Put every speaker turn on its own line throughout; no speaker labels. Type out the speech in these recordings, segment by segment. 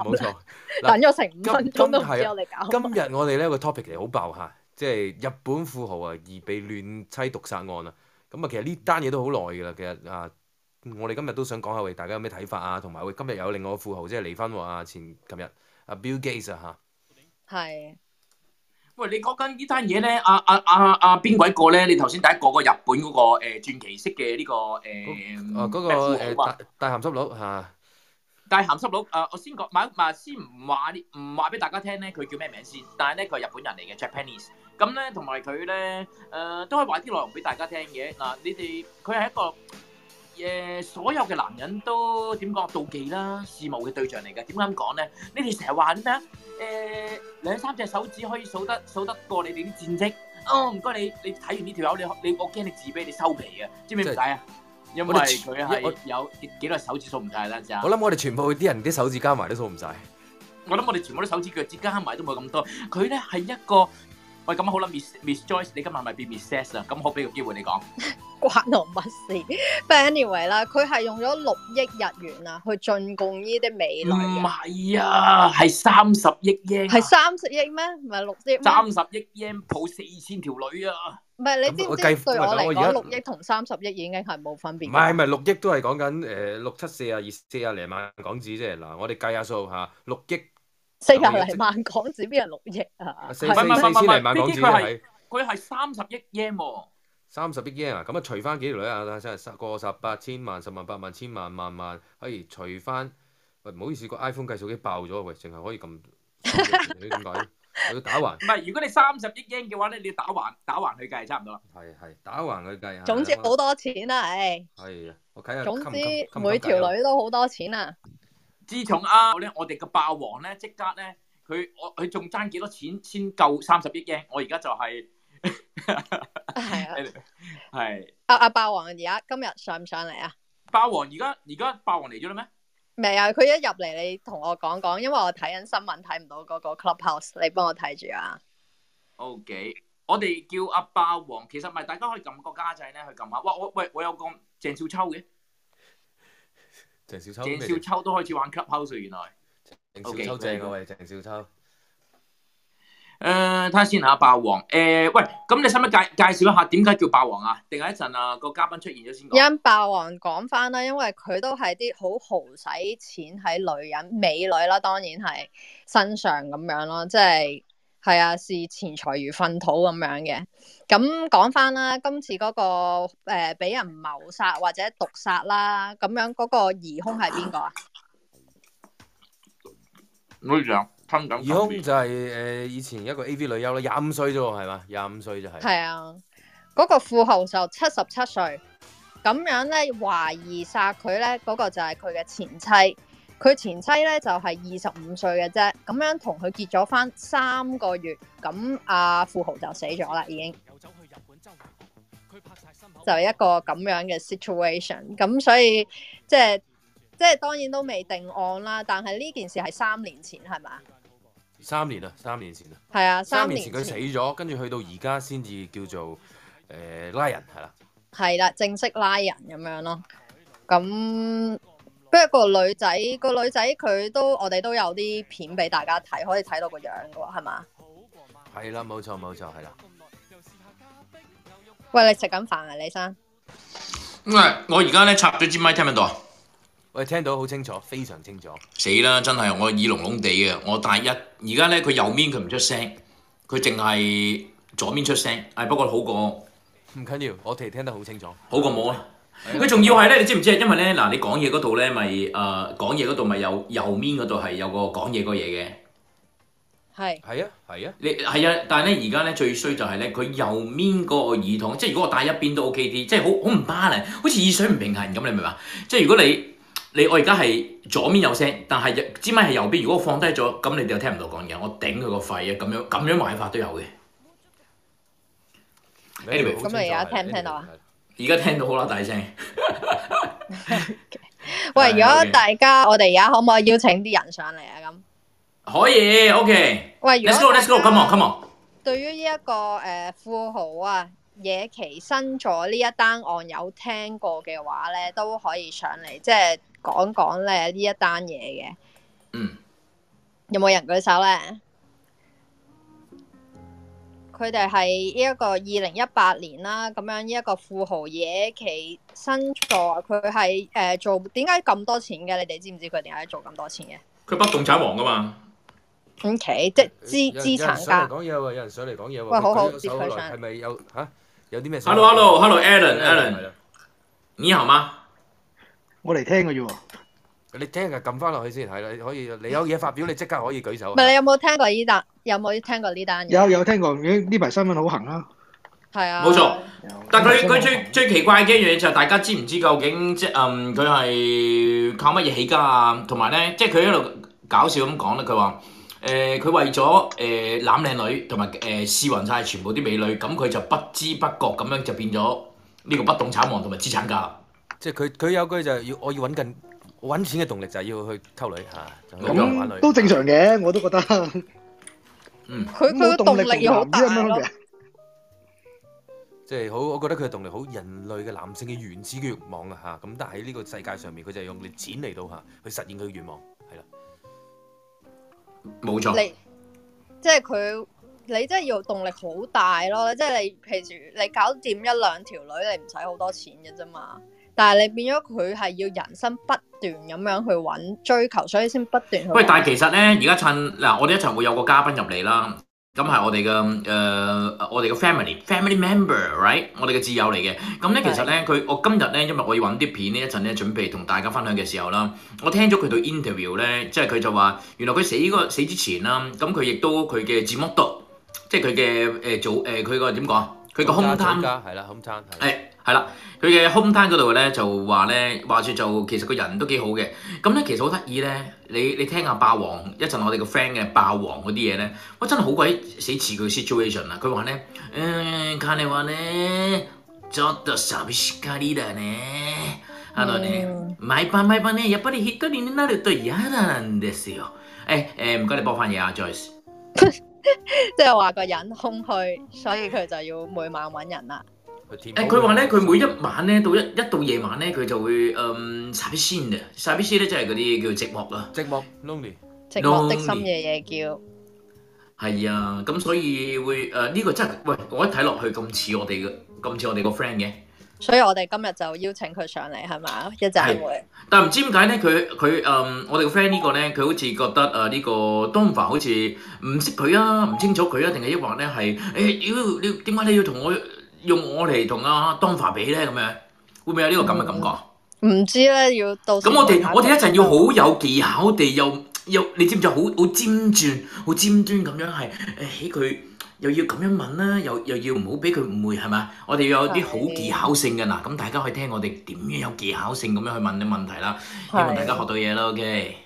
冇
錯，等咗成五分鐘都唔知有嚟搞。今
日我哋咧個 topic 嚟好爆吓，即係日本富豪啊，而被亂妻毒殺案啊。咁啊，其實呢單嘢都好耐噶啦。其實啊，我哋今日都想講下，喂，大家有咩睇法啊？同埋，喂，今日有另外個富豪即係離婚喎。啊，前琴日啊，Bill Gates 啊，吓是，
係。喂，你講緊呢單嘢咧？嗯、
啊，啊，啊，
阿邊鬼個咧？你頭先第一個個日本嗰個誒傳奇式嘅呢、這個誒，
哦、欸，嗰、啊那個誒、啊、大鹹濕佬吓。
介鹹濕佬，誒，我先講，買，嗱，先唔話，唔話俾大家聽咧，佢叫咩名先？但係咧，佢係日本人嚟嘅，Japanese。咁咧，同埋佢咧，誒，都可以話啲內容俾大家聽嘅。嗱，你哋，佢係一個，誒，所有嘅男人都點講妒忌啦、羨慕嘅對象嚟嘅。點解咁講咧？你哋成日話啲咩啊？誒，兩三隻手指可以數得數得過你哋啲戰績。哦，唔該你，你睇完呢條友，你你我驚你自卑，你收皮啊？知唔知點解啊？因為佢係有幾多手指數唔晒
啦，就我諗我哋全部啲人啲手指加埋都數唔晒。
我諗我哋全部啲手指腳趾加埋都冇咁多。佢咧係一個。喂，咁好啦，Miss Miss Joyce，你
今日係咪變 Miss S 啊？咁好俾個機會你講關我乜事？Anyway 啦，佢係用咗六億日元啊，去進貢呢啲美女。唔係
啊，係三十億 yen，係
三十億咩？唔係六億，三十億 yen 抱四千條女啊！唔係你知唔知？對我嚟講，六億同三十億已經係冇分別。唔係
係，六億都係講緊誒六七四啊二四啊零萬港紙啫。嗱，我哋計下數吓，六億。
四百零萬港紙，邊係
六億啊？四千零萬港紙係
佢係三十億 yen 喎。
三十億 yen 啊，咁啊，除翻幾條女啊，真係過十八千萬、十萬八萬、千萬萬萬，可、哎、以除翻。唔好意思，個 iPhone 計數機爆咗，喂、哎，淨係可以咁。你 要打橫。唔係， 如果你三十億 yen 嘅話咧，你要打橫打橫去計，差唔
多啦。係係，打橫去計。總之好多
錢啦，唉。
係啊。總之每條女
都好多錢啊！
啊！我咧，我哋嘅霸王咧，即刻咧，佢我佢仲爭幾多錢先夠三十億嘅？我而家就係
係啊，係阿阿霸王，而家今日上唔上嚟啊？
霸王而家而家霸王嚟咗啦咩？
未啊！佢一入嚟，你同我講講，因為我睇緊新聞，睇唔到嗰個 Clubhouse，你幫我睇住啊
！OK，我哋叫阿霸王，其實咪大家可以撳個家仔咧去撳下。哇！我喂，我有個鄭少秋嘅。
鄭少秋，鄭少秋
都開始玩 clubhouse，原來。O K，正嘅，啊，位，鄭少 Okay, 秋。誒、呃，睇下先吓，霸王。誒、呃，喂，咁你使唔使介介紹一下點解叫霸王啊？定係一陣啊，個嘉賓出現咗先講。因
霸王講翻啦，因為佢都係啲好豪使錢喺女人、美女啦，當然係身上咁樣咯，即係。係啊，視錢財如糞土咁樣嘅。咁講返啦，今次嗰、那個誒俾、呃、人謀殺或者毒殺啦，咁樣嗰個疑凶係邊個啊？女長、就
是，疑凶就係誒以前一個 A V 女優啦，廿五歲啫喎，係嘛？廿五歲就係、是。係
啊，嗰、那個富豪就七十七歲，咁樣咧懷疑殺佢咧，嗰、那個就係佢嘅前妻。佢前妻咧就係二十五歲嘅啫，咁樣同佢結咗翻三個月，咁阿富豪就死咗啦，已經。又走去日本，就佢拍晒新聞。就係一個咁樣嘅 situation，咁所以即係即係當然都未定案啦。但係呢件事係三年前係咪？
三年啊，三年前啊。係啊，三年前佢死咗，跟住去到而家先至叫做誒拉、呃、人係啦。
係啦、啊啊，正式拉人咁樣咯。咁、嗯。不過個女仔，那個女仔佢都我哋都有啲片俾大家睇，可以睇到個樣噶喎，係嘛？
係啦，冇錯冇錯，係啦 。
喂，你食緊飯啊，李生？
喂、哎，
我而
家咧插咗支麥，聽唔聽到啊？
喂，聽到，好清楚，非常清楚。
死啦，真係我耳聾聾地嘅。我大一而家咧，佢右面佢唔出聲，佢淨係左面出聲。哎，不過好過
唔緊要，我哋聽得好清楚，好過冇啊。佢仲
要係咧，你知唔知啊？因為咧，嗱，你講嘢嗰度咧，咪誒講嘢嗰度咪有右面嗰度係有個講嘢個嘢嘅，係係啊係啊，你係啊，但係咧而家咧最衰就係咧，佢右面個耳筒，即係如果我戴一邊都 OK 啲，即係好好唔巴衡，好似耳水唔平衡咁，你明唔明啊？即係如果你你我而家係左面有聲，但係知咪係右邊，如果我放低咗，咁你哋又聽唔到講嘢，我頂佢個肺啊咁樣，咁樣玩法都有嘅。咁、就係、你而家聽唔聽到啊？而家聽到好啦，大聲。
喂，如果大家 我哋而家可唔可以邀請啲人上嚟啊？咁
可以，OK。喂，Let's go，Let's go，Come on，Come on。
對於呢、這、一個誒、呃、富豪啊，野其新咗呢一單案有聽過嘅話咧，都可以上嚟，即、就、係、是、講講咧呢一單嘢嘅。嗯。有冇人舉手咧？佢哋係呢一個二零一八年啦，咁樣呢一個富豪野企新座，佢係誒做點解咁多錢嘅？你哋知唔知佢點解做咁多錢嘅？佢不動產
王
噶嘛？五
期、嗯、即資資產家講嘢，有人上嚟講
嘢喎。喂，好好，接佢上嚟。係咪有吓、啊？有啲咩？Hello，Hello，Hello，Allen，Allen，Alan,
你好嗎？
我嚟聽㗎啫。
你聽日撳翻落去先係啦，你可以你有嘢發表，你即刻可以舉手。
唔
係 你有冇聽過呢單？有冇聽過呢單嘢？
有有聽過，呢排新聞好行啦，
係啊，冇的錯。
有但佢他佢最最奇怪嘅一樣嘢就係大家知唔知究竟即係佢係靠乜嘢起家啊？同埋咧，即係佢喺度搞笑咁講咧，佢話誒佢為咗誒攬靚女，同埋誒試勻晒全部啲美女，咁佢就不知不覺咁樣就變咗呢個不動產王同埋資產家。
即係佢佢有句就係要我要揾緊。揾錢嘅動力就係要去溝女嚇，咁、嗯、玩女都
正常嘅，我都覺得。佢佢嘅動力要好大
咯，
即係好，我覺得佢嘅動力好人類嘅男性嘅原始嘅欲望啊嚇。咁但係呢個世界上面，佢就用嚟錢嚟到嚇去實現佢嘅慾望，係啦、啊，冇錯。
你
即係佢，你真係要動力好大咯。即係你譬如你搞掂一兩條女，你唔使好多錢嘅啫嘛。但係你變咗佢係要人生不不斷咁樣去揾追求，所以先不斷去。喂，但係其實
咧，而家趁嗱，啊，我哋一場會有個嘉賓入嚟啦。咁係我哋嘅誒，我哋嘅 family，family member，right？我哋嘅摯友嚟嘅。咁咧，Okay. 其實咧，佢我今日咧，因為我要揾啲片呢，一陣咧準備同大家分享嘅時候啦，我聽咗佢對 interview 咧，即係佢就話，原來佢死嗰死之前啦，咁佢亦都佢嘅 model 即係佢嘅誒做誒佢個點講？佢個 hometown 係啦，hometown 係係啦，佢嘅 home town 嗰度咧就話咧，話說就其實個人都幾好嘅。咁咧其實好得意咧，你你聽下霸王一陣，我哋個 friend 嘅霸王嗰啲嘢咧，我真係好鬼死似個 situation 啊！佢話咧，嗯，カニはね、ちょっと寂しい感じだね。あのね、呢嗯、毎晩毎晩ねやっぱり一人になると嫌だんですよ。誒、哎、誒，唔、嗯、該你幫翻嘢啊 Joyce
即係話個人空虛，所以佢就要每晚揾人啦、啊。
誒，佢話咧，佢每一晚咧，到一一到夜晚咧，佢就會誒晒 B C 嘅晒 B C 咧，即係嗰啲叫寂寞啊，寂寞 lonely 寂寞的
心嘅嘢叫
係啊。咁所以會誒呢、呃這個真係喂，我一睇落去咁似我哋嘅咁似我哋個 friend 嘅。
所以我哋今日就邀請佢上嚟係嘛一陣會，
會，但唔知點解咧？佢佢誒，我哋個 friend 呢個咧，佢好似覺得誒呢個 Donovan 好似唔識佢啊，唔、這個啊、清楚佢啊，定係抑或咧係誒點解你要同我？用我嚟同阿 d o 比咧，咁樣會唔會有呢個咁嘅感覺？唔、嗯、
知咧，要到咁我哋我哋一陣要好有技巧
地又、嗯、又你知唔知好好尖轉、好尖端咁、哎、樣係誒起佢，又要咁樣問啦，又又要唔好俾佢誤會係咪？我哋要有啲好技巧性嘅嗱，咁的大家可以聽我哋點樣有技巧性咁樣去問啲問題啦，的希望大家學到嘢咯。OK，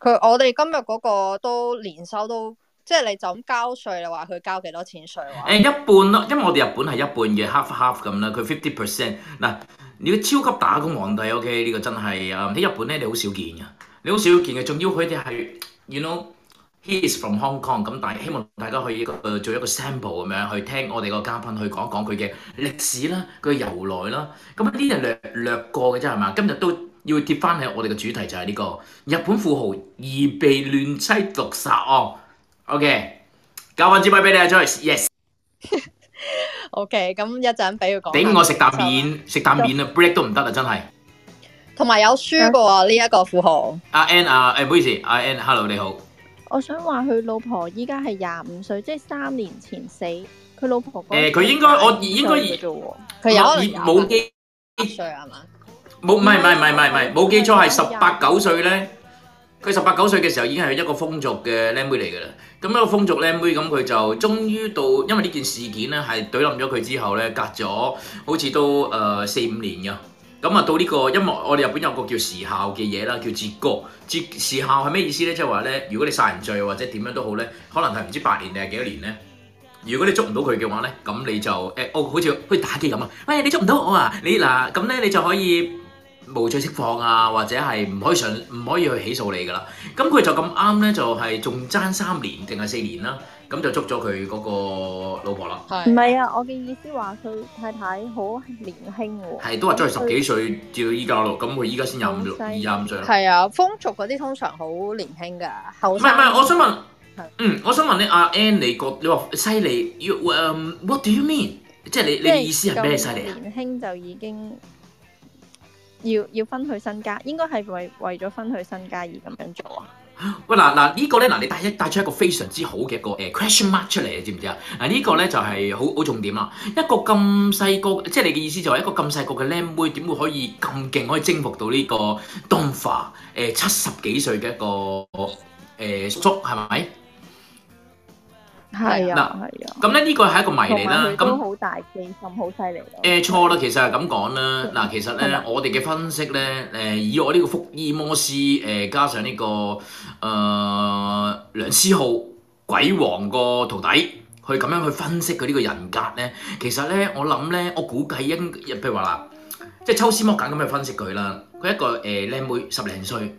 佢我哋今日嗰個都連收都。即係你就咁交稅，你話佢交幾多錢稅
喎？Uh, 一半咯，因為我哋日本係一半嘅 half half 咁啦。佢 fifty percent 嗱，你個超級打工皇帝 OK 呢個真係啊喺日本咧你好少見嘅，你好少見嘅，仲要佢哋係，you know，he is from Hong Kong 咁。但係希望大家可以誒做一個 sample 咁樣去聽我哋個嘉賓去講講佢嘅歷史啦、佢嘅由來啦。咁呢啲係略略過嘅啫係嘛？今日都要跌翻喺我哋嘅主題就係呢個日本富豪疑被亂妻毒殺案。O K，交翻支咪俾你啊，Joyce。Yes。
O K，咁一陣俾佢講。頂，我食
啖麵，食啖麵啊，break 都唔得啊，真係。
同埋有輸過啊，呢一個富豪。
阿 Ann 啊，誒，唔好意思，阿 Ann，Hello，你好。
我想話佢老婆依家係廿五歲，即係三年前死。佢老婆。誒，佢應該我應該二啫喎。佢有冇記廿五歲係嘛？
冇，唔係，唔係，唔係，唔係，冇記錯，係十八九歲咧。佢十八九歲嘅時候已經係一個風俗嘅僆妹嚟㗎啦。咁一個風俗僆妹咁，佢就終於到，因為呢件事件咧係懟冧咗佢之後咧，隔咗好似都誒、呃、四五年㗎。咁啊到呢、這個音樂，我哋日本有個叫時效嘅嘢啦，叫截國，截時效係咩意思咧？即係話咧，如果你殺人罪或者點樣都好咧，可能係唔知八年定係幾多年咧。如果你捉唔到佢嘅話咧，咁你就誒，我、哎哦、好似去打機咁啊！喂，你捉唔到我啊？你嗱咁咧，你就可以。無罪釋放啊，或者係唔可以上唔可以去起訴你㗎啦。咁佢就咁啱咧，就係仲爭三年定係四年啦。咁就捉咗佢嗰個老婆啦。係唔係啊？
我嘅意思話佢太太好年輕喎、啊。係都話追十幾歲
至到依家咯。咁佢依家先廿五歲，廿五歲。係
啊，風俗嗰啲通常好年輕㗎。後生。唔係唔係，我想問，
是嗯，我想問你阿、啊、Ann，你覺你話犀利？You, um, What do you mean？即係你即是你意思係咩犀利？年
輕就已經。要要分佢身家，應該係為為咗分佢身家而咁樣做啊！
喂嗱嗱呢個咧嗱，你帶一帶出一個非常之好嘅一個誒 question、呃、mark 出嚟，你知唔知啊？嗱、這個、呢個咧就係好好重點啦！一個咁細個，即係你嘅意思就係一個咁細個嘅靚妹點會可以咁勁可以征服到呢個 Donfa 誒、呃、七十幾歲嘅一個誒、呃、叔係咪？
係啊，嗱，係啊，咁
咧呢個係一個謎嚟啦。咁好大氣，咁好犀利。誒、呃、錯啦，其實係咁講啦。嗱，其實咧，是是我哋嘅分析咧，誒以我呢個福爾摩斯，誒、呃、加上呢、呢個誒、呃、梁思浩鬼王個徒弟，去咁樣去分析佢呢個人格咧，其實咧我諗咧，我估計應，譬如話啦，即係抽絲剝繭咁去分析佢啦。佢一個誒靚妹十零歲。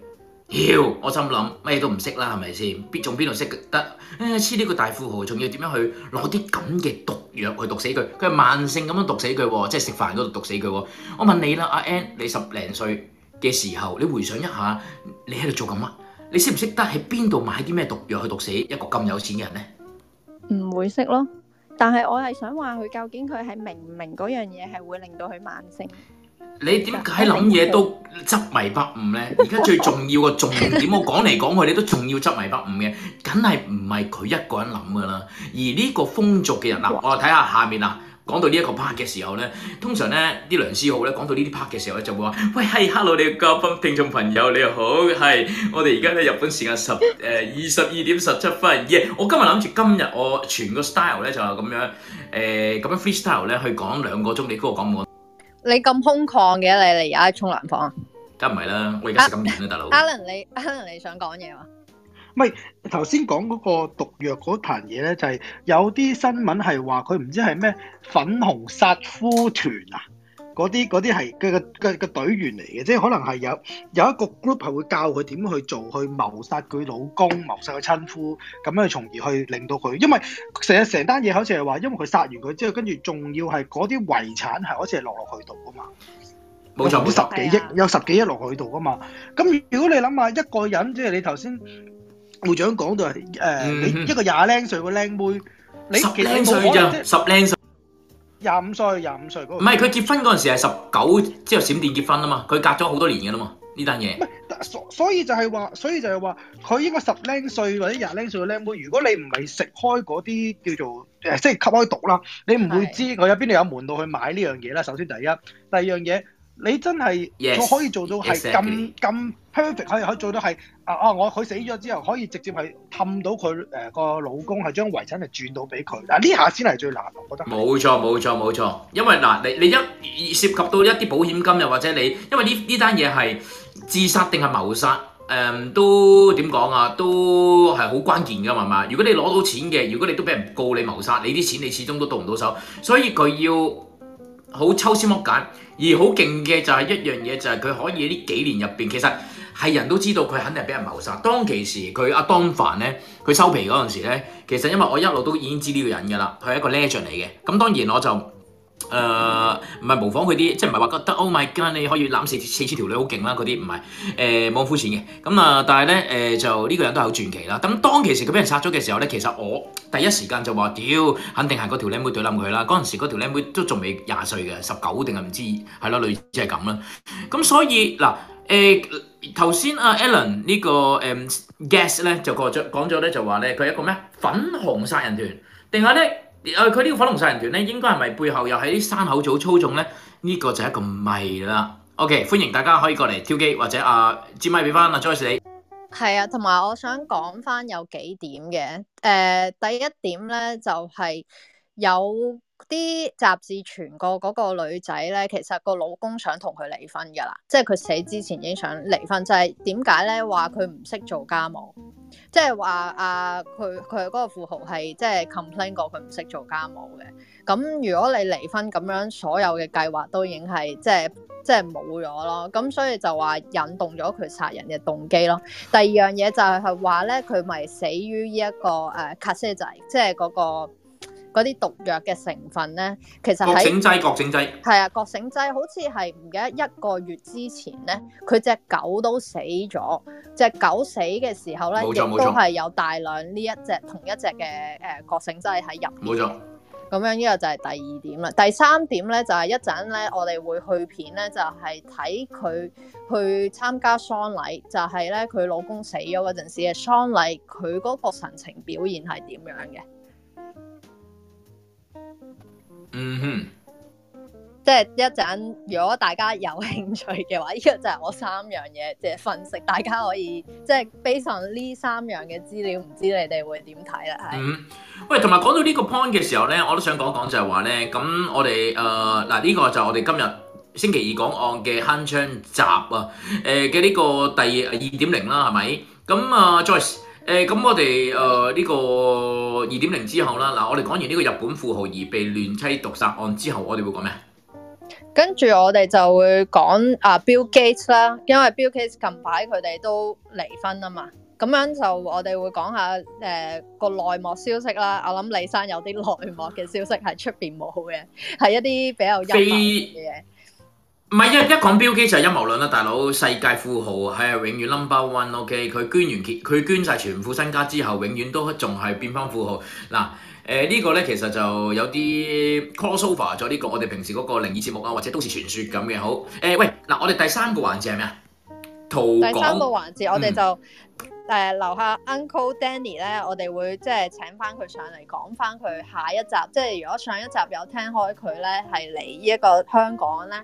妖，我心諗咩都唔識啦，係咪先？仲邊度識得？唉、啊，黐呢個大富豪，仲要點樣去攞啲咁嘅毒藥去毒死佢？佢係慢性咁樣毒死佢喎，即係食飯嗰度毒死佢喎。我問你啦，阿 Ann，你十零歲嘅時候，你回想一下，你喺度做緊乜？你識唔識得喺邊度買啲咩毒藥去毒死一個咁有錢人呢？
唔會識咯，但係我係想話佢，究竟佢係明唔明嗰樣嘢係會令到佢慢性？你點解諗嘢都
執迷不悟呢？而家最重要嘅重點，我講嚟講去，你都仲要執迷不悟嘅，梗係唔係佢一個人諗噶啦？而呢個風俗嘅人嗱、啊，我睇下下面嗱，講到呢一個 part 嘅時候呢，通常呢啲梁思浩呢，講到呢啲 part 嘅時候呢，就會話：喂，係、hey，hello，你嘅嘉賓，聽眾朋友，你好，係，我哋而家喺日本時間十誒二十二點十七分 y、yeah, 我今日諗住今日我全個 style 呢就係、是、咁樣，誒、呃，咁樣 freestyle 呢去講兩個鐘，你估我講唔
你咁空曠嘅，你嚟而家沖涼房？
梗唔係啦，我而家
咁遠啦，啊、大佬哥。阿倫，你阿倫，你想講嘢嘛？唔係，
頭先講嗰個毒藥嗰壇嘢咧，就係、是、有啲新聞係話佢唔知係咩粉紅殺夫團啊。嗰啲嗰啲係個個個個隊員嚟嘅，即係可能係有有一個 group 係會教佢點去做去謀殺佢老公、謀殺佢親夫，咁樣從而去令到佢，因為成日成單嘢好似係話，因為佢殺完佢之後，跟住仲要係嗰啲遺產係好似係落落去度㗎嘛，冇錯，十幾億有十幾億落去度㗎嘛。咁如果你諗下一個人，即係你頭先會長講到係誒，你一個廿零歲個靚妹，十零歲咋，十零歲。廿五歲，廿五歲嗰個，唔係，佢結婚
嗰陣時係十九，之後閃電結婚啊嘛，佢隔咗好多年嘅啦嘛，呢單嘢。
所所以就係話，所以就係話，佢應該十零歲或者廿零歲嘅僆妹，如果你唔係食開嗰啲叫做誒，即係吸開毒啦，你唔會知我有邊度有門路去買呢樣嘢啦。首先第一，第二樣嘢。你真係，我可以做到係咁咁 perfect，可以可以做到係啊啊！我佢死咗之後，可以直接係氹到佢誒、呃、個老公係將遺產係轉到俾佢。嗱呢下先係最難，我覺得。冇
錯冇錯冇錯，因為嗱你你一涉及到一啲保險金又或者你，因為呢呢單嘢係自殺定係謀殺誒，都點講啊，都係好關鍵㗎嘛嘛。如果你攞到錢嘅，如果你都俾人告你謀殺，你啲錢你始終都到唔到手，所以佢要好抽絲剝繭。而好勁嘅就係一樣嘢，就係佢可以喺呢幾年入面，其實係人都知道佢肯定係俾人謀殺。當其時，佢阿當凡呢，佢收皮嗰陣時咧，其實因為我一路都已經知呢個人㗎啦，佢係一個 legend 嚟嘅。咁當然我就。誒唔係模仿佢啲，即係唔係話覺得 oh my god 你可以攬四四千條女好勁啦嗰啲，唔係，誒冇咁膚淺嘅。咁啊，但係咧誒就呢、呢個人都係好傳奇啦。咁當其時佢俾人殺咗嘅時候咧，其實我第一時間就話：屌，肯定係嗰條靚妹對冧佢啦。嗰陣時嗰條靚妹都仲未廿歲嘅，十九定係唔知係咯，類似係咁啦。咁所以嗱，誒頭先阿 Alan 呢個誒 guest 咧就講咗講咗咧就話咧佢係一個咩粉紅殺人團定係咧？誒佢呢個火龍殺人團咧，應該係咪背後又喺啲山口組操縱咧？呢、這個就係一個謎啦。OK，歡迎大家可以過嚟挑機，或者啊，支咪俾翻阿 Joyce 你。
係啊，同埋我想講翻有幾點嘅。誒、呃，第一點咧就係、是、有。啲雜誌傳過嗰個女仔咧，其實個老公想同佢離婚噶啦，即係佢死之前已經想離婚。就係點解咧，話佢唔識做家務，即係話啊，佢佢嗰個富豪係即係 complain 過佢唔識做家務嘅。咁如果你離婚咁樣，所有嘅計劃都已經係即係即係冇咗咯。咁所以就話引動咗佢殺人嘅動機咯。第二樣嘢就係話咧，佢咪死於呢一個誒卡車仔，即係嗰個。嗰啲毒藥嘅成分咧，其實係覺醒劑，覺醒劑係啊，覺醒劑好似係唔記得一個月之前咧，佢隻狗都死咗。隻狗死嘅時候咧，亦都係有大量呢一隻同一隻嘅誒覺醒劑喺入面。冇錯錯。咁樣呢、這個就係第二點啦。第三點咧就係、是、一陣咧，我哋會去片咧，就係睇佢去參加喪禮，就係咧佢老公死咗嗰陣時嘅喪禮，佢嗰個神情表現係點樣嘅？
嗯哼，
即係、mm hmm. 一陣，如果大家有興趣嘅話，呢個就係我三樣嘢即係分析，大家可以即係俾上呢三樣嘅資料，唔知你哋會點睇啦？係、
嗯、喂，同埋講到呢個 point 嘅時候咧，我都想講講就係話咧，咁我哋誒嗱呢個就係我哋今日星期二講案嘅鏗鏘集啊，誒嘅呢個第二二點零啦，係咪？咁啊，再、呃。Joyce, 誒，咁、嗯、我哋誒呢個二點零之後啦，嗱，我哋講完呢個日本富豪疑被亂妻毒殺案之後，我哋會講咩？
跟住我哋就會講啊 Bill Gates 啦，因為 Bill Gates 近排佢哋都離婚吖嘛，咁樣就我哋會講下誒個內幕消息啦。我諗李生有啲內幕嘅消息係出邊冇嘅，係一啲比較陰謀嘅嘢。
唔係一一講標機、OK、就陰謀論啦，大佬世界富豪係、哎、永遠 number one。O.K. 佢捐完佢捐晒全副身家之後，永遠都仲係變翻富豪嗱。誒、呃這個、呢個咧其實就有啲 crossover 咗呢個我哋平時嗰個靈異節目啊，或者都市傳說咁嘅好誒、呃。喂嗱，我哋第三個環節係咩
啊？圖第三個環節，嗯，我哋就誒留下 Uncle Danny 咧，我哋會即係請翻佢上嚟講翻佢下一集。即係如果上一集有聽開佢咧，係嚟呢一個香港咧。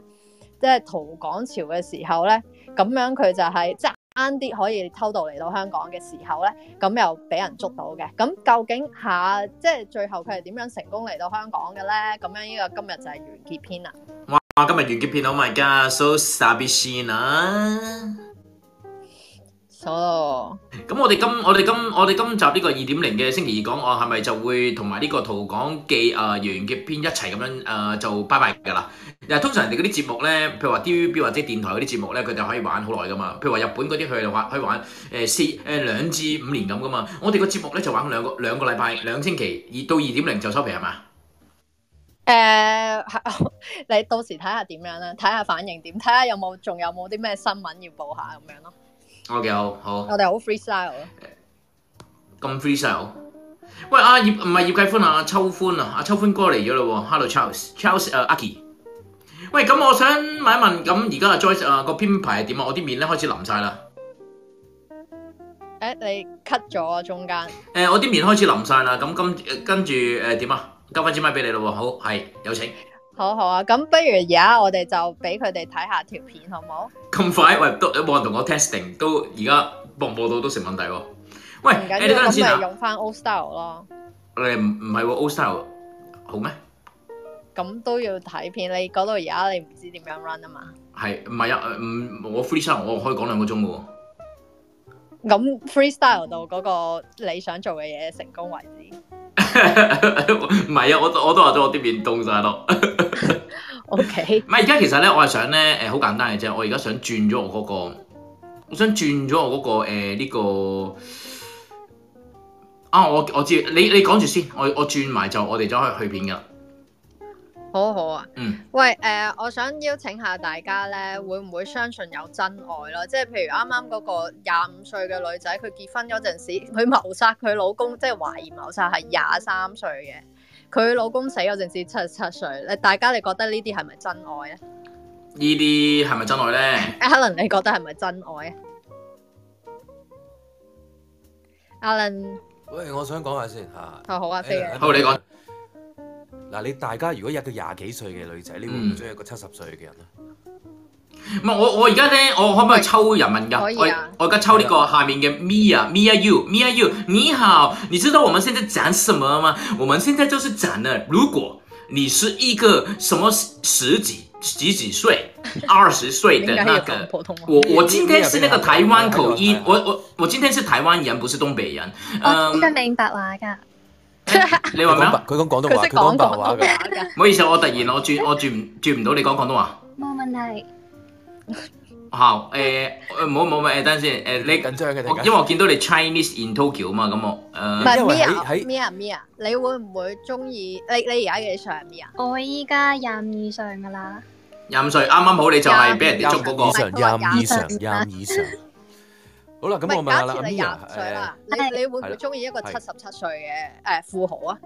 即係逃港潮嘅時候咧，咁樣佢就係爭啲可以偷渡嚟到香港嘅時候咧，咁又俾人捉到嘅。咁究竟下、啊，即係最後佢係點樣成功嚟到香港嘅咧？咁樣呢個今日就係完
結篇啦。哇！今日完結篇，Oh my God，so 特別善啊！o 咁我哋今我哋今我哋今集呢個二點零嘅星期二講案，係咪就會同埋呢個逃港記啊、呃、完結篇一齊咁樣誒、呃、就拜拜㗎啦？嗱，通常人哋嗰啲節目咧，譬如話 DVB 或者電台嗰啲節目咧，佢哋可以玩好耐噶嘛。譬如話日本嗰啲，佢哋玩可以玩誒四誒兩至五年咁噶嘛。我哋個節目咧就玩兩個兩個禮拜兩星期，二到二點零就收皮係嘛？
誒
，uh, 你到時睇下點樣啦，睇下反應點，睇下有冇仲有冇啲咩新聞要報下咁樣咯。我有、okay, 好，好，我
哋好 freestyle 咁 freestyle。Free 喂，阿葉唔係葉繼歡啊，秋歡啊，阿秋歡哥嚟咗咯。Hello Charles，Charles 誒 Charles，uh，阿 Key 喂，咁我想問一問，咁而家啊 Joyce 啊個片排係點啊？我啲麵咧開始淋晒啦。
誒、欸，你 cut 咗啊，中間。
誒、欸，我啲麵開始淋晒啦。咁跟跟住誒點啊？交翻支咪俾你咯。好，係有請。
好好啊，咁不如而家我哋就俾佢哋睇下條片好唔好？
咁快？喂，都有冇人同我 testing？都而家報唔報到都成問題喎。喂，
唔緊要，欸、你等陣先用翻 old style
咯。誒，唔唔係喎，old style 好咩？
咁都要睇片，你講到而家你唔知點樣 run 啊嘛？係唔
係啊？唔，我 freestyle 我可以講兩個鐘噶喎。
咁 freestyle 到嗰個你想做嘅嘢，成功為止。
唔係 啊，我我都話咗我啲麵凍晒咯。O K。唔係而家其實咧，我係想咧，誒，好簡單嘅啫。我而家想轉咗我嗰、嗰個，我想轉咗我嗰、嗰個，誒、呃，呢、呢個啊，我我知，你你講住先，我我轉埋就我哋就可以去片噶
好好啊！嗯、喂，誒、呃，我想邀請下大家咧，會唔會相信有真愛咯？即係譬如啱啱嗰個廿五歲嘅女仔，佢結婚嗰陣時，佢謀殺佢老公，即係懷疑謀殺係廿三歲嘅，佢老公死嗰陣時七十七歲。誒，大家你覺得呢啲係咪真愛咧？
呢啲係咪真
愛咧？Alan，你覺得係咪真愛啊？Alan，
喂，我想講下先吓、啊哦。好啊，謝好 Hey，Faye，你講。嗱，你大家如果有一個廿幾歲嘅女仔，你會唔會中意一個七十歲嘅人咧？
唔係，我我而家咧，我可唔可以抽人問噶？可以啊，我而家抽呢個下面嘅 Mia Mia You Mia You，你好。你知道我們現在講什麼嗎？我們現在就是講呢。如果你是一個什麼十幾、幾幾歲、二十 歲的那個， 同同啊、我我今天是那個台灣口音，我我我今天是台灣人，不是東北人。我
聽得明白話㗎。
你話咩？佢講廣東話，佢講白話嘅。
唔
好意思，我突然我轉我轉唔轉唔到你講廣東話。冇問題。好誒，唔好唔好，誒等先，誒你緊張嘅，因為我見到你 Chinese in Tokyo 嘛咁我誒。唔係，喺喺咩
啊咩啊？你會唔會中意你你而家嘅上邊啊？我依家廿五以上噶啦。
廿五歲，啱啱好，你就係俾人哋捉嗰個上廿五以
上廿五以上。
好啦，咁我問下啦、欸，你廿歲啦，你你會唔
會
中意一個七十七歲嘅誒富豪啊？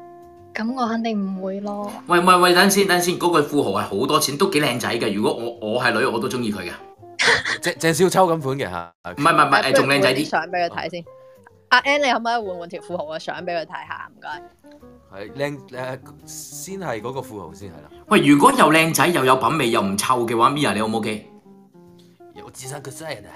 咁我肯定唔會咯。
喂喂喂，等先等先，嗰、嗰個富豪係好多錢，都幾靚仔嘅。如果我我係女，我都中意佢嘅，
鄭少 秋咁款嘅吓。
唔係唔係唔係，誒，仲靚仔啲。
相俾佢睇先。阿 a n 你可唔可以換換條富豪嘅相俾佢睇下？唔該。
係靚誒，先係嗰個富豪先
係啦。喂，如果又靚仔又有品味又唔臭嘅話，咩啊？你 O 唔 O K？
有自
信佢真係、啊。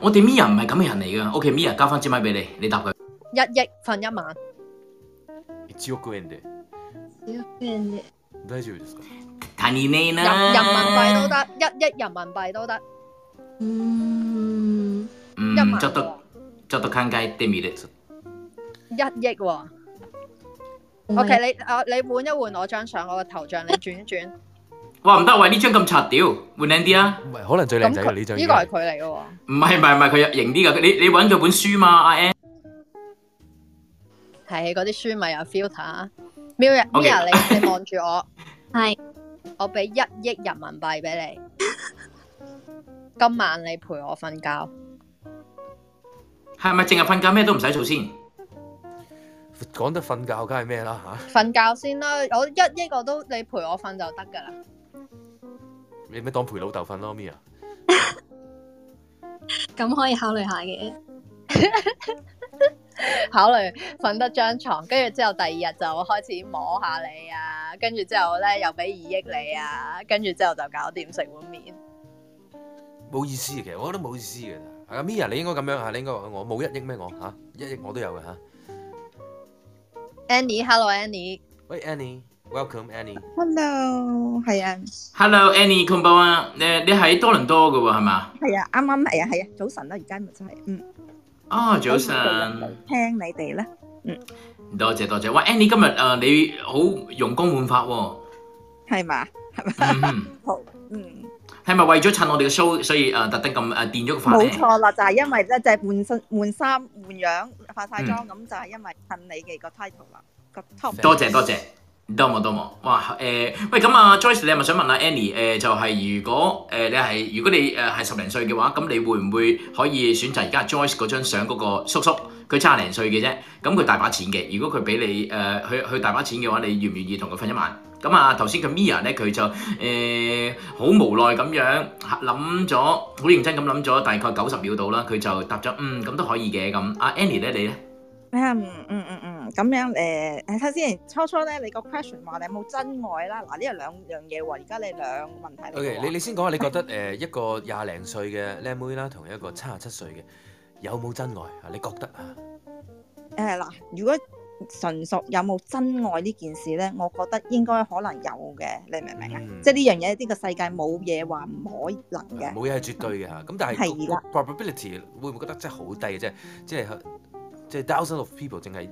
我哋 Mia 唔係咁嘅人嚟噶，OK Mia 交翻支米俾你，你答佢。一
億
瞓一晚。It's 人大丈夫先。睇你
咩？
人民幣都得，一億人民幣都得。
嗯。嗯一萬。嗯。嗯。一億哦。嗯、okay, 是。嗯。嗯、啊。你換一換我張
相，我個頭像，你轉一轉。嗯。嗯。嗯。嗯。嗯。嗯。嗯。嗯。嗯。嗯。嗯。嗯。嗯。嗯。嗯。嗯。
哇唔得喂！呢張咁柒屌，換靚啲啊！唔係可能最靚仔呢張。呢個係佢嚟嘅
喎。
唔係唔係唔係，佢又型啲噶。你你揾咗本書嘛？I N，
係嗰啲書咪有 filter？Mirror，Mirror，你你望住我。係， 我俾一億人民幣俾你， 今晚你陪我瞓覺。
係咪淨係瞓覺咩都唔使做先？講得瞓覺，梗係咩啦吓？
瞓覺先啦，我一億個都你陪我瞓就得噶啦。
你咪當陪老豆瞓咯，Mia。
咁 可以考慮下嘅， 考慮瞓得張床，跟住之後第二日就開始摸下你啊，跟住之後咧又俾二億你啊，跟住之後就搞掂食碗麵。
冇意思，嘅，其實我覺得冇意思嘅。阿、啊、Mia，你應該咁樣吓，你應該話我冇一億咩？億我吓一億我都有嘅吓。Annie，Hello，Annie、
啊。Annie, Hello, Annie. 喂，Annie。Welcome Annie。Hello，
係啊。Hello Annie，come back 啊！你你喺多倫多嘅係嘛？
係啊，啱
啱嚟啊，係啊，早晨啦，而家咪真係，嗯。
啊，早晨。
聽你哋啦。
嗯。多謝多謝。哇，Annie 今日誒，你好容光煥發喎。
係嘛？係嘛？嗯。好。
嗯。係咪為咗趁我哋嘅 show，所以誒特登咁誒電咗個髮型？冇錯
啦，就係因為咧，即係換身換衫換樣化晒妝，
咁
就係因為趁你嘅個 title 啦個 top。多謝多謝。
多冇多冇，哇誒、欸、喂咁啊 Joyce，你係咪想問下、啊、Annie？誒、呃、就係、是、如果誒、呃、你係如果你誒係十零歲嘅話，咁你會唔會可以選擇而家 Joyce 嗰張相嗰個叔叔？佢七十零歲嘅啫，咁佢大把錢嘅。如果佢俾你誒佢佢大把錢嘅話，你願唔願意同佢瞓一晚？咁啊頭先個 Mia 咧，佢就誒好、呃、無奈咁樣諗咗，好認真咁諗咗大概九十秒到啦，佢就答咗嗯，咁都可以嘅。咁啊 Annie 咧，你咧？
嗯嗯嗯嗯，咁樣誒誒，首先初初咧，你個 question 話你有冇真愛啦？嗱，呢個兩樣嘢喎，而家你兩問題。OK，你你先講
下，你覺得誒一個廿零歲嘅靚妹啦，同一個七十七歲嘅有冇真愛啊？你覺得啊？
誒嗱，如果純屬有冇真愛呢件事咧，我覺得應該可能有嘅，你明唔明啊？即係呢樣嘢，呢個世界冇嘢話唔可能嘅，
冇嘢係絕對嘅吓。咁但係 probability 會唔會覺得真係好低嘅？即係即係。即係 thousands of people，淨係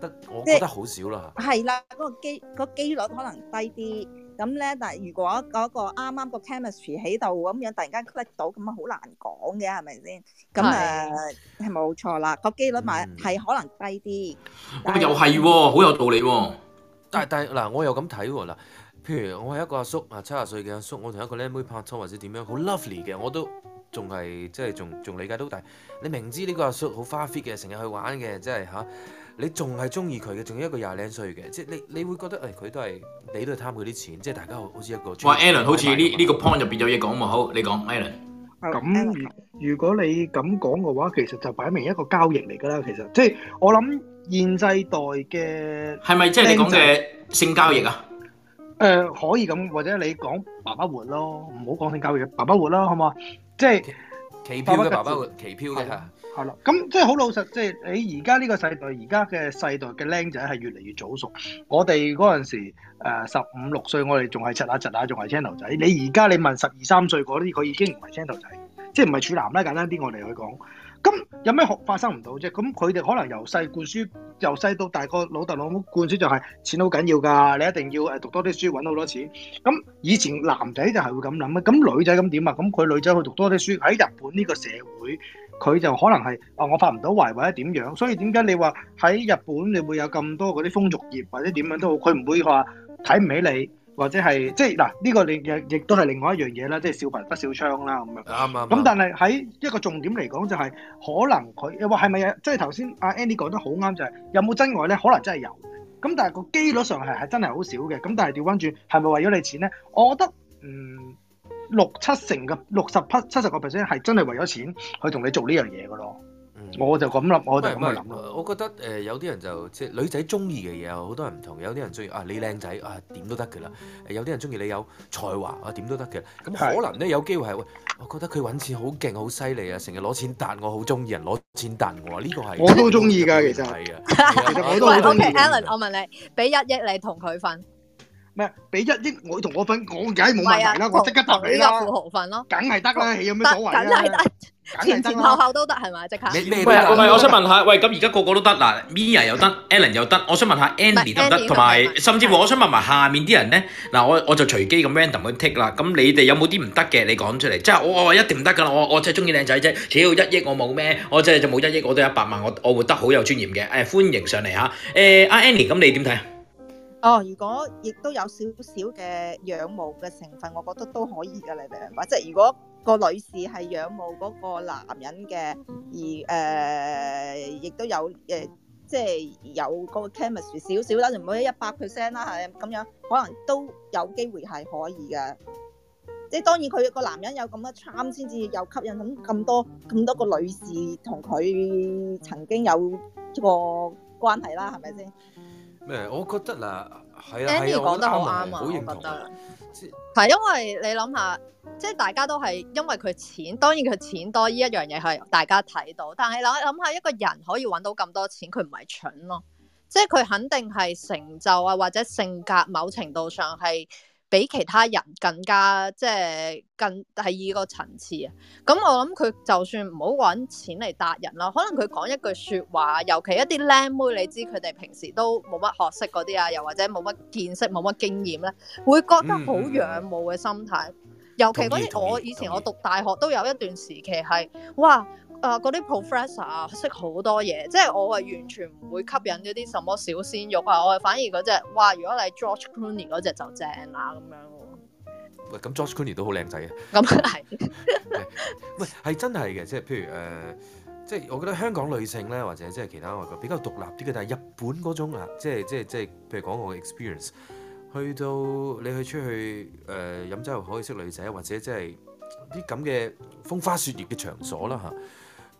得，我覺得好少啦嚇。
係啦，嗰個機嗰機率可能低啲，咁咧，但係如果嗰個啱啱個 chemistry 喺度咁樣，突然間 click 到，咁啊，好難講嘅，係咪先？咁啊，係冇錯啦，個機率咪係可能低啲。
咁，又係喎，好有道理喎。但係但係嗱，我又咁睇喎嗱，譬如我係一個阿叔啊，七十歲嘅阿叔，我同一個靚妹拍拖或者點樣，好 lovely 嘅，我都仲係即係仲仲理解到。但係你明知呢個阿叔好花 fit 嘅，成日去玩嘅，即係吓，你仲係中意佢嘅，仲要一個廿零歲嘅，即係你你會覺得誒，佢都係你都係貪佢啲錢，即係大家好似一個。
喂，Allen 好似呢呢個 point 入邊有嘢講喎，好，你講 Allen。咁
如果你咁講嘅話，其實就擺明一個交易嚟㗎啦。其實即係我諗現世代嘅係咪即係你講嘅性交易啊？誒，可以咁，或者你講爸爸活咯，唔好講性交易，爸爸活咯，好嘛？即係奇標嘅爸爸，旗標嘅係啦。咁即係好老實，即係你而家呢個世代，而家嘅世代嘅靚仔係越嚟越早熟。我哋嗰陣時，誒十五六歲，我哋仲係窒下窒下，仲係、啊、青頭仔。你而家你問十二三歲嗰啲，佢已經唔係青頭仔，即係唔係處男啦。簡單啲，我哋去講。咁有咩學發生唔到啫？咁佢哋可能由細灌輸，由細到大個老豆老母灌輸就係錢好緊要㗎，你一定要誒讀多啲書，揾好多錢。咁以前男仔就係會咁諗啊，咁女仔咁點啊？咁佢女仔去讀多啲書喺日本呢個社會，佢就可能係啊、哦、我發唔到圍或者點樣，所以點解你話喺日本你會有咁多嗰啲風俗業或者點樣都好，佢唔會話睇唔起你。或者係即係嗱，呢個你亦亦都係另外一樣嘢啦，即係笑貧不笑娼啦咁啊。啱啊！咁但係喺一個重點嚟講，就係可能佢，哇係咪啊？即係頭先阿 Andy 講得好啱，就係有冇真愛咧？可能真係有。咁但係個機率上係係真係好少嘅。咁但係調返轉係咪為咗你錢咧？我覺得嗯六七成嘅六十七七十個 percent 係真係為咗錢去同你做呢樣嘢嘅咯。我就咁諗，是我就咁諗
咯。我覺得誒、呃，有啲人就即係女仔中意嘅嘢，好多人唔同。有啲人中意啊，你靚仔啊，點都得嘅啦。有啲人中意你有才華啊，點都得嘅。咁可能咧，有機會係，喂，我覺得佢揾錢好勁、好犀利啊，成日攞錢揼，我好中意人攞錢揼我。呢、呢個係我都
中意㗎，其實。係嘅， 其實我都好中意。OK，Alan，
我問你，俾一億你同佢瞓？
唔係，俾一億我同我粉
講，我梗係冇問題啦，我即刻答你啦。梗係得啦，起有咩所謂啊？得，梗係得，
前前後後都得係咪？即刻。喂，我咪我想問下，喂，咁而家個個都得嗱，Mia 又得，Ellen 又得，我想問下 Andy 得唔得？同埋甚至乎，我想問埋下面啲人咧，嗱，我我就隨機咁 random 去 take 啦。咁你哋有冇啲唔得嘅？你講出嚟，即係我我話一定唔得㗎啦。我我即係鍾意靚仔啫，屌一億我冇咩？我即係就冇一億，我都有一百萬，我我活得好有尊嚴嘅。誒歡迎上嚟嚇，誒阿 Andy 咁你點睇啊？
哦，如果亦都有少少嘅仰慕嘅成分，我覺得都可以噶，你明唔明白？即係如果個女士係仰慕嗰個男人嘅，而誒亦都有誒，即係有嗰個 chemistry 少少啦，就唔好一百 percent 啦，係咁樣，可能都有機會係可以噶。即係當然佢個男人有咁多 charm 先至有吸引咁咁多咁多個女士同佢曾經有個
關係啦，係咪先？
我覺得啦係啊，Andy 講得好啱啊，我覺
得，係因為你諗下，即係大家都係因為佢錢，當然佢錢多呢一樣嘢係大家睇到，但係諗諗下一個人可以揾到咁多錢，佢唔係蠢咯，即係佢肯定係成就啊，或者性格某程度上係。比其他人更加即係更第二個層次啊！咁我諗佢就算唔好揾錢嚟達人啦，可能佢講一句說話，尤其一啲靚妹，你知佢哋平時都冇乜學識嗰啲啊，又或者冇乜見識冇乜經驗咧，會覺得好仰慕嘅心態，尤其嗰啲我以前我讀大學都有一段時期係哇。啊！嗰啲，uh, professor 啊，識好多嘢，即係我係完全唔會吸引嗰啲什麼小鮮肉啊！我係反而嗰隻哇，如果你 George Clooney 嗰隻就正啦，咁樣
喎。喂，咁 George Clooney 都好靚仔嘅。咁
係
唔
係真係嘅，即係譬如誒、呃，即係我覺得香港女性咧，或者即係其他外國比較獨立啲嘅，但係日本嗰種啊，即係即係即係，譬如講我嘅 experience，去到你去出去誒、呃、飲酒可以識女仔，或者即係啲咁嘅風花雪月嘅場所啦嚇。啊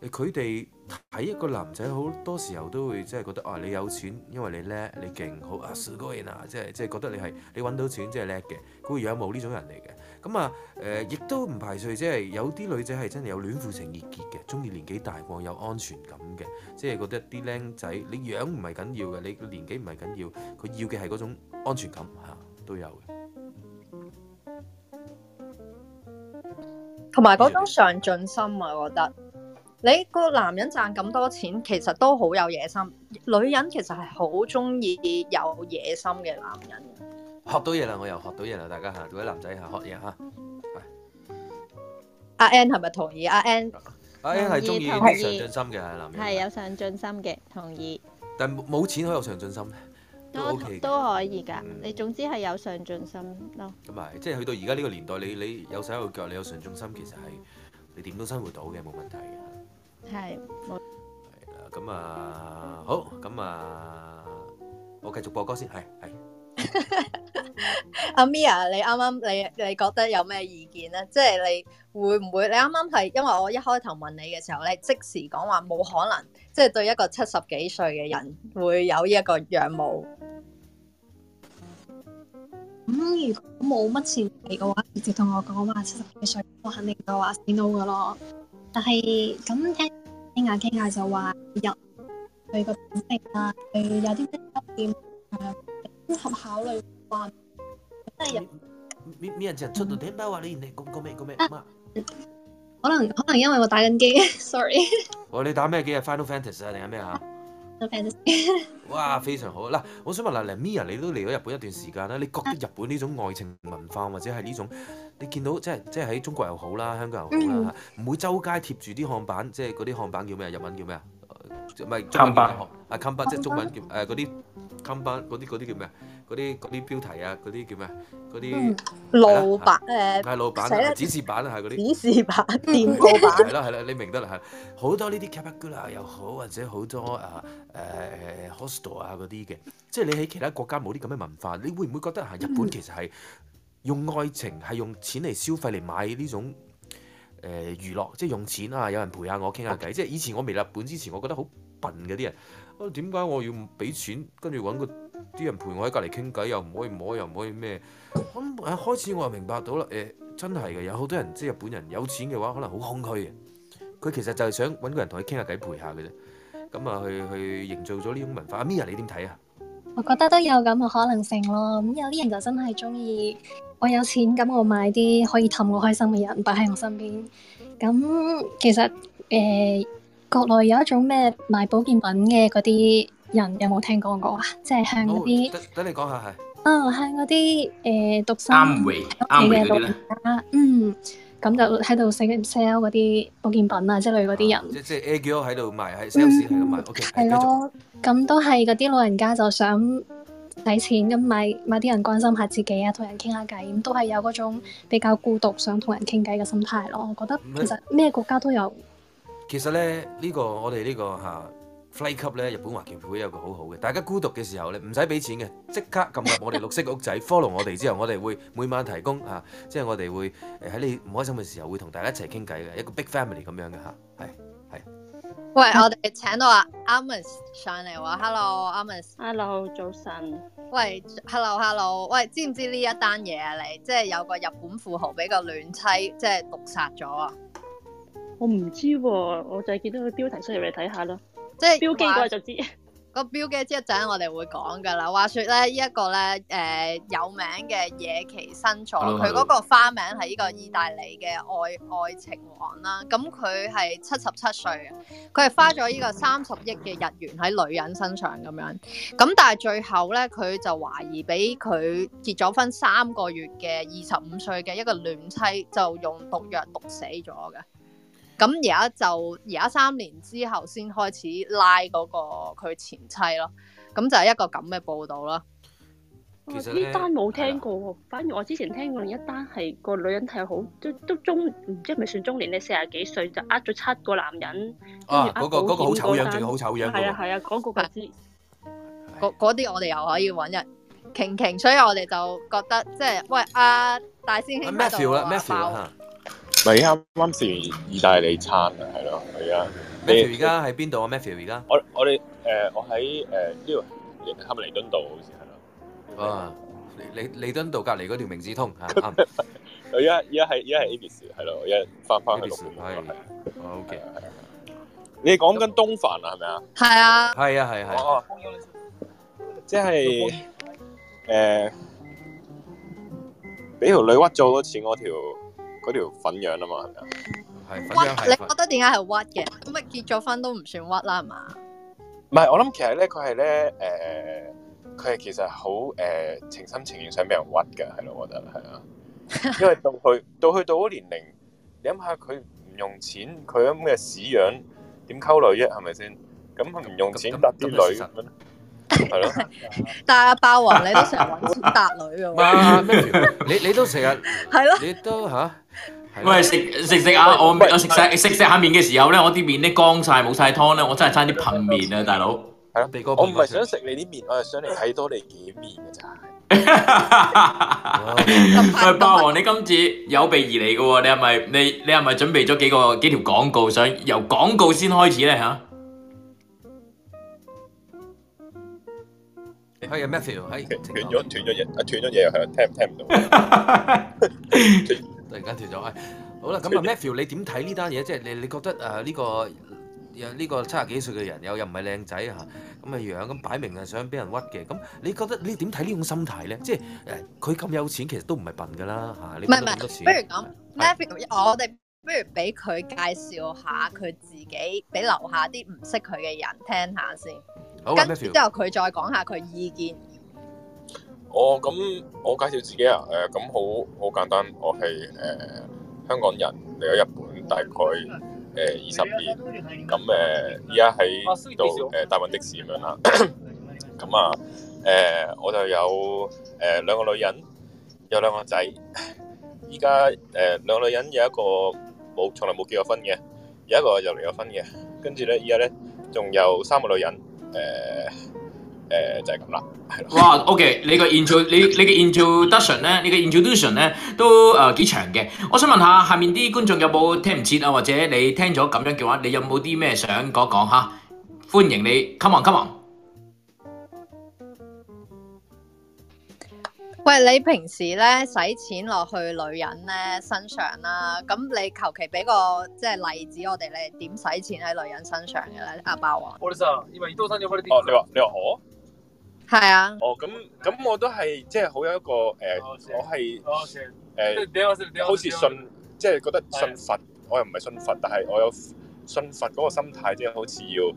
佢哋睇一個男仔好多時候都會即係覺得啊，你有錢，因為你叻，你勁好啊 superman 啊，即係即係覺得你係你揾到錢即係叻嘅。佢會仰慕呢種人嚟嘅咁啊？誒，亦、呃、都唔排除即係有啲女仔係真係有戀父情意結嘅，中意年紀大過有安全感嘅，即係覺得啲僆仔你樣唔係緊要嘅，你年紀唔係緊要，佢要嘅係嗰種安全感嚇、啊、都有嘅，
同埋嗰種上進心啊，我覺得。你個男人賺咁多錢，其實都好有野心。女人其實係好中意有野心嘅男
人。學到嘢啦，我又學到嘢啦，大家吓，各位男仔吓，學嘢吓。
阿 N 係咪同意？阿 N，
阿 N 係中意有上進心嘅男人。係有
上進心嘅，同意。
但係冇錢可以有上進心，都 OK，
都可以噶。你總之係有上進心咯。
咁咪，即係去到而家呢個年代，你你有手有腳，你有上進心，其實係你點都生活到嘅，冇問題嘅。係，係啦，咁啊，好，咁啊，我繼續播歌先，係係。
阿 Mia，你啱啱你你覺得有咩意見咧？即係你會唔會？你啱啱係因為我一開頭問你嘅時候咧，你即時講話冇可能，即係對一個七十幾歲嘅人會有呢一個仰慕。咁、嗯、如果冇乜前提嘅話，直接同我講話，七十幾歲，我肯定就話 no 噶咯。但係咁傾傾下傾下就話入佢個品質啊，佢有啲咩優點啊，綜合考慮話。
咩人成日出到聽包話你嚟講講咩講咩啊？
可能可能因為我打緊機，sorry。
哦，你打咩機啊？Final Fantasy 啊，定係咩啊？ 哇，非常好！嗱，我想問嗱，Mia 你都嚟咗日本一段時間啦，你覺得日本呢種愛情文化或者係呢種你見到即係即係喺中國又好啦，香港又好啦，唔、嗯、會周街貼住啲漢板，即係嗰啲漢板叫咩啊？日文叫咩啊？唔係 kanban 啊 kanban 即係中文叫誒嗰啲 kanban 嗰啲啲叫咩啊？嗰啲啲標題啊，嗰啲叫咩？嗰啲、嗯
啊、老闆誒、啊，係老闆，指示板啊，嗰啲指示板、電波
板。係咯係咯，你明得啦。好、啊、多呢啲 capsule 又好，或者好多啊誒、呃、hostel 啊嗰啲嘅，即係你喺其他國家冇啲咁嘅文化，你會唔會覺得嚇日本其實係用愛情係、嗯、用錢嚟消費嚟買呢種誒、呃、娛樂？即係用錢啊，有人陪下我傾下偈。Okay. 即係以前我未嚟日本之前，我覺得好笨嘅啲人，我點解我要俾錢跟住揾個？啲人陪我喺隔離傾偈，又唔可以摸，又唔可以咩？咁一開始我又明白到啦，誒真係嘅，有好多人即係日本人有錢嘅話，可能好空虛嘅。佢其實就係想揾個人同佢傾下偈陪下嘅啫。咁啊，去去營造咗呢種文化。阿 Mia 你點睇啊？
我覺得都有咁嘅可能性咯。咁有啲人就真係中意，我有錢咁我買啲可以氹我開心嘅人擺喺我身邊。咁其實誒國內有一種咩賣保健品嘅嗰啲。人有冇聽講過啊？即係向嗰啲，哦，等你
講下係。
嗯、哦，向嗰啲誒獨生，啱嘅老人家，嗯，咁就喺度 sell sell 嗰啲保健品啊之類嗰啲人，
啊、即即係叫喺度賣，喺 sales 喺度賣
，ok、係咯，咁都係嗰啲老人家就想使錢，咁買買啲人關心下自己啊，同人傾下偈，咁都係有嗰種比較孤獨，想同人傾偈嘅心態咯。我覺得其實咩國家都有。
其實咧呢、這個這個這個我哋、這個這個、呢、這個吓。Fly 級咧，日本華僑會有個好好嘅。大家孤獨嘅時候咧，唔使俾錢嘅，即刻撳入我哋綠色屋仔 follow 我哋之後，我哋會每晚提供嚇、啊，即係我哋會喺你唔開心嘅時候會同大家一齊傾偈嘅，一個 big family 咁樣嘅嚇，係、啊、係。
喂，我哋請到阿 Amos 上嚟喎，Hello Amos, Hello 早晨。喂，Hello Hello，喂，知唔知呢一單嘢啊？你即係有個日本富豪俾個暖妻即係毒殺咗啊？我唔知喎，我就係見到個標題，所以嚟睇下咯。即係標記嗰日就知，個標記即係就係我哋會講噶啦。話說咧，呢一,一個咧，誒、呃、有名嘅野崎新材，佢嗰 個花名係呢個意大利嘅愛愛情王啦。咁佢係七十七歲，佢係花咗呢個三十億嘅日元喺女人身上咁樣。咁但係最後咧，佢就懷疑俾佢結咗婚三個月嘅二十五歲嘅一個暖妻就用毒藥毒死咗嘅。咁而家就而家三年之後先開始拉嗰個佢前妻咯，咁就係一個咁嘅報道啦。
啊，呢單
冇聽過喎，反而我之前聽過另一單係個女人係好即都中唔知係咪算中年咧，四廿幾歲就呃咗七個男人。哦、啊，嗰、嗰
個好、嗰個、醜樣，仲好醜樣。係啊係
啊，講個嗰啲我哋又可以揾人傾傾，所以我哋就覺得即係喂阿、啊、大先生喺咩啊？
咪啱啱食完意大利
餐啊，係咯，係啊。你而家喺邊度啊？Matthew 而家，我我哋誒，我喺
誒呢度，彌敦道好似係
咯。啊，彌彌彌敦道隔籬嗰條明字通啊。
我而家而家係而家係 Abyss，係咯，我而家翻翻去 Abyss 係。O K。你講緊東凡啊，係咪啊？係啊。
係
啊，係啊。哦。即
係誒，俾條女屈咗錢我條。嗰條粉樣啊嘛，係咪啊？你覺得
點解係屈嘅？咁咪結咗婚都唔算屈啦，係嘛？
唔係，我諗其實咧，佢係咧，誒、呃，佢係其實好誒、呃，情心情願想俾人屈嘅，係咯，我覺得係啊。 因為到去到去到嗰年齡，你諗下佢唔用錢，佢咁嘅屎樣點溝女啫，係咪先？咁唔那用錢搭啲女，係咯？
但係、啊、阿鮑華，你都成日搵錢搭女嘅。
你 你都成日係咯，你都吓？笑 對是對對喂，食食食啊！我我食晒食晒下面嘅時候咧，我啲麵咧乾晒冇晒湯咧，我真係差啲噴麵啊，大佬！係咯，鼻哥。我唔
係想食你啲麵，我係想嚟睇多你幾
面㗎咋。喂，霸王，你今次有備而嚟嘅喎？你係咪你你係咪準備咗幾個幾條廣告，想由廣告先開始咧吓？你開
緊咩笑？斷咗斷咗嘢啊！斷咗嘢又係，聽唔聽唔到？突然間斷咗，誒、哎、好啦，咁啊 Matthew，你點睇呢單嘢？即係你你覺得誒呢、呃這個呢、呃這個七廿幾歲嘅人又又唔係靚仔嚇，咁、啊、嘅、這個、樣，咁、啊、擺明係想俾人屈嘅。咁、啊、你覺得你點睇呢種心態咧？即係誒佢咁有錢，其實都唔係笨㗎啦嚇，你唔係不，不，不如咁是，Matthew，我
哋不如俾佢介紹下佢自己，俾樓下啲唔識佢嘅人聽下先。
好，
跟住之後
佢再講下佢意見。
我咁我介紹自己啊，誒咁好好簡單，我係誒香港人，嚟咗日本大概誒二十年，咁誒依家喺度誒大運的士咁樣啦。咁啊誒我就有誒兩個女人，有兩個仔。依家誒兩個女人有一個冇從來冇結過婚嘅，有一個又離咗婚嘅。跟住咧依家咧仲有三個女人誒。
誒、呃、就係咁啦，係咯。 哇，OK，你個 introduction 咧，你嘅 introduction 咧都誒幾、呃、長嘅。我想問下，下面啲觀眾有冇聽唔切啊？或者你聽咗咁樣嘅話，你有冇啲咩想講講吓，歡迎你，Come on，Come on。
喂，你平時咧使錢落去女人咧身上啦、啊，咁你求其俾個即係例子我，我哋咧點使錢喺女人身上嘅咧？阿包啊，哦，你話、
啊、你話我。係啊！哦，咁咁我都係即係好有一個誒，呃 oh, 行我係是誒，好似信即係覺得信佛，的我又唔係信佛，但係我有信佛嗰個心態，即、就、係、是、好似要誒誒、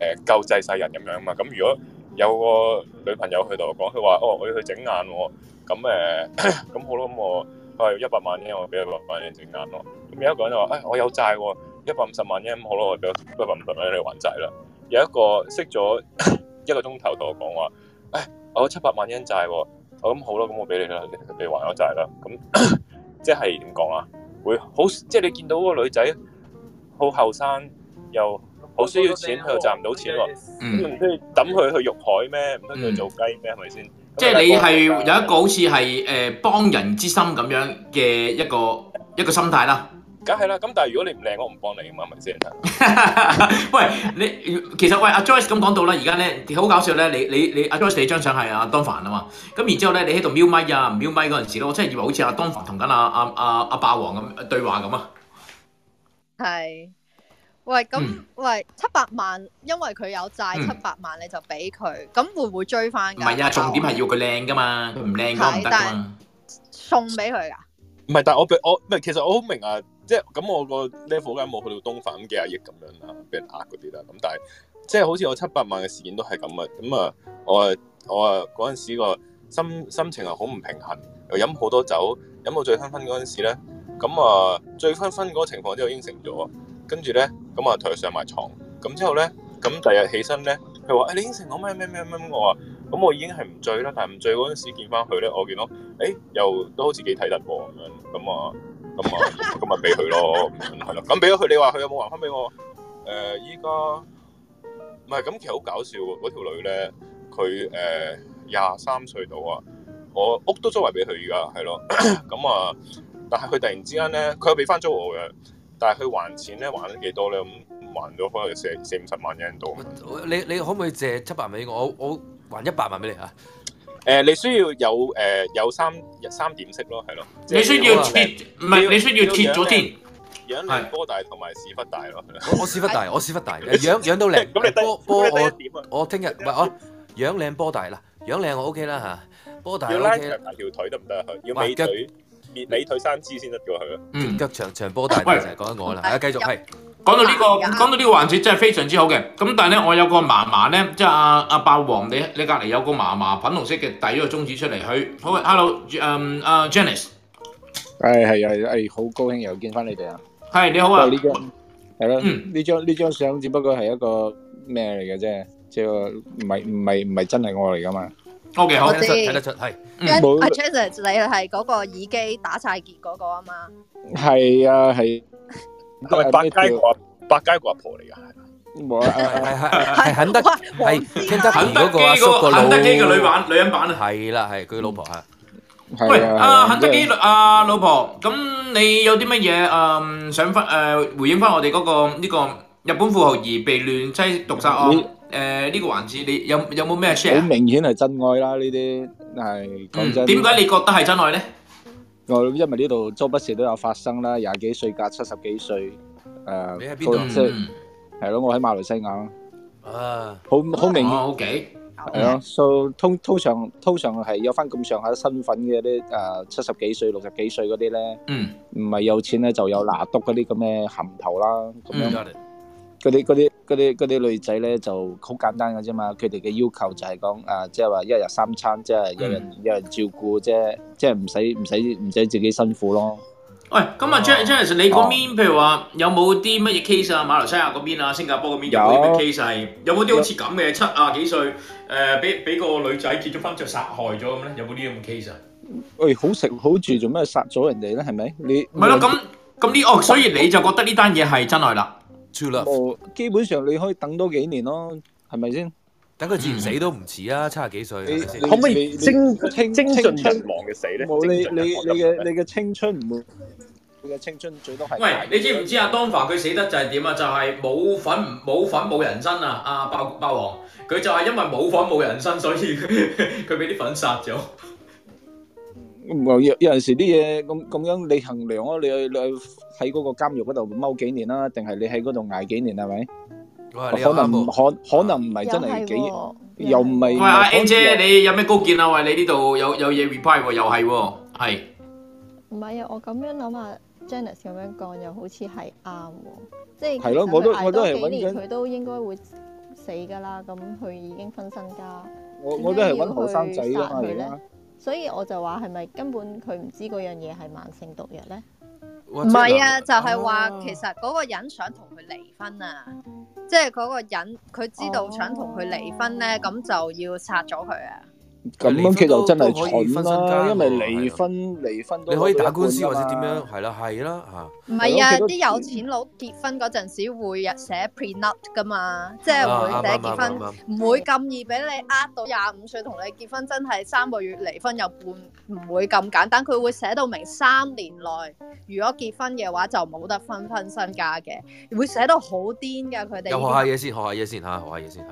呃、救濟世人咁樣嘛。咁如果有個女朋友去同我講，佢話哦我要去整眼，咁誒咁好咯，咁我我一百萬啫，我俾一百萬你整眼咯。咁有一個人就話誒、哎、我有債，一百五十萬啫。」咁好咯，我俾一百五十萬你還債啦。有一個識咗。 一個鐘頭同我講話，誒，我七百萬英債喎，我咁好咯，咁我俾你啦，你還咗債啦，咁 即係點講啊？會好，即係你見到個女仔好後生，又好需要錢，佢又賺唔到錢喎，嗯，抌佢、嗯、去肉海咩？唔通佢做雞咩？係咪先？嗯、即係是你係
有一個好似係誒幫人之心咁樣嘅一個一個心態啦。
梗係啦，咁但係如果
你唔靚，我唔幫你噶嘛，明唔明先？喂，啊、你其實喂阿 Joyce 咁講到啦，而家咧好搞笑咧，你你你阿 Joyce 呢張相係阿當凡啊嘛，咁然之後咧你喺度瞄咪啊唔瞄咪嗰陣時咧，我真係以為好似阿當凡同緊阿阿阿阿霸王咁對話咁啊。
係，
喂咁、嗯、喂七百萬，因為佢有債七百萬，你就俾佢，咁、嗯、會唔會追翻、啊？唔係啊，重點係要
佢靚噶嘛，佢唔
靚都唔得
送俾佢啊？唔
係，但係我我唔係，其實我好明啊。即係咁，我個 level 嗰間冇去到東翻咁幾啊億咁樣啦，俾人呃嗰啲啦。咁但係，即係好似我七百萬嘅事件都係咁啊。咁啊，我啊，我啊嗰陣時個心心情啊好唔平衡，又飲好多酒，飲到醉醺醺嗰陣時咧，咁啊醉醺醺嗰個情況之後應承咗，跟住咧咁啊同佢上埋床，咁之後咧咁第日起身咧，佢話誒你應承我咩咩咩咩，我話咁我已經係唔醉啦，但係唔醉嗰陣時見翻佢咧，我見到誒、欸、又都好似幾睇得過咁樣，咁啊。咁啊，咁咪俾佢咯，係、嗯、啦。咁俾咗佢，你話佢有冇還翻俾我？誒、呃，依家唔係，咁其實好搞笑喎。嗰條女咧，佢誒廿三歲到啊，我屋都租埋俾佢而家係咯。咁啊，但係佢突然之間咧，佢又俾翻租我嘅，但係佢還錢咧，還咗幾多咧？還咗可能四四五十萬英鎊度。
你你可唔可以借七百萬俾我，我？我還一百萬俾你啊！
誒，你需要有誒有三三點式咯，係咯。你需要切唔係？你需要切咗添。樣靚波大同埋屎忽大咯。我屎忽大，
我屎忽大，養養到靚。咁你都波波我我聽日唔係我樣靚波大啦，樣靚我 OK 啦吓，
波大我 OK。要拉長長條腿得唔得啊？去要尾腿，滅尾腿三支先得咗佢啊。嗯，腳長長波大成日講緊我啦，而家繼續
係。講到呢個，講到呢個環節真係非常之好嘅。咁但係咧，我有個嫲嫲咧，即係阿阿霸王，你你隔籬有個嫲嫲，粉紅色嘅，遞咗個中指出嚟。去，好，Hello，嗯，阿 Janice，
係係係，係好高興又見翻你哋啊。
係你好啊，係咯，
嗯，呢張呢張相只不過係一個咩嚟嘅啫，即係唔係唔係唔係真係我嚟噶嘛。OK，好，睇得出，
睇得出，係。係 Janice，你係嗰個耳機打晒結嗰個啊嘛？
係啊，係。唔係百佳個百佳個阿婆嚟噶，係咪？冇啊，係係係肯德，係
肯德基嗰個肯德基個女版
女人版啊！係啦，係佢老婆嚇。
喂，阿肯德基
阿老婆，咁你有啲乜嘢誒想翻誒回應翻我哋嗰個呢個日本富豪兒被亂妻毒殺案誒呢個環節？你有有冇咩 share 啊？好明
顯係真愛啦，呢啲係講真，點解你
覺得係真愛咧？
因為呢度周不時都有發生啦，廿幾歲嫁七十幾歲，誒，高齡式，係咯，我喺馬來西亞，啊，
好好明顯，好勁，
係咯，所以通通常通常係有翻咁上下身份嘅啲誒，七十幾歲、六十幾歲嗰啲咧，唔係有錢咧就有拿督嗰啲咁嘅銜頭啦，咁樣。嗰啲啲啲啲女仔咧就好簡單嘅啫嘛，佢哋嘅要求就係講啊，即係話一日三餐，即係有人有人照顧啫，即係唔使唔使唔使自己辛苦咯。喂，咁啊
，J J，你嗰邊譬如話有冇啲乜嘢 case 啊？馬來西亞嗰邊啊，新加坡嗰邊有啲咩 case？有冇啲好似咁嘅七啊幾歲？誒，俾俾個女仔結咗婚就殺害咗咁咧？有冇啲咁嘅 case？啊？
喂，好食好住做咩殺咗人哋咧？係咪？你咪咯，咁
咁呢？哦，所以你就覺得呢單嘢係
真愛啦？to 基本上你可以等多幾年咯，係咪先？嗯、等佢自然死都
唔遲啊，七十幾歲、啊，可唔可以精清精純絕望嘅死咧？冇你
你你嘅、嗯、你嘅青春唔會，你
嘅青春最多係。喂，你知唔知阿當凡佢死
得就係點啊？就係、是、冇粉冇粉冇人生啊！阿霸霸王，佢就係因為冇粉冇人生，所以佢佢俾啲粉殺咗。
唔冇有有陣時啲嘢咁咁樣你衡量啊，你你去喺嗰個監獄嗰度踎幾年啦，定係你喺嗰度挨幾年係咪？可能唔可，可能唔係真係幾，
又唔係。喂阿 Ang 姐，你有咩高見啊？喂，你呢度有有嘢 reply 又係，
係唔係啊？我咁樣諗下，Janice 咁樣講又好似係啱，即係係咯，我都我都係。幾年佢都應該會死噶啦，咁佢已經分身家，我我都係揾後生仔噶嘛嚟啦。所以我就話係咪根本佢唔知嗰樣嘢係慢性毒藥呢？唔係哇啊，就係、是、話其實嗰個人想同佢離婚啊，即係嗰個人佢知道想同佢離婚呢，咁、哦、就要殺咗佢啊！
咁樣佢就真係蠢啦，因為離婚了離婚都可以打官司或者點樣，
係啦係啦嚇。
唔係啊，啲裡有錢佬結婚嗰陣時會寫 prenup 噶嘛，即係會寫結婚，唔會咁易俾你呃到廿五歲同你結婚，真係三個月離婚又半，唔會咁簡單。佢會寫到明三年內，如果結婚嘅話就冇得分分身家嘅，會寫到好癲噶佢哋。又學下
嘢先，學下嘢先嚇、啊，學下嘢先係。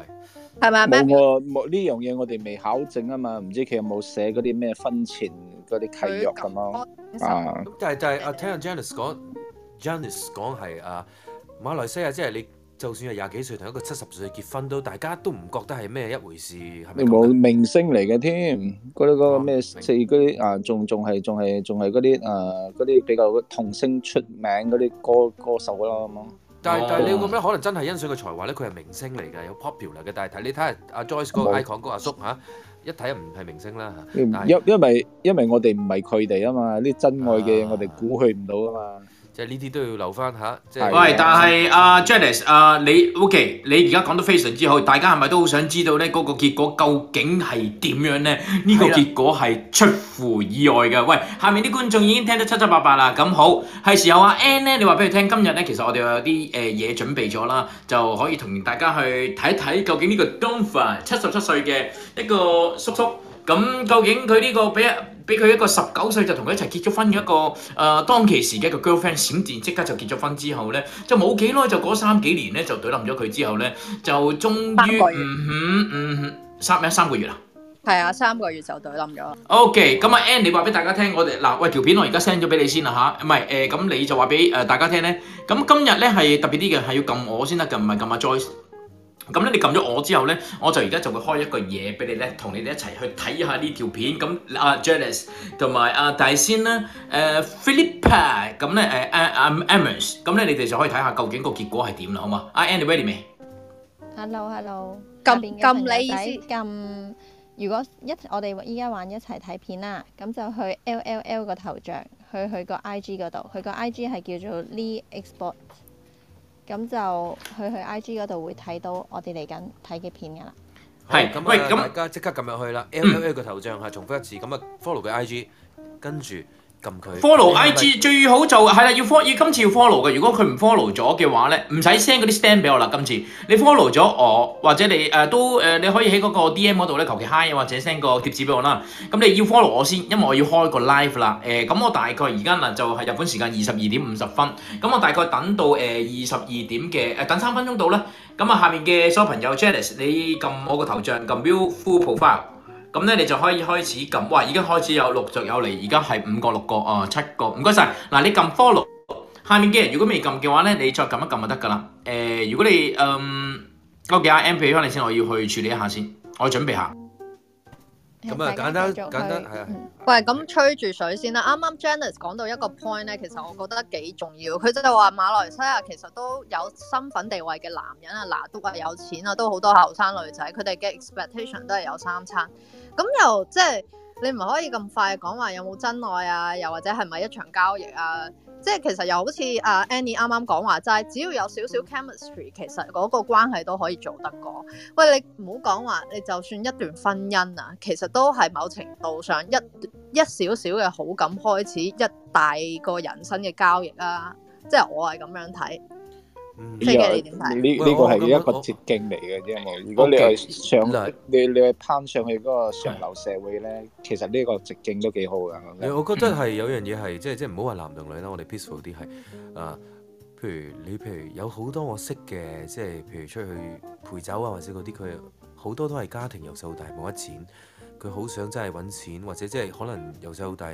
係咪冇，我
冇呢樣嘢？我哋未考證啊嘛，唔知佢有冇寫嗰啲咩婚前嗰啲契約咁咯、嗯、啊！
但係就係啊，聽阿 Janice 講，Janice 講係啊，馬來西亞即係你，就算係廿幾歲同一個七十歲結婚都，大家都唔覺得係咩一回事。你
冇明星嚟嘅添，嗰啲嗰個咩？四嗰啲啊，仲仲係仲係仲係嗰啲啊，嗰啲比較童星出名嗰啲歌歌手啦咁咯。嗯但係、啊、但係，你會覺
得可能真係欣賞佢才華咧，佢係明星嚟嘅，有 popular 嘅。但係睇你睇下阿 Joyce 個 icon 個阿叔嚇、啊，一睇唔係明星啦嚇。因因
為但係因為我哋唔係佢哋啊嘛，啲真愛嘅我哋估佢唔到啊嘛。啊
即係呢啲都要留返下，即
係。喂，但
係阿 Janice，阿你，OK，你而家講得非常之好，大家係咪都好想知道呢？嗰個結果究竟係點樣呢？呢個結果係出乎意外嘅。喂，下面啲觀眾已經聽得七七八八啦，咁好，係時候阿 Ann 呢，你話俾佢聽。今日呢，其實我哋有啲誒嘢準備咗啦，就可以同大家去睇一睇，究竟呢個 Donphan 七十七歲嘅一個叔叔，咁究竟佢呢個俾？俾佢一個十九歲就同佢一齊結咗婚嘅一個誒、呃、當其時嘅一個 girlfriend 閃電即刻就結咗婚之後咧，就冇幾耐，就嗰三幾年咧，就隊冧咗佢之後咧，就終於嗯哼嗯哼三一三個月啦，係啊、嗯嗯、三,三,三個月就隊
冧
咗。OK，咁阿 Ann 你話俾大家聽我哋，嗱喂，條片我而家 send 咗俾你先啦吓，唔係誒，咁你就話俾誒大家聽咧。咁今日咧係特別啲嘅係要撳我先得撳，唔係撳 Joyce。咁咧，你撳咗我之後咧，我就而家就會開一個嘢俾你咧，同你哋一齊去睇下呢條片。咁阿 Janice 同埋阿大仙咧，誒 Philippa，咁咧誒阿阿 Amos，咁咧你哋就可以睇下究竟個結果係點啦，好嘛？I am ready 未
？Hello，hello。撳撳你撳，如果一我哋依家玩一齊睇片啦，咁就去 LLL 個頭像，去去個 IG 嗰度，佢個 IG 係叫做 Lee Export。咁就去去 IG 嗰度，會睇到我哋嚟緊睇嘅片噶啦。係，
咁大家即刻撳入去啦。 LLL 個頭像係重複一次，咁啊 follow 佢 IG，跟住。follow IG 是
是最好就係、是、啦，要 follow，今次要 follow 嘅。如果佢唔 follow 咗嘅話咧，唔使 send 嗰啲 stamp 畀我啦。今次你 follow 咗我，或者你誒、呃、都誒、呃，你可以喺嗰個 DM 嗰度咧，求其 hi 或者 send 個貼紙畀我啦。咁你要 follow 我先，因為我要開個 live 啦。誒、呃，咁我大概而家嗱就係、是、日本時間二十二點五十分，咁我大概等到誒二十二點嘅誒等三分鐘到啦。咁啊，下面嘅所有朋友，Jennis，你撳我個頭像撳 View Full Profile。咁咧，你就可以開始撳哇！而家開始有陸續有嚟。而家係五個、六個啊，七個。唔該晒。嗱，你撳 follow 下面嘅人。如果未撳嘅話咧，你再撳一撳就得㗎啦。誒、呃，如果你嗯，我記下 M 俾翻你先，我要去處理一下先，我準備下。
咁啊、欸樣，簡單簡單係啊。嗯、喂，咁吹住水先啦。啱啱 Janice 講到一個 point 咧，其實我覺得幾重要。佢真係話馬來西亞其實都有身份地位嘅男人啊，嗱督啊有錢啊，都好多後生女仔，佢哋嘅 expectation 都係有三餐。咁又即係你唔可以咁快講話有冇真愛啊？又或者係咪一場交易啊？即係其實又好似阿 Annie 啱啱講話，即係只要有少少 chemistry，其實嗰個關係都可以做得過。喂，你唔好講話你就算一段婚姻啊，其實都係某程度上一一少少嘅好感開始一大個人生嘅交易啊。即係我係咁樣睇。
呢個呢呢個係一個捷徑嚟嘅，因為喂如果你係上我你你係攀上去嗰個上流社會咧，的其實呢個捷徑都幾好
㗎。我覺得係有樣嘢係即係即係唔好話男同女啦，我哋 peaceful 啲係誒、啊，譬如你譬如有好多我識嘅，即係譬如出去陪酒啊，或者嗰啲佢好多都係家庭由細到大冇乜錢，佢好想真係揾錢，或者即係可能由細到大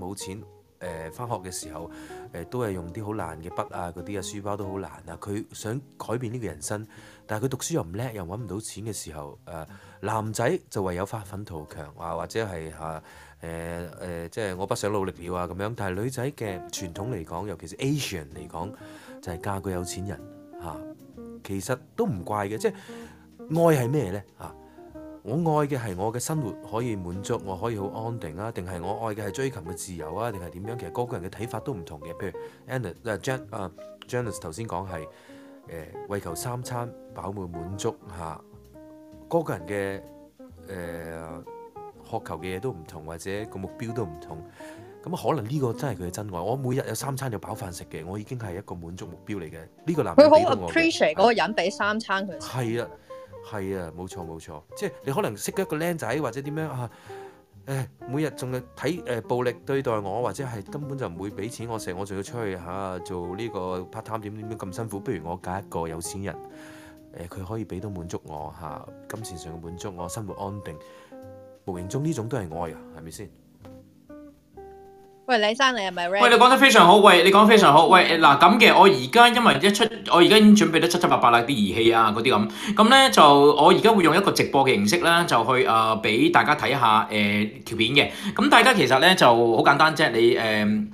冇錢。誒翻、呃、學嘅時候，誒、呃、都係用啲好爛嘅筆啊，嗰啲啊書包都好爛啊。佢想改變呢個人生，但係佢讀書又唔叻，又揾唔到錢嘅時候，誒、呃、男仔就唯有發奮圖強啊，或者係嚇誒誒，即、啊、係、呃呃就是、我不想努力了啊咁樣。但係女仔嘅傳統嚟講，尤其是 Asian 嚟講，就係嫁個有錢人嚇、啊，其實都唔怪嘅，即、就、係、是、愛係咩呢？嚇、啊？我愛嘅係我嘅生活可以滿足，我可以好安定啊，定係我愛嘅係追求嘅自由啊，定係點樣？其實個個人嘅睇法都唔同嘅。譬如 Andrew 啊，Jan 啊，Janice 頭先講係誒為求三餐飽滿滿足嚇，個、啊、個人嘅誒渴求嘅嘢都唔同，或者個目標都唔同。咁可能呢個真係佢嘅真愛。我每日有三餐有飽飯食嘅，我已經係一個滿足目標嚟嘅。呢、這個男人佢好 appreciate
嗰個人俾三餐佢。
係啊。係啊，冇錯冇錯，即係你可能識一個靚仔或者點樣啊？哎、每日仲要睇暴力對待我，或者係根本就唔會俾錢我食，我仲要出去嚇、啊、做呢個 part time 點點點咁辛苦，不如我嫁一個有錢人，佢、啊、可以俾到滿足我嚇、啊，金錢上嘅滿足我，生活安定，無形中呢種都係愛啊，係咪先？
喂，李生，你係咪？喂，你講得非常好。喂，
你講得非常好。喂，嗱咁嘅，我而家因為一出，我而家已經準備得七七八八啦，啲儀器啊，嗰啲咁。咁、嗯、咧就，我而家會用一個直播嘅形式啦，就去誒俾、呃、大家睇下誒、呃、條片嘅。咁、嗯、大家其實咧就好簡單啫，你誒、呃，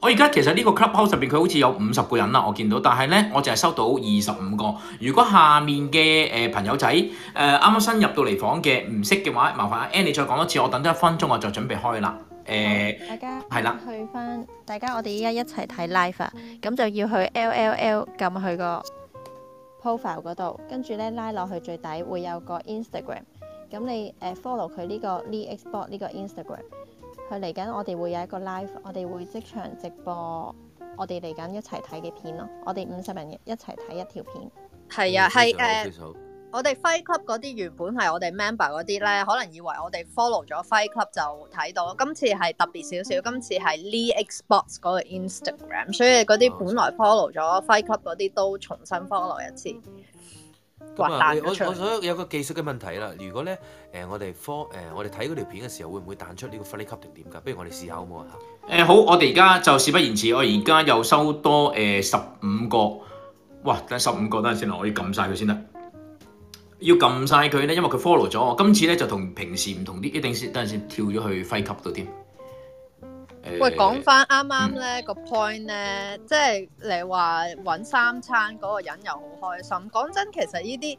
我而家其實呢個 clubhouse 入邊佢好似有五十個人啦，我見到，但係咧我淨係收到二十五個。如果下面嘅誒、呃、朋友仔誒啱啱新入到嚟房嘅唔識嘅話，麻煩阿 Ann、呃、你再講多次，我等多一分鐘，我就準備開啦。誒，係啦、
嗯，
去翻大家去，我哋依家一齊睇 live 啊！咁就要去、LL、l l l 撳去個 profile 嗰度，跟住咧拉落去最底會有個 Instagram、這個。咁你誒 follow 佢呢個 li export 呢個 Instagram，佢嚟緊我哋會有一個 live，我哋會即場直播，我哋嚟緊一齊睇嘅片咯。我哋五十人一齊睇一條片，係啊，係誒、啊。 我哋 f i c 輝級嗰啲原本係我哋 member 嗰啲咧，可能以為我哋 follow 咗 f l i c u 級就睇到。今次係特別少少，今次係 Lee Xbox 嗰個 Instagram，所以嗰啲本來 follow 咗 f i c 輝級嗰啲都重新 follow 一次，但得、嗯、我
想有個技術嘅問題啦，如果咧誒、呃、我哋 f 誒我哋睇嗰條片嘅時候，會唔會彈出呢個 u 級定點噶？不如我哋試下好唔好啊？誒、呃、好，我哋而
家就事不宜遲，我而家又收多誒十五個，哇、呃！等十五個等下先啦，我要撳晒佢先得。要撳晒佢咧，因為佢 follow 咗我。今次咧就同平時唔同啲，一定先等陣先跳咗去輝級度添。喂、
欸，
講翻啱啱咧個 point 咧、嗯，即係你話揾三餐嗰個人又好開心。講真，其實呢啲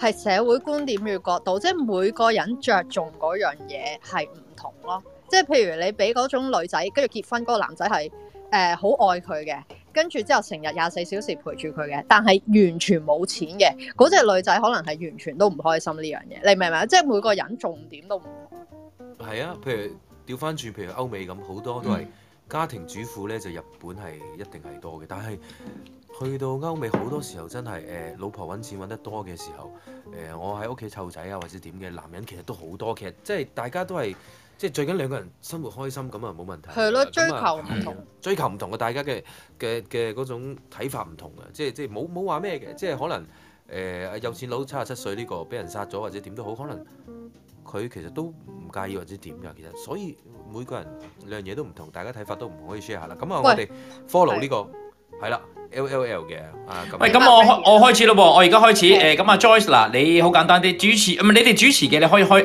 係社會觀點與角度，即係每個人着重嗰樣嘢係唔同咯。即係譬如你俾嗰種女仔跟住結婚嗰個男仔係誒好愛佢嘅。跟住之後成日廿四小時陪住佢嘅，但係完全冇錢嘅，嗰隻女仔可能係完全都唔開心呢樣嘢，你明唔明？即係每個人重點都唔同。
係啊，譬如調翻轉，譬如歐美咁，好多都係家庭主婦呢。就日本係一定係多嘅。但係去到歐美好多時候真係誒老婆揾錢揾得多嘅時候，誒我喺屋企湊仔啊，或者點嘅男人其實都好多，其實即係大家都係。即係最近兩個人生活開心咁啊，冇問題。係咯，追求唔同，追求唔同嘅大家嘅嘅嘅嗰種睇法唔同嘅，即係即係冇冇話咩嘅，即係可能誒、呃、有錢佬七十七歲呢個俾人殺咗或者點都好，可能佢其實都唔介意或者點㗎，其實所以每個人兩樣嘢都唔同，大家睇法都唔可以 share 下啦。咁啊，喂我哋 follow 呢、呢個係啦。的 L L L 嘅，喂，咁我
我開始咯喎，我而家開始，誒，咁啊 Joyce，嗱，你好簡單啲主持，唔係你哋主持嘅，你可以開，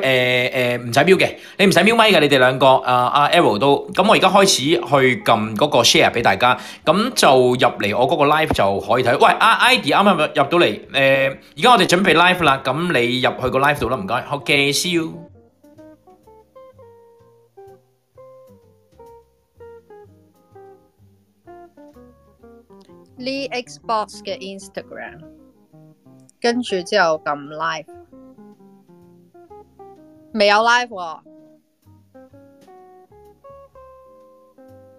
誒誒，唔使瞄嘅，你唔使瞄麥嘅，你哋兩個，啊啊 Arrow 都，咁我而家開始去撳嗰個 share 俾大家，咁就入嚟我嗰個 live 就可以睇，喂，阿 Idy 啱啱入到嚟，誒，而家我哋準備 live 啦，咁你入去個 live 度啦，唔該，好嘅，See you。
Lee Xbox 嘅 Instagram，跟住之後撳 live，未有 live 喎、
哦。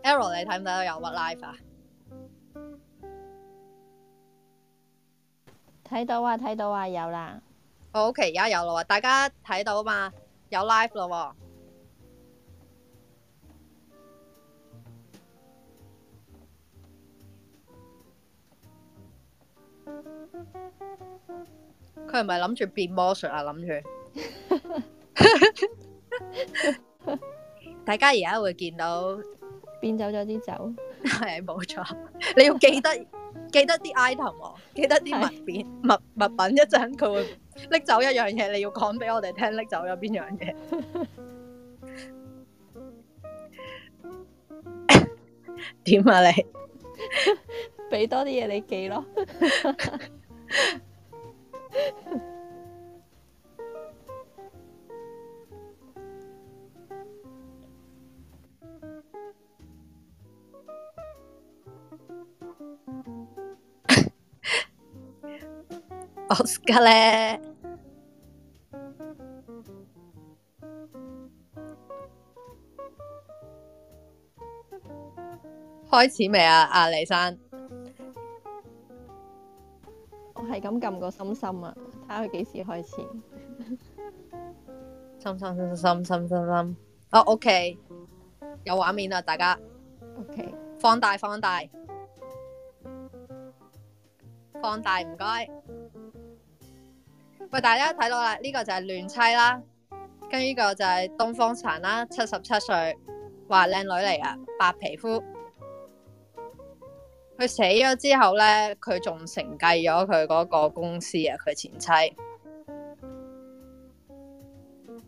Ella 你睇唔睇到有乜 live 啊？
睇到啊，睇到啊，有啦。OK，而家有咯，大家睇到嘛？有 live 咯、哦。佢係咪諗住變魔術啊？諗住，大家而家會見到變走咗啲酒，係冇錯。你要記得 記得啲 item，、哦、記得啲物品 物品。一陣佢會拎走一樣嘢，你要講俾我哋聽拎走有邊 樣嘢、啊。點啊你？ 畀多啲嘢你記咯 呢，好，開始未啊，阿李山？我係咁撳個心心啊，睇下佢幾時開始。心心心心心心心。哦，OK，有畫面啊，大家。OK，放大放大。放大唔該。喂，大家睇到啦，呢個就係亂妻啦，跟住呢個就係東方殘啦，七十七歲，話靚女嚟啊，白皮膚。佢死咗之後呢，佢仲承繼咗佢嗰個公司啊，佢前妻，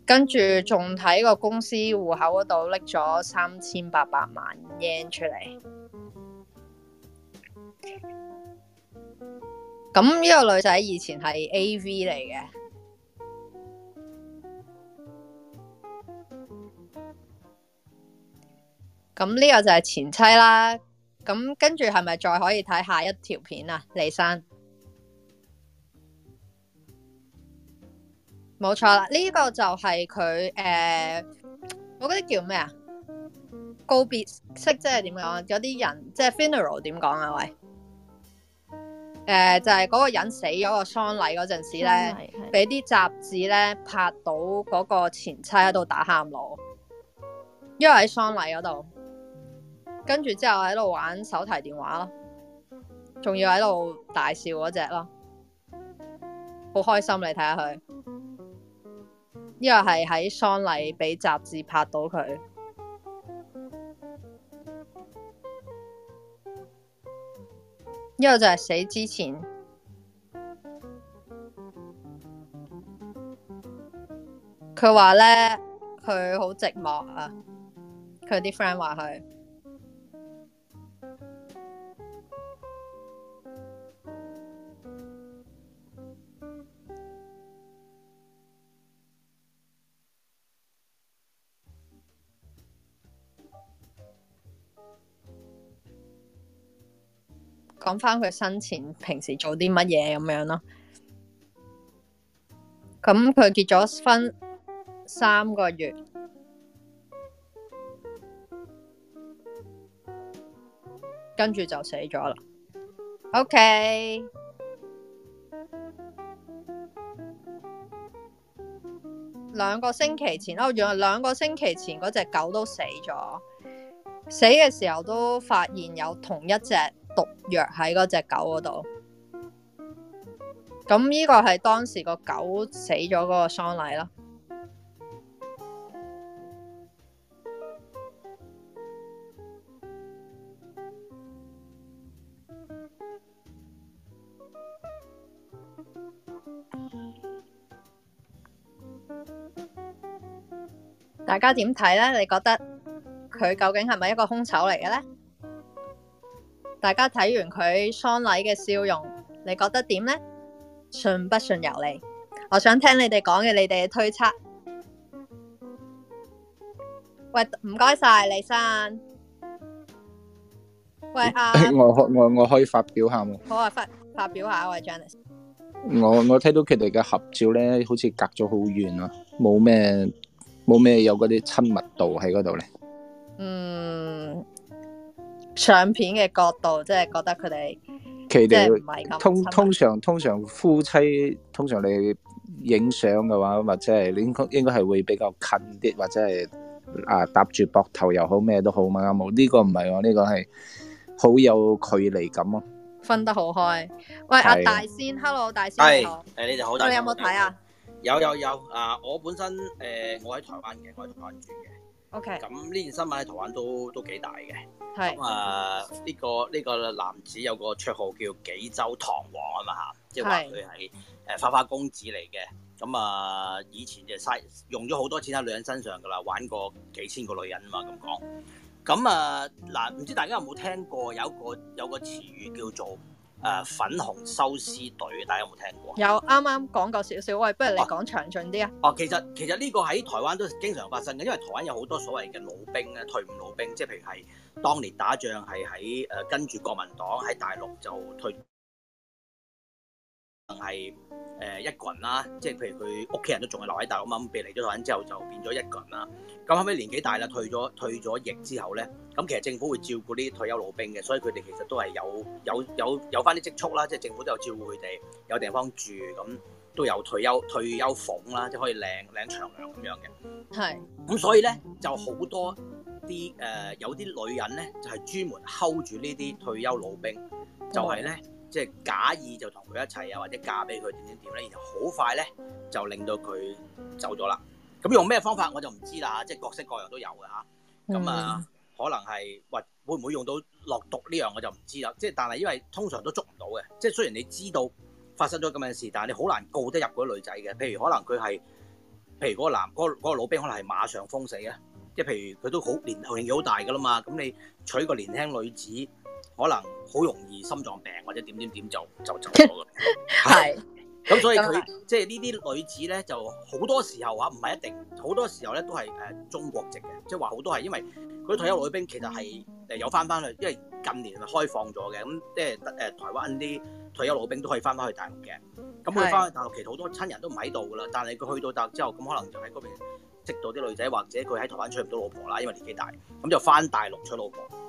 跟住仲喺個公司戶口嗰度拎咗三千八百萬日圓出嚟。咁呢個女仔以前係 A V 嚟嘅，咁呢個就係前妻啦。咁跟住係咪再可以睇下一條片啊？李生，冇錯啦，呢、這個就係佢、呃、我覺得叫咩啊？告別式即係點講？有啲人即係 funeral 點講啊？喂，誒、呃、就係、是、嗰個人死咗、那個喪禮嗰陣時咧，俾啲雜誌咧拍到嗰個前妻喺度打喊露，因為喺喪禮嗰度。跟住之後喺度玩手提電話咯，仲要喺度大笑嗰隻咯，好開心你睇下佢，呢個係喺喪禮俾雜誌拍到佢，呢個就係死之前，
佢話咧
佢好寂寞啊，佢啲 friend 話佢。講返佢生前平時做啲乜嘢咁樣咯。咁佢結咗婚三個月，跟住就死咗啦。OK，兩個星期前哦，原來兩個星期前嗰隻狗都死咗，死嘅時候都發現有同一隻毒藥喺嗰隻狗嗰度，咁呢個係當時個狗死咗嗰個喪禮咯。大家點睇咧？你覺得佢究竟係咪一個兇手嚟嘅咧？大家睇完佢喪禮嘅笑容，你覺得點呢？信不信由你。我想聽你哋講嘅，你哋嘅推測。喂，唔該晒李生。喂，
啊、我我我可以發表下嗎？
好啊，發發表下啊，Janice。
我我睇到佢哋嘅合照咧，好似隔咗好遠啊，冇咩冇咩有嗰啲親密度喺嗰度咧。嗯。
唱片嘅角度，即係覺得佢哋，佢哋他通通
常通常夫妻通常你影相嘅話，或者係你應該應該係會比較近啲，或者係啊搭住膊頭又好咩都好嘛，冇、這、呢個唔係喎，呢、這個係好有距離感咯、啊，
分得好開。喂，阿的、啊、大仙，Hello 大仙，係誒 Hey, 你哋好，大。你有冇睇啊
？Uh, 有有有啊！Uh, 我本身誒、uh, 我喺台灣嘅，我喺台灣住嘅。OK，咁呢件新聞喺台灣都都幾大嘅。係，咁啊呢個呢個男子有個綽號叫紀州唐王啊嘛嚇，即係話佢係誒花花公子嚟嘅。咁啊以前就嘥用咗好多錢喺女人身上㗎啦，玩過幾千個女人吖嘛咁講。咁啊嗱，唔知大家有冇聽過有一個有一個詞語叫做？誒、呃、粉紅收屍隊，大家有冇聽過？
有，啱啱講過少少，喂，不如你講詳盡啲啊！哦、
啊，其實其實呢個喺台灣都經常發生嘅，因為台灣有好多所謂嘅老兵咧，退伍老兵，即係譬如係當年打仗係喺誒跟住國民黨喺大陸就退。係誒、呃、一個人啦，即係譬如佢屋企人都仲係留喺度，咁、嗯、樣被嚟咗台灣之後就變咗一個人啦。咁後尾年紀大啦，退咗退咗役之後咧，咁其實政府會照顧啲退休老兵嘅，所以佢哋其實都係有有有有翻啲積蓄啦，即係政府都有照顧佢哋，有地方住，咁、嗯、都有退休退休房啦，即係可以領領長糧咁樣嘅。
係咁是，所以咧
就好多啲誒、呃，有啲女人咧就係、是、專門 hold 住呢啲退休老兵，
就係、是、咧。
即係假意就同佢一齊啊，或者嫁俾佢點點點咧，然後好快咧就令到佢走咗啦。咁用咩方法我就唔知啦，即係各式各樣都有嘅嚇。
咁啊、嗯嗯，
可能係喂，會唔會用到落毒呢樣我就唔知啦。即係但係因為通常都捉唔到嘅，即係雖然你知道發生咗咁樣事，但係你好難告得入嗰女仔嘅。譬如可能佢係譬如嗰個男嗰嗰、那個那個、老兵，可能係馬上封死嘅，即係譬如佢都好年年紀好大嘅啦嘛。咁你娶個年輕女子。可能好容易心臟病或者點點點就就走咗啦。咁 的所以佢即係呢啲女子咧，就好多時候啊，唔係一定好多時候咧，都係誒中國籍嘅，即係話好多係因為佢啲退休老兵其實係誒有翻返去，因為近年開放咗嘅，咁即係誒台灣啲退休老兵都可以翻返去大陸嘅。
咁佢翻去大
陸其實好多親人都唔喺度噶啦，是的 但係佢去到大陸之後，咁可能就喺嗰邊識到啲女仔，或者佢喺台灣娶唔到老婆啦，因為年紀大，咁就翻大陸娶老婆。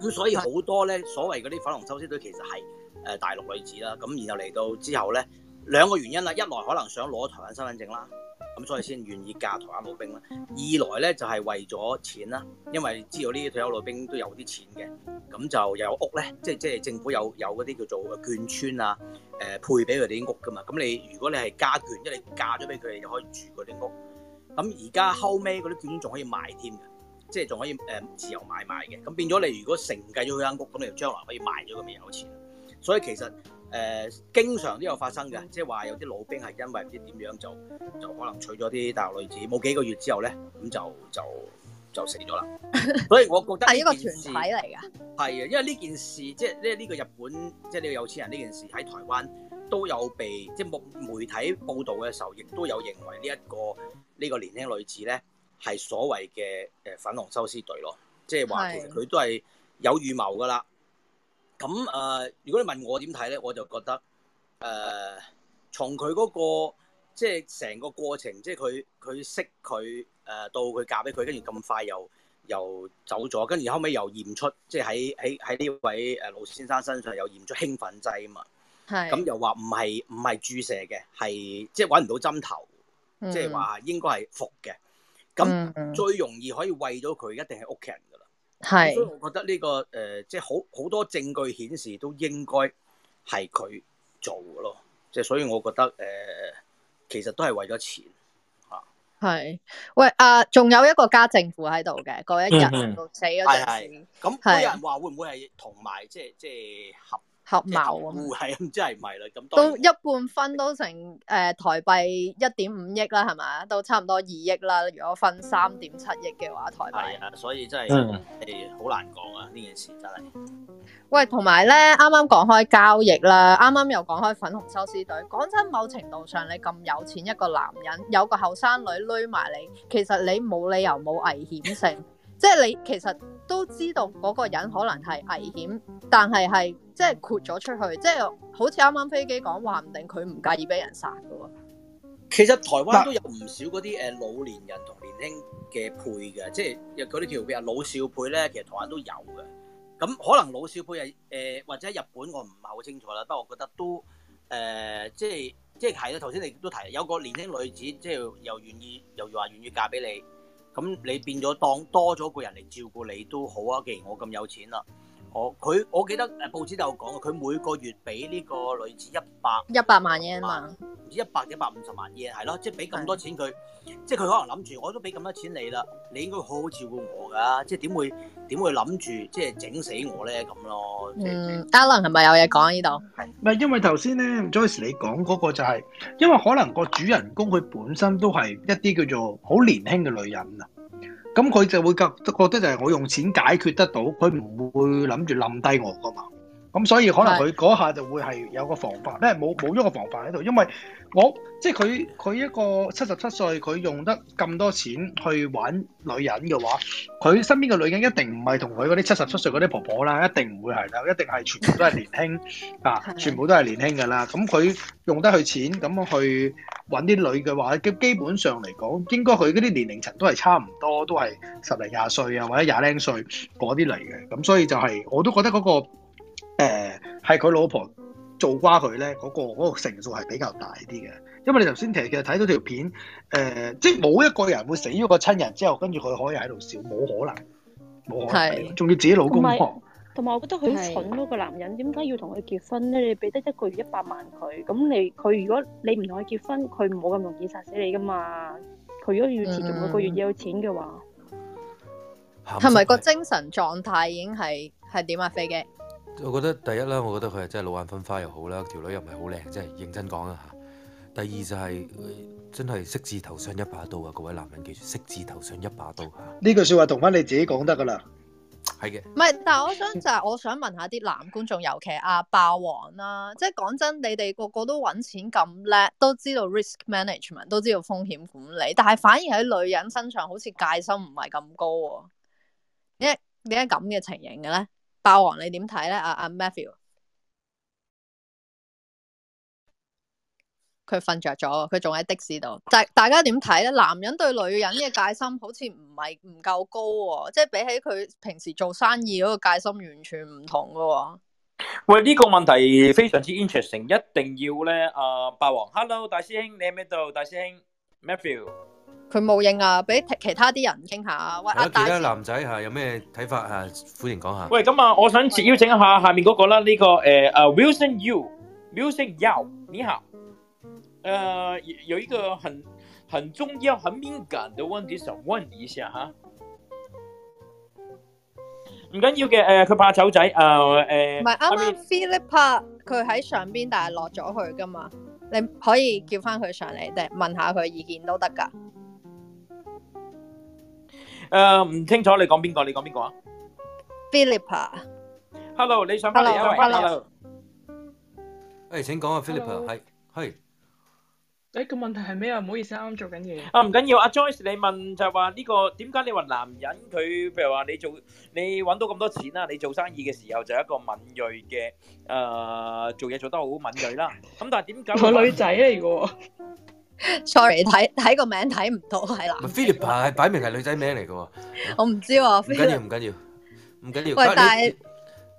咁所以好多咧，所謂嗰啲粉紅修飾隊其實係誒、呃、大陸女子啦，咁然後嚟到之後咧，兩個原因啦，一來可能想攞台灣身份證啦，咁所以先願意嫁台灣老兵啦；二來咧就係、是、為咗錢啦，因為知道呢啲退休老兵都有啲錢嘅，咁就又有屋咧，即係即係政府有有嗰啲叫做眷村啊，誒、呃、配俾佢哋啲屋噶嘛，咁你如果你係家眷，即係你嫁咗俾佢哋就可以住嗰啲屋，咁而家後尾嗰啲眷仲可以賣添㗎。即係仲可以誒自由買賣嘅，咁變咗你如果承繼咗佢間屋，咁你將來可以賣咗佢咪有錢？所以其實誒、呃、經常都有發生嘅，即係話有啲老兵係因為唔知點樣就就可能娶咗啲大陸女子，冇幾個月之後咧，咁就就就死咗啦。 所以我覺得係一個
團體
嚟㗎，係啊，
因為呢件事即係呢呢個日本即係呢個有錢人呢件事喺台灣都有被即係媒媒體報導嘅時候，亦都有認為呢、呢、一個呢、呢個年輕女子咧。係所謂嘅誒粉紅修屍隊咯，即係話其實佢都係有預謀㗎喇。咁誒是、呃，如果你問我點睇咧，我就覺得誒、呃，從佢嗰、嗰個即係成個過程，即係佢佢識佢誒、呃、到佢嫁俾佢，跟住咁快又又走咗，跟住後尾又驗出，即係喺喺喺呢位誒老先生身上又驗出興奮劑啊嘛。係咁是又話唔係唔係注射嘅，係即係揾唔到針頭，
即係話
應該係服嘅。咁、嗯、最容易可以餵到佢，一定係屋企人噶啦。
係是，所以我
覺得呢、這個誒、呃、即係好好多證據顯示都應該係佢做嘅咯。即係所以，我覺得誒、呃、其實都係為咗錢吓，
係、啊，喂啊，仲、呃、有一個家政婦喺度嘅，嗰一日 死咗陣時。咁有、那個、人
話會唔會係同埋即係即係合？合謀啊，係啊，真係唔係啦？
咁都一半分都成誒、呃、台幣一點五億啦，係咪？都差唔多二億啦。如果分三點七億嘅話，台幣，係啊，
所以真係好、嗯欸、難講啊，
呢件事真係。喂，同埋咧，啱啱講開交易啦，啱啱又講開粉紅收屍隊。講真，某程度上你咁有錢一個男人，有個後生女賴埋你，其實你冇理由冇危險性。 即係你其實都知道嗰個人可能係危險，但係係即係豁咗出去，即係好似啱啱飛機講，話唔定佢唔介意俾人殺㗎喎。
其實台灣都有唔少嗰啲誒老年人同年輕嘅配嘅，即係嗰啲叫咩啊老少配咧，其實台灣都有嘅。咁可能老少配係誒、呃、或者日本我唔係好清楚啦，不過我覺得都誒、呃、即係即係係啦。頭先你都提有個年輕女子，即係又願意又話願意嫁俾你。咁你變咗當多咗個人嚟照顧你都好啊，既然我咁有錢啦、啊。我佢，我記得誒報紙有講啊，佢每個月俾呢個女子一百一
百萬嘢啊嘛，
唔知一百定一百五十萬嘢，係咯，即係俾咁多錢佢，即係佢可能諗住我都俾咁多錢你啦，你應該好好照顧我㗎，即係點會點會諗住即係整死我咧咁咯？嗯，
嘉倫係咪有嘢講喺呢度？係係，因為頭先咧
Joyce 你講嗰個就係，因為可能個主人公佢本身都係一啲叫做好年輕嘅女人啊。咁佢就會覺覺得就係我用錢解決得到，佢唔會諗住冧低我㗎嘛。咁所以可能佢嗰下就會係有個防範，因為冇冇咗個防範喺度。因為我即係佢佢一個七十七歲，佢用得咁多錢去玩女人嘅話，佢身邊嘅女人一定唔係同佢嗰啲七十七歲嗰啲婆婆啦，一定唔會係啦，一定係全部都係年輕啊，全部都係年輕㗎啦。咁佢用得佢錢咁去揾啲女嘅話，基基本上嚟講，應該佢嗰啲年齡層都係差唔多，都係十零廿歲啊或者廿零歲嗰啲嚟嘅。咁所以就係我都覺得嗰個。誒係佢老婆做瓜佢咧，嗰、嗰個嗰個成數係比較大啲嘅。因為你頭先其實睇到條片，誒、呃、即係冇一個人會死咗個親人之後，跟住佢可以喺度笑，冇可能，冇可能，仲是要自己老
公狂同埋。我覺得佢好蠢咯、啊，是個男人點解要同佢結婚咧？你俾得一個月一百萬佢咁，你佢如果你唔同佢結婚，佢唔好咁容易殺死你噶嘛？佢如果要持續每個月要有錢嘅話，係咪、嗯、個精神狀態已經係係點啊？飛嘅。
我覺得第一啦，我覺得佢係真係老眼昏花又好啦，條女又唔係好靚，真係認真講啊吓。第二就係真係色字頭上一把刀啊！各位
男人記住，色字頭上一把刀吓。呢句說話同翻你自己講得噶啦，係嘅。唔
係，但係我想就係我想問下啲男觀眾，尤其阿霸王啦，即係講真，你哋個個都揾錢咁叻，都知道 risk management，都知道風險管理，但係反而喺女人身上好似戒心唔係咁高喎。點解，點解咁嘅情形嘅咧？霸王你點睇咧？阿、啊、阿、啊、Matthew，佢瞓着咗，佢仲喺的士度。即係大家點睇咧？男人對女人嘅戒心好似唔係唔夠高喎、哦，即係比起佢平時做生意嗰個戒心完全唔同噶、哦。
喂，呢、這個問題非常之 interesting，一定
要咧。阿、啊、霸
王，Hello，大師兄，你喺邊度？大師兄
，Matthew。
佢冇應啊，俾其他啲人傾下。喂，有
其他男仔吓，有咩睇法吓？歡迎
講下。喂，咁啊，我想邀請一下下面嗰個啦，呢、這個誒誒、呃啊、Wilson Yu Wilson Yao，你好。誒、呃，有一個很很重要、很敏感的問題想問你一下吓。唔緊要嘅，誒，佢怕醜仔啊，誒，唔係啱啱
Philip 佢喺上邊，但係落咗去噶嘛，你可以叫翻佢上嚟，即係問下佢意見都得噶。
誒，唔清楚你講邊個？你講邊個啊
？Phillip，Hello，
你想翻嚟啊？Hello，誒，請講啊
，Phillip，係係，誒個問題係咩啊？唔好意思，啱啱做緊
嘢。啊，唔緊要，阿
Joyce 你問就係話呢個點解你話男人佢，譬如話你做你搵到咁多錢啦，你做生意嘅時候就一個敏銳嘅誒，做嘢做得好敏銳啦。咁但係點解？我女仔嚟嘅。
sorry 睇睇個名睇唔到係男
Philippa 擺明係女仔名嚟嘅，我
唔知喎。唔緊要，唔
緊要，唔緊要。但係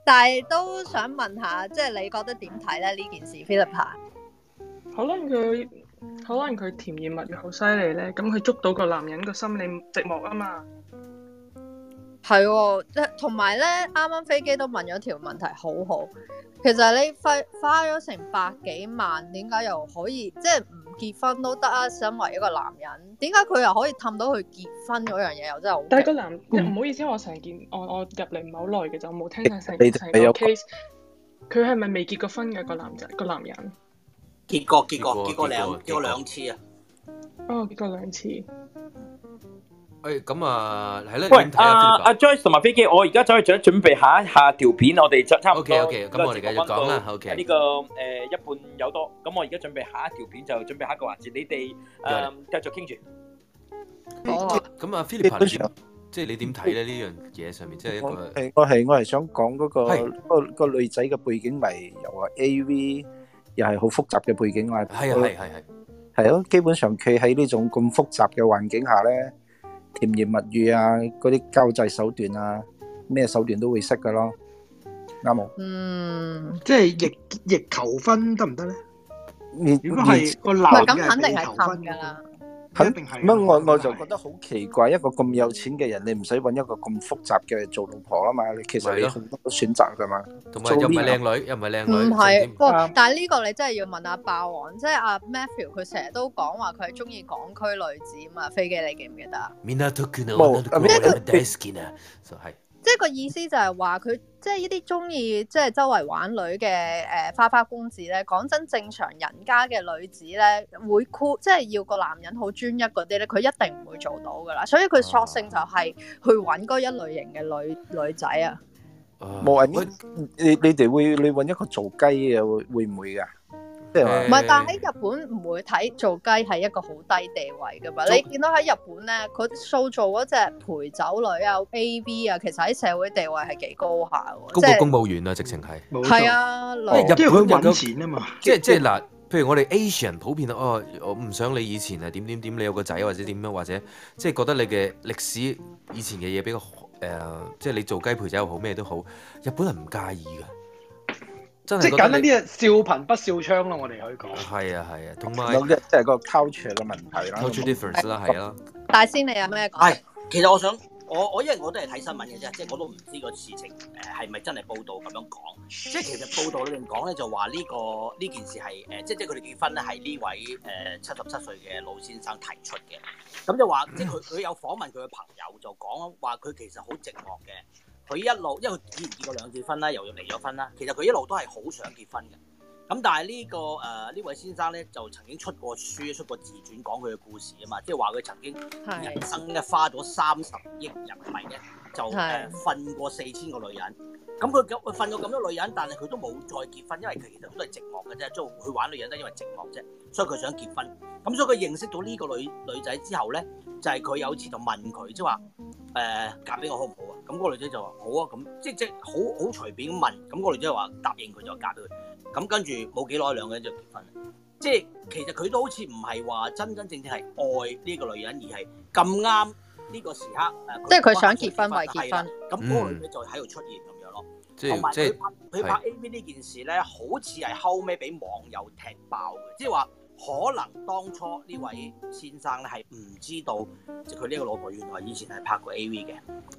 但係都想問下，即係你覺得點睇咧呢件事？Philippa 可能佢可能佢甜言蜜語好犀利咧，咁佢捉到個男人個心理寂寞啊嘛。係，即係同埋咧，啱啱飛機都問咗條問題，好好。其實你費花咗成百幾萬，點解又可以即係唔結婚都得啊？身為一個男人，點解佢又可以氹到佢結婚嗰樣嘢又真係好？但係個男唔、嗯、好意思，我成件我我入嚟唔係好耐嘅就冇聽曬成成個 case。佢係咪未結過婚嘅個男仔個男人？結過，
結過，結過兩，結過，結
過兩次啊！哦，結過兩次。
誒，咁啊，係咯，點睇啊？阿 Joyce 同埋飛機，我而家走去準準備下一下條片，我哋就差唔多。O K，O K，咁我哋繼續講啦。O K，呢個誒一半有多，咁我而家準備下一條片，就準備下一個環節。你哋誒繼續傾住。哦，
咁阿 Philippa，即係你點睇咧？呢樣嘢上面，即係一個誒，我係
我係想講嗰個個個女仔嘅背景咪又話 A V，又係好複雜嘅背景啦。係啊，係係
係，
係咯，基本上佢喺呢種咁複雜嘅環境下咧。甜言蜜語啊，嗰啲交際手段啊，咩手段都會識
噶咯，啱冇？嗯，即係逆逆求婚得唔得咧？行行呢逆如果係個男咁肯定
係求婚㗎啦。
肯定係，乜我我就
覺得好奇怪，一個咁有錢嘅人，你唔使搵一個咁複雜嘅做老婆啊嘛，你其實你好多選擇㗎嘛，又唔係靚女，
又唔係靚女。唔係是、
哦，但係呢個你真係要問阿霸王，即係阿、啊、Matthew，佢成日都講話佢係鍾意港區女子啊嘛，飛機你記
唔記得？
即係個意思就係話佢，即係呢啲中意即係周圍玩女嘅誒、呃、花花公子咧。講真，正常人家嘅女子咧，會箍，即係要個男人好專一嗰啲咧，佢一定唔會做到噶啦。所以佢索性就係去搵嗰一類型嘅女女仔啊。
冇人，你你哋會，你搵一個做雞嘅會會唔會噶？
唔係，但係喺
日本唔會睇做雞係一個好低地位噶嘛。做你見到喺日本咧，佢塑造嗰隻陪酒女啊、AV 啊，其實喺社會地位係幾高下，即係
公務員啊，就是，直情係。係錯啊，即係、
嗯、日本
搵到錢啊嘛。即係即係嗱，譬如我哋 Asian 人普遍哦，我唔想你以前係點點點，你有個仔或者點樣或者即係覺得你嘅歷史以前嘅嘢比較誒、呃，即係你做雞陪酒又好咩都好，日本人唔介意噶。即係簡單啲
笑貧不笑娼咯，我哋
可以講。係啊係啊，同埋、有、即
係個 culture 嘅問題啦。
Culture difference 啦對，係啊了。
大仙，你有咩講？係、哎，其實我想，
我我因為我都係睇新聞嘅啫，即係我都唔知個事情誒係咪真係報道咁樣講。即係其實報道裏面講咧，就話呢、這個呢件事係誒、呃，即係即係佢哋結婚咧，係呢位誒七十七歲嘅老先生提出嘅。咁就話，即係佢佢有訪問佢嘅朋友就，就講話佢其實好寂寞嘅。佢一路因為佢結唔結過兩次婚啦，又要離咗婚啦。其實佢一路都係好想結婚嘅。咁但係、這、呢個誒呢、呃、位先生咧，就曾經出過書、出過自傳，講佢嘅故事啊嘛，即係話佢曾經人生咧花咗三十億人民幣。就，誒瞓過四千個女人，咁佢咁佢瞓過咁多女人，但係佢都冇再結婚，因為佢其實都係寂寞嘅啫，即係佢去玩女人都係因為寂寞啫，所以佢想結婚。咁所以佢認識到呢個女女仔之後咧，就係佢有次就問佢，即係話誒嫁俾我好唔好啊？咁嗰個女仔就話好啊，咁即即好好隨便咁問，咁嗰個女仔話答應佢就嫁俾佢。咁跟住冇幾耐，兩個人就結婚。即係其實佢都好似唔係話真真正正係愛呢個女人，而係咁啱。呢個時刻，誒、呃，即係佢想結婚為結婚，咁嗰個女嘅就喺度出現
咁樣咯。同埋佢拍佢
是拍 AV 呢件事咧，是的好似係後尾俾網友踢爆嘅，即係話。可能當初呢位先生咧係唔知道，佢呢個老婆原來以前係拍過 A V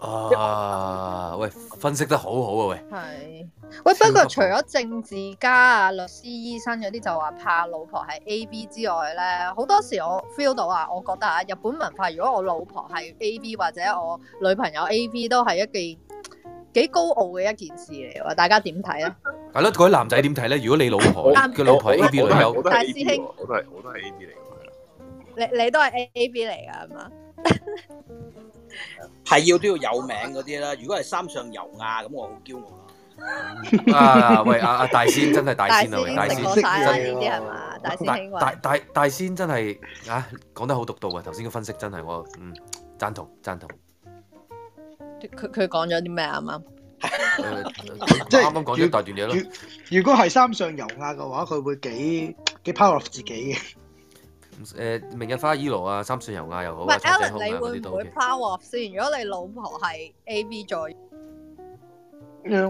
嘅。
啊，喂，分析得好
好啊。喂。係，喂，高不過除咗政治家啊、律師、醫生嗰啲就話怕老婆係 A V 之外咧，好多時我 feel 到啊，我覺得啊，日本文化如果我老婆係 A V 或者我女朋友 A V 都係一件幾高傲嘅一件事嚟喎，大家點睇咧？
係咯，各位男仔點睇咧？如果你老婆佢老婆 A B 女優，大師兄
我都係
我都係 A B 嚟
噶啦。你你都係 A A B 嚟噶係嘛？
係要都要有名嗰啲啦。如果係三上悠亞咁，我好驕
傲咯。啊喂，阿阿大仙真係大仙嚟，大仙識呢啲係嘛？大仙大大大仙真係啊，講得好獨到啊！頭先嘅分析真係我，嗯，贊同贊同。
佢佢講咗啲咩啊？媽。
即係，啱啱講咗段嘢，咯
如，如，如果係三上悠亞嘅話，佢會幾幾 power of 自己
嘅。誒、呃，明日花依羅啊，三上悠亞又好。Alan，
是你會唔會 power off 先？如果你老婆係 A B
在，誒，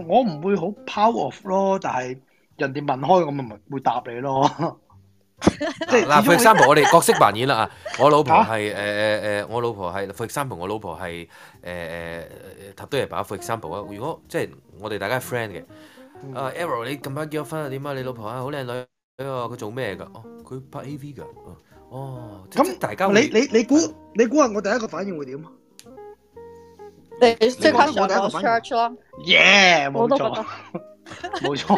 我唔會好 power off 咯。但係人哋問開，我咪咪會答你咯。
即係嗱，For example，我哋角色
扮演啦啊！我老婆係誒誒誒，我老婆係 For example，我老婆係誒誒誒，塔堆爺爸 For example 啊！如果即係我哋大家 friend 嘅，啊 Evel，你近排結咗婚啊？點啊？你老婆啊，好靚女啊！佢做咩㗎？哦，佢拍 AV 㗎！哦，咁大家你你你估你估下我第一個反應會點？你即刻我
第一個 search 咯！耶，冇錯，冇錯，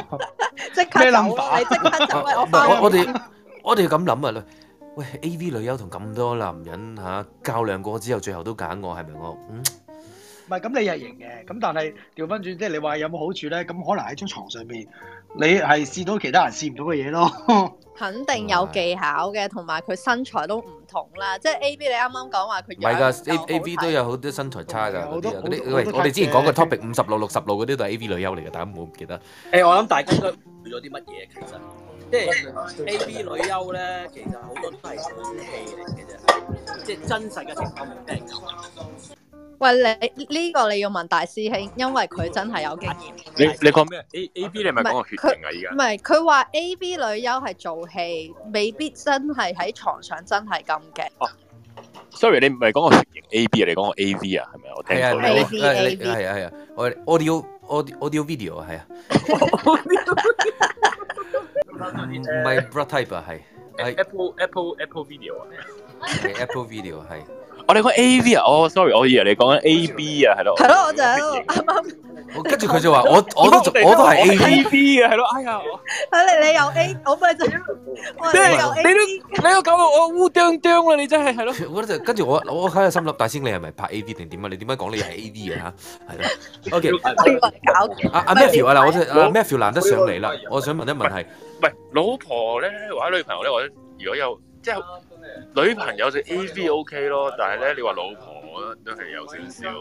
即刻咩諗法？即刻就係我翻屋企。
我哋要咁諗啊！喂，A.V. 女優同咁多男人嚇交兩個之後，最後都揀我係咪我？唔
咪咁你日型嘅，咁但係調翻轉，即係你話有冇好處咧？咁可能喺張床上面，你係試到其他人試唔到嘅嘢咯。
肯定有技巧嘅，同埋佢身材都唔同啦。即係 A.V. 你啱啱講話佢唔係㗎，A.V. 都
有好多身材差㗎。好多嗰啲喂，我哋之前講過 topic 五十路六十路嗰啲都係 A.V. 女優嚟㗎，大家唔好唔記得。
誒，我諗大家應該學咗啲乜嘢其實？
即係 A B 女優
咧，其實好多都係
演戲嚟嘅啫，即係真實嘅情況唔一定咁。喂，呢個你要問大師兄，因為佢真係有經
驗。你你講咩？A A B 你咪講個血型啊？而家唔
係佢話 A B 女優係做戲，未必真係喺床上真係咁勁。
Sorry，你唔係講
個血型 A B，你講個 A V 啊？係咪？我
聽
過 A V A V
係啊係啊我 u Audio Audio Video 啊，係啊。唔係 bra type 啊，係 apple apple apple video 啊，係 apple
video 係，我哋講 A V 啊，哦，sorry，我以為你講緊 A B 啊，係
咯，
係咯，我就喺度啱啱，我跟住佢就
話我我都我都係 A V B 啊，係
咯，哎呀，睇
嚟你又 A，我唔係最，即係又 A，你都你都搞到我烏啄啄啦，你真係係咯，我咧就跟住我我喺度心諗，大師兄你係咪拍 A V 定點啊？你點解講你係 A V 嘅吓？係咯，OK，我以為你
搞，阿阿 Matthew 啊嗱，我阿 Matthew 難得上嚟
啦，我想問一問係。唔係老婆咧，
或者女朋友咧，或者如果有即係女朋友就 A V O K 咯，但係咧你話老婆，我覺得都係有少少，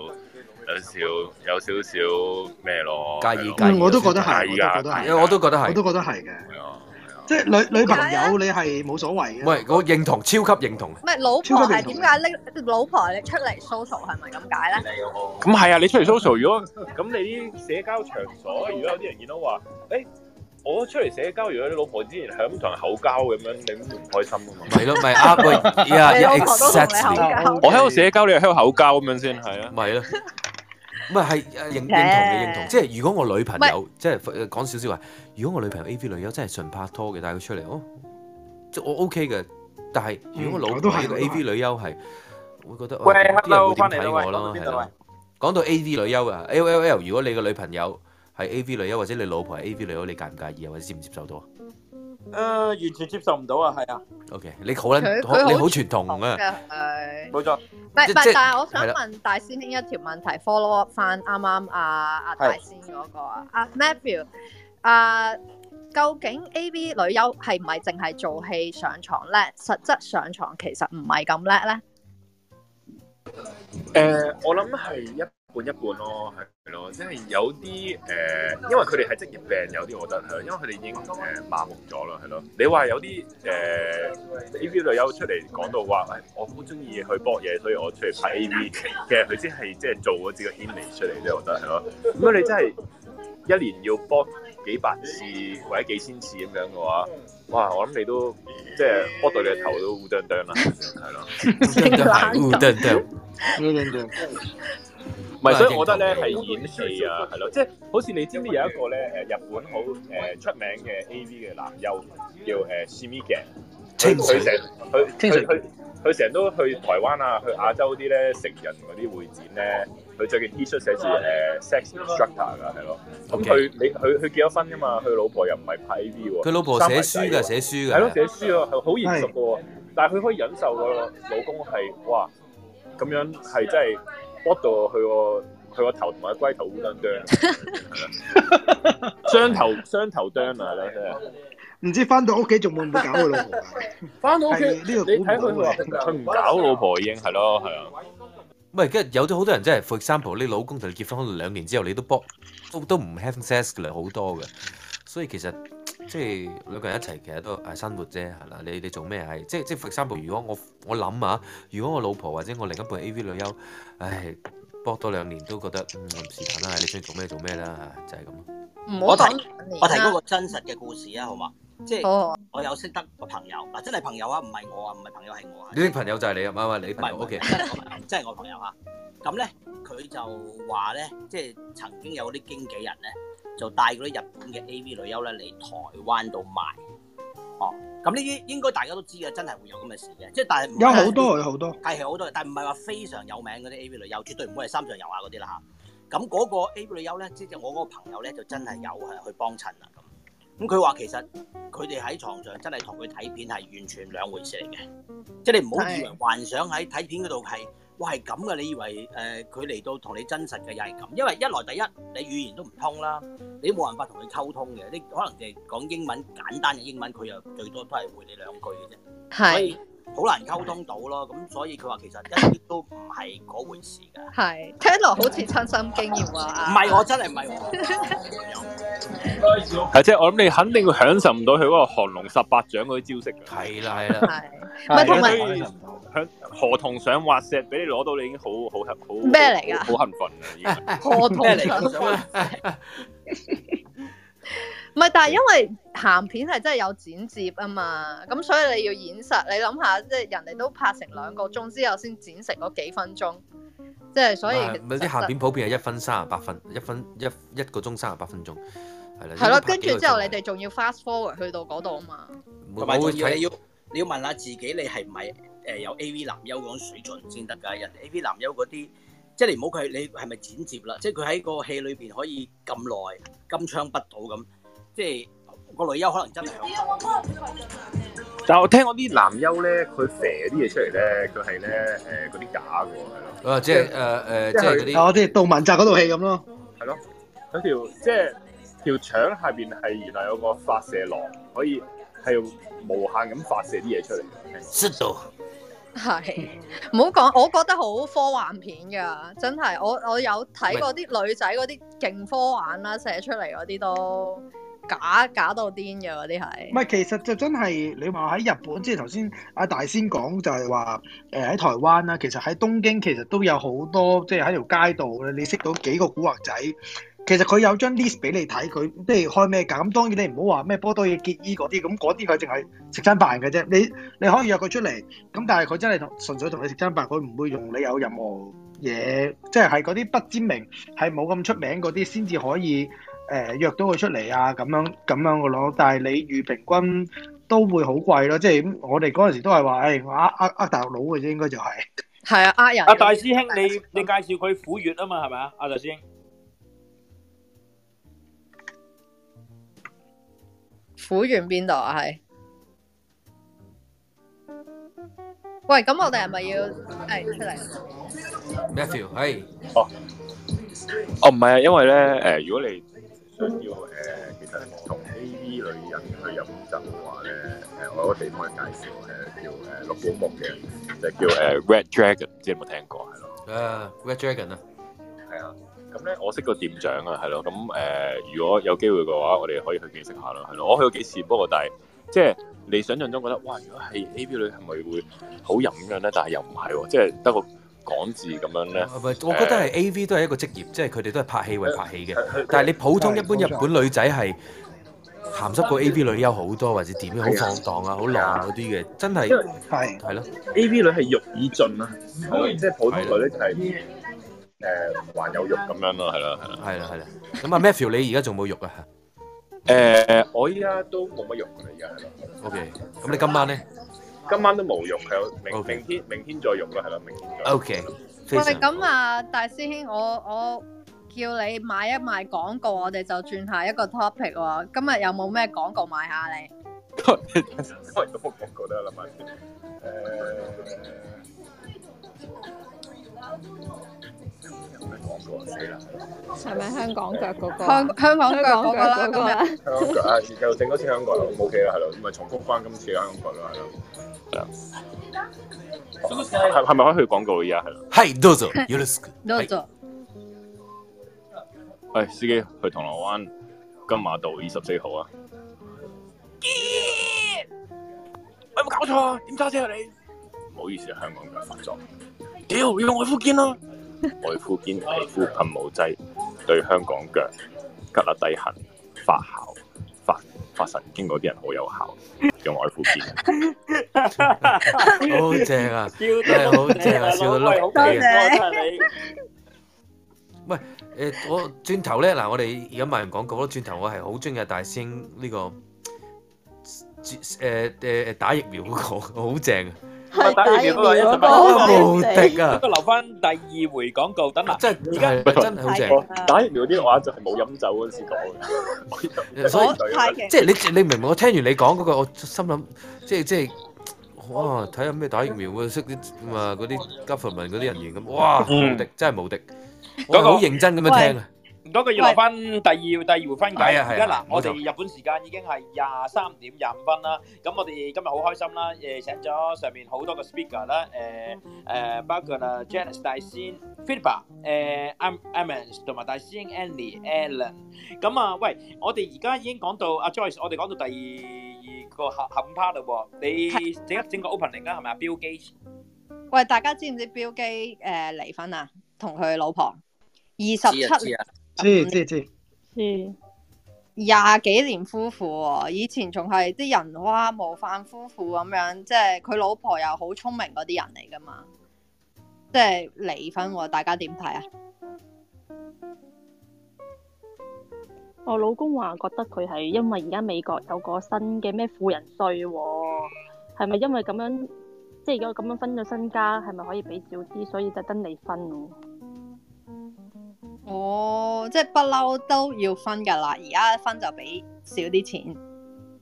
有少有少少咩咯，介
意介意介意。嗯，我都覺得係，我都覺得係，我都覺得係，我都覺得係嘅。係啊，係啊，即係女女朋友你係冇所謂嘅。唔係，我認同超級認同。
唔係老婆係點解呢？老婆你出嚟 social 係咪咁解咧？咁係
啊，你出嚟 social 如果咁你啲社交場所如果有啲
人
見到
話，誒。我出嚟社交，如果你老婆之前喺咁同口交咁樣，你唔開心啊嘛？係咯，咪啊個啊，exactly！我喺度社
交，你喺度口交咁樣先係啊。唔係啦，唔係係認認同嘅認同，即係如果我女朋友，即係講少少話，如果我女朋友 A V 女優真係純拍拖嘅，帶佢出嚟，哦，即我 OK 嘅。但係如果老公呢個 A V 女優係，我會覺得，即係會點睇我啦？係咪？講到 A V 女優啊，L L L，如果你個女朋友。係 A.V. 女優或者你老婆係 A.V. 女優，你介唔介意啊？或者接唔接受到
啊？誒、呃，完
全接受唔到啊！係啊。
O.K. 你好啦，你好傳統啊。冇錯。唔係，
唔係，但係我想問的大師兄一條問題，follow up 翻啱啱阿阿大仙嗰、那個啊，阿 Matthew 的啊，究竟 A.V. 女優係唔係淨係做戲上床叻，實質上床其實唔係咁叻咧？誒、呃，
我諗係一。半一半咯，係咯，即係有啲誒、呃，因為佢哋係職業病，有啲我覺得係咯，因為佢哋已經誒麻木咗啦，係、呃、咯。你話有啲誒 A. V. 女優出嚟講到話，誒、哎、我好中意去搏嘢，所以我出嚟拍 A. V. 嘅，佢先係即係做咗啲個牽連出嚟啫，我覺得係咯。如果你真係一年要搏幾百次或者幾千次咁樣嘅話，哇！我諗你都即係搏到你嘅頭都烏啄啄啦，係咯，烏啄
啄。
唔係，所以我覺得咧係演戲啊，係咯，即係好似你知唔知有一個咧誒日本好誒出名嘅 A V 嘅男優叫誒 Shimiken 嘅，佢成佢佢佢佢成日都去台灣啊，去亞洲啲咧成人嗰啲會展咧，佢最近 T 恤寫住誒 Sex Instructor 噶，係
咯，咁佢你佢佢
結咗婚噶嘛，佢老婆又唔係拍 A V 喎，佢老婆寫書㗎，寫書嘅。係咯，寫書啊，係好現實噶喎，但係佢可以忍受個老公係哇咁樣係真係。卜、就是、到佢個佢個頭同埋龜頭烏啄啄，雙頭雙頭啄啊！
唔知翻到屋企仲會唔會搞
佢老婆？翻 到屋
企呢度個估唔佢唔搞老婆已經係咯，係啊 。
唔係，而家 有咗好多人真係，for example，你老公同你結婚兩年之後，你都 b o 卜都都唔 have sex 嘅，好多嘅，所以其實。即係兩個人一齊，其實都係生活啫，係啦。你你做咩係即即分三步？如果我我諗下，如果我老婆或者我另一半 A V 女優，唉，搏多兩年都覺得唔時間啦。你鍾意做咩做咩啦？就係、是、咁。我睇
我提嗰個真實嘅故事啊，好嘛？即係我有識得個朋友嗱，真係朋友啊，唔係我啊，唔係朋友係我。
呢啲朋友就係你啊，唔係唔係你朋友。唔係，O K。
真係我朋友嚇，咁咧佢就話咧，即係曾經有啲經紀人咧，就帶嗰啲日本嘅 A V 女優咧嚟台灣度賣。哦，咁呢啲應該大家都知嘅，真係會有咁嘅事嘅。即係但係有好多係好多，計係好多，但係唔係話非常有名嗰啲 A V 女優，絕對唔會係三上悠亞嗰啲啦嚇。咁嗰個 A V 女優咧，即係我嗰個朋友咧，就真係有係去幫襯啦。咁佢話其實佢哋喺床上真係同佢睇片係完全兩回事嚟嘅。即係你唔好以為是幻想喺睇片嗰度係，哇係咁嘅，你以為誒佢嚟到同你真實嘅又係咁，因為一來第一你語言都唔通啦，你冇辦法同佢溝通嘅，你可能淨係講英文簡單嘅英文，佢又最多都係回你兩句嘅啫。
係是。
好難溝通到咯，咁所以佢話其實一啲都唔
係嗰回事㗎。係，聽落好似親身經驗啊，唔係、啊、我真係唔
係。
係，即係我諗你肯定會享受唔到佢嗰個降龍十八掌嗰啲招式㗎。係啦係啦。
係。唔係，同埋
何同上滑石俾你攞到，你已經好好好咩嚟㗎？好興奮
啊，已經。 何同上
唔係，但係因為鹹片係真係有剪接啊嘛，咁所以你要演實。你諗下，即係人哋都拍成兩個鐘之後先剪成嗰幾分鐘，即係所以實
實。唔係啲鹹片普遍係一分三十八分，一分一一,一個鐘三十八分鐘，係啦。
係咯，跟住之後你哋仲要 fast forward 去到嗰度啊嘛。同埋
仲要你要，要問下自己，你係咪誒有 A V 男優嗰種水準先得㗎？人哋 A V 男優嗰啲，即係你唔好佢，你係咪剪接啦，即係佢喺個戲裏邊可以咁耐，金槍不倒咁。即
係個
女優可能真係有，但係我聽講啲男優咧，
佢射啲嘢出嚟咧，佢係咧誒嗰啲假㗎喎。啊，即係誒誒，即係嗰啲啊，即
係杜汶澤嗰套戲咁咯，
係咯，佢條即係條腸下邊係原來有個發射囊，可以係無限咁發射啲嘢出嚟嘅，實在
係唔好講。我覺得好科幻片㗎，真係我我有睇過啲女仔嗰啲勁科幻啦，寫出嚟嗰啲都。假假到癲嘅嗰啲係，唔係
其實就真係你話喺日本，即係頭先阿大仙講就係話，誒、呃、喺台灣啦，其實喺東京其實都有好多，即係喺條街道咧，你識到幾個古惑仔，其實佢有張 list 俾你睇，佢即係開咩價。咁當然你唔好話咩波多野結衣嗰啲，咁嗰啲佢淨係食餐飯嘅啫。你你可以約佢出嚟，咁但係佢真係純粹同你食餐飯，佢唔會用你有任何嘢，即係係嗰啲不知名、係冇咁出名嗰啲先至可以。誒約到佢出嚟啊，咁樣咁樣嘅攞，但係你預平均都會好貴咯，即係咁，我哋嗰陣時都係話，誒，我呃呃呃大佬嘅啫，應該就係
係啊，呃人啊，
大師兄，你你介紹佢虎月啊嘛，係咪啊，阿大師兄，
虎月邊度啊？係，喂，咁我哋係咪要
誒出嚟？Matthew
係，哦，哦，唔係啊，因為咧，誒，如果你想要誒，其實同 AV 女人去飲酒嘅話咧，誒我有個地方嘅介紹，誒叫誒綠寶夢嘅，就叫誒 Red Dragon，唔知有冇聽過？係咯。
啊，Red Dragon 啊，係啊。
咁咧我識個店長啊，係咯。咁誒，如果有機會嘅話，我哋可以去見識下啦，係咯。我去過幾次，不過但係即係你想象中覺得哇，如果係 AV 女係咪會好飲樣咧？但係又唔係喎，即係得個，港
字咁樣咧，係咪？我覺得係 A V 都係一個職業，即係佢哋都係拍戲為拍戲嘅。但係你普通一般日本女仔係鹹濕過 A V 女有好多，或者點樣好放蕩啊，好浪嗰啲嘅，真係係係咯。A V 女係欲以盡啦，即係普通女咧
就係
誒還有肉咁
樣咯，係啦，係啦，係啦，係啦。咁啊，Matthew，你而家仲冇肉啊？誒，
我依家都冇乜肉㗎
而家。OK，咁你今晚咧？
今晚都冇用，係有明明天明天再用咯，係咯，明天
再。
OK，係咁啊，大師兄，我我叫你買一賣廣告，我哋就轉下一個 topic 喎。今日有冇咩廣告買下你？
都都都，
副廣告都有諗埋。誒。死啦！係咪香港腳嗰個？香香港腳嗰個啦，咁樣。香港腳啊，又整多次香港啦，OK 啦，係咯，咪重複翻今次香港啦，係啦。係咪可以去廣告而家啊？係。係，多謝。有得食。多謝。喂，司機，去銅鑼灣金馬道二十四號啊！
我有冇搞錯？點揸車啊？你？
唔好意思啊，香港腳發作。屌，要用我副鍵啦！外敷兼皮膚噴霧劑對香港腳、胳肋底痕、發酵、發發神經嗰啲人好有效，用外敷兼、 啊。
好正啊！笑、哎、好正啊！笑到碌地，多謝你。
喂，誒、呃，我轉頭咧，嗱，我哋而家賣完廣告咯，轉頭我係好中意大師兄呢、這個，誒誒誒，打疫苗、嗰個，好正啊！係打疫苗無敵啊！不過留翻
第二回廣告，等埋。真係好正！打疫苗啲話就係冇飲酒嗰時講
嘅。所以即係你你明唔明？我聽完你講嗰句，我心諗即係即係哇！睇下咩打疫苗會識啲咁啊嗰啲 government 嗰啲人員咁哇，無敵真係無敵，我好認真咁樣聽啊！嗰個要留翻第二
第二回分解啊！而家嗱，我哋日本時間已經係廿三點廿五分啦。咁 我哋今日好開心啦！誒請咗上面好多個 speaker 啦，誒、呃、誒包括啦 Janice 大仙、Philippa、誒 Ammons 同埋大師兄 Annie Allen。咁啊，喂，我哋而家已經講到阿、啊、Joyce，我哋講到第二二個合合 part 喎。你整一整個 opening 啦，係咪啊？Bill Gates。
喂，大家知唔知 Bill Gates 誒、呃、離婚啊？同佢老婆二十七。知知知，嗯，廿幾年夫婦，哦，以前仲係啲人話模範夫婦咁樣，即係佢老婆又好聰明嗰啲人嚟噶嘛，即係離婚，哦，大家點睇啊？我老公話覺得佢係因為而家美國有個新嘅咩富人稅，哦，係咪因為咁樣，即係如果咁樣分咗身家，係咪可以俾少啲，所以特登離婚？哦，oh, 即係不嬲都要分噶啦而家分就俾少啲錢。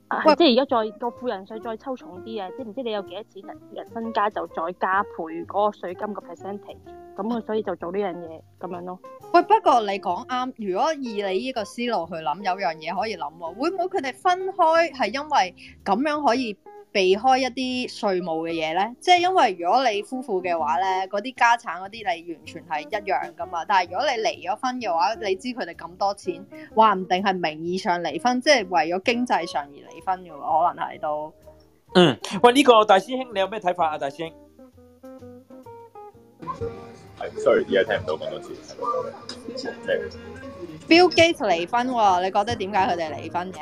啊、喂即係而家再個富人稅再抽
重啲啊！知唔知你有幾多錢人身
家就再加倍嗰個稅金個 percentage？咁佢所以就做呢樣嘢咁樣咯。喂，不過你講啱，如果以你呢個思路去諗，有樣嘢可以諗，會唔會佢哋分開係因為咁樣可以避開一啲稅務嘅嘢呢？即係因為如果你夫婦嘅話呢，嗰啲家產嗰啲你完全係一樣噶嘛。但係如果你離咗婚嘅話，你知佢哋咁多錢，話唔定係名義上離婚，即係為咗經濟上而離婚嘅，可能係都。
嗯，喂，呢個大師兄你有咩睇法啊，大師兄？
Sorry，依家聽唔到咁多講到字，Bill Gates 離婚喎，你覺得點解佢哋離婚嘅？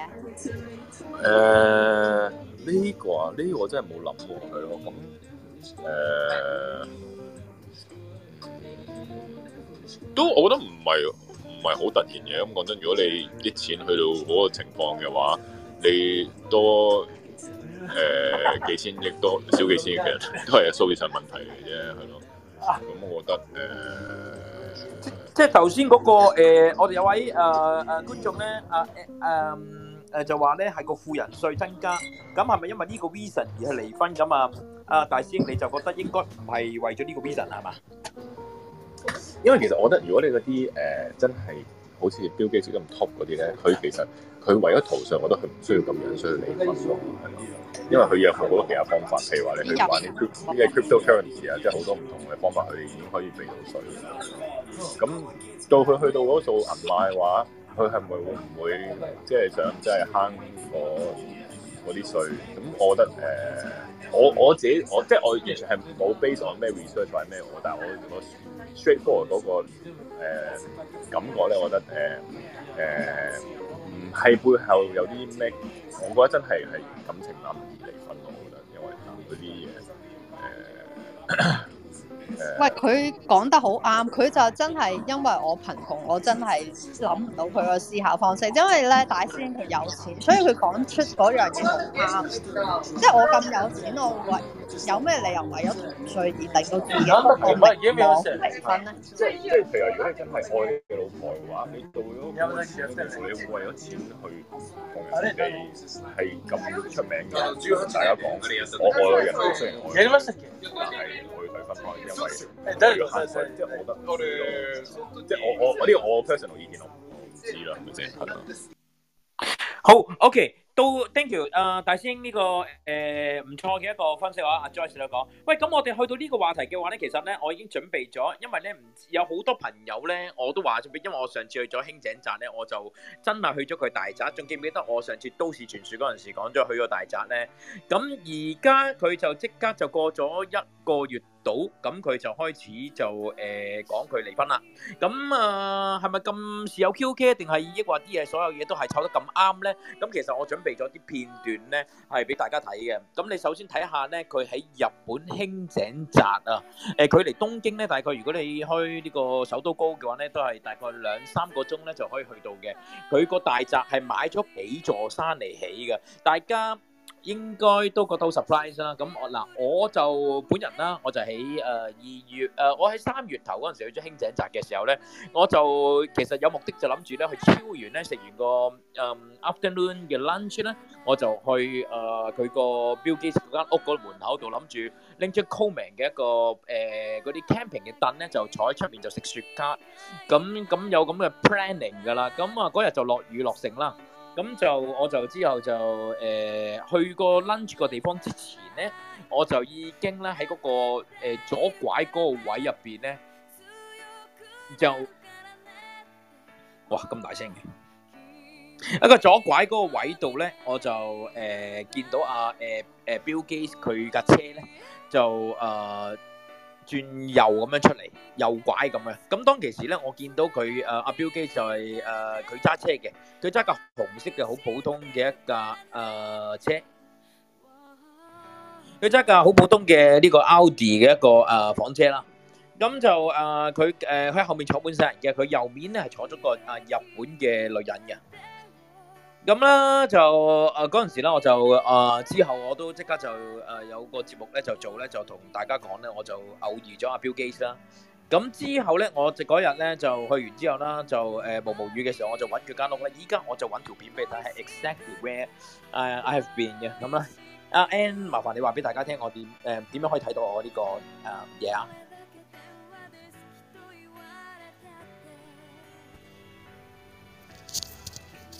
誒、uh, 這個，
呢、這個啊，呢我真係冇諗過佢咯。咁誒，uh, 都我覺得唔係唔係好突然嘅。咁講真，如果你啲錢去到嗰個情況嘅話，你多誒、呃、幾千億，多少 幾千億其實都係數字上問題嚟啫，係咯。咁我覺得誒，即即係頭先嗰個、呃、
我哋有位誒誒觀眾咧，啊誒誒就話咧係個富人稅增加，咁係咪因為呢個 reason 而係離婚咁啊？啊，大師兄你就覺得應該唔係為咗呢個 reason 係嘛？
因為其實我覺得如果你嗰啲誒真係好似標基做得咁 top 嗰啲咧，佢其實。佢為咗圖上，我覺得佢唔需要咁樣需要你分咯，係因為佢有好多其他方法，譬如話你去玩啲 crypt 啲嘅 cryptocurrency 啊，即係好多唔同嘅方法，佢已經可以避到稅。咁到佢去到嗰數銀買嘅話，佢係咪會唔會，會即係想即係慳嗰啲稅？咁我覺得誒、呃，我我自己我即係我完全係冇 base on 咩 research 或咩，我但係我我 straightforward 嗰、那個、呃、感覺咧，我覺得誒誒。呃呃係背後有啲咩？我覺得真係係感情問題而離婚咯，我
覺得因為嗰啲嘢誒。呃 喂，佢
講得好啱，佢就真係因為我貧窮，我真係諗唔到佢個思考方式，因為咧大師兄佢有錢，所以佢講出嗰樣嘢好啱。
即係 我
咁有錢，我會有咩理由為咗同歲而令到自己一個名講離婚咧？即係即係，譬如、嗯、
如果你
真係愛嘅老婆嘅話，你到咗同你為咗錢去同人哋係咁出名嘅，主要大家講我愛，人，愛女人，人，雖然我但係我會去分開。即係我得，即係我呢個我 personal 意見，我知啦，唔使客氣。
好，OK，到 Thank you 啊，uh, 大師兄呢、呢個誒唔、uh, 錯嘅一個分析啊！阿、uh, Joyce 都講，喂，咁我哋去到呢個話題嘅話咧，其實咧，我已經準備咗，因為咧唔有好多朋友咧，我都話咗畀，因為我上次去咗興井站咧，我就真係去咗佢大宅，仲記唔記得我上次都市傳説嗰陣時講咗去咗大宅咧？咁而家佢就即刻就過咗一個月。咁佢就開始就誒講佢離婚啦。咁啊，係咪咁時有蹊蹺？定係抑或啲嘢所有嘢都係湊得咁啱咧？咁其實我準備咗啲片段咧，係俾大家睇嘅。咁你首先睇下咧，佢喺日本輕井澤啊。誒，距離東京咧大概，如果你開呢個首都高嘅話咧，都係大概兩三個鐘咧就可以去到嘅。佢個大宅係買咗幾座山嚟起嘅，大家。應該都覺得好 surprise 啦。咁我嗱，我就本人啦，我就喺誒二月誒，我喺三月頭嗰陣時去咗輕井澤嘅時候咧，我就其實有目的就諗住咧去超遠咧食完個誒 afternoon 嘅 lunch 咧，我就去誒佢個 Bill Gates 嗰間屋個門口度諗住拎出 Coleman 嘅一個誒嗰啲 camping 嘅凳咧，就坐喺出面就食雪卡。咁咁有咁嘅 planning 㗎啦。咁啊嗰日就落雨落成啦。咁就我就之後就誒去過 lunch 個地方之前咧，我就已經咧喺嗰個誒左拐嗰個位入邊咧，就哇咁大聲嘅喺個左拐嗰個位度咧，我就誒見到阿誒誒 Bill Gates 佢架車咧就誒。轉右咁樣出嚟，右拐咁嘅。咁當其時咧，我見到佢誒阿標機就係誒佢揸車嘅，佢揸架紅色嘅好普通嘅一架誒車，佢揸架好普通嘅呢個 Audi 嘅一個誒房車啦。咁就誒佢誒喺後面坐滿曬人嘅，佢右面咧係坐咗個誒日本嘅女人嘅。咁啦就啊嗰陣時咧我就啊之後我都即刻就誒有個節目咧就做咧就同大家講咧我就偶遇咗阿 Bill Gates 啦，咁之後咧我就嗰日咧就去完之後啦就誒毛毛雨嘅時候我就搵住間屋啦，依家我就搵條片俾你睇係 exactly where 誒 I have been 嘅，咁咧阿 Ann 麻煩你話俾大家聽我點誒點樣可以睇到我呢個誒嘢啊？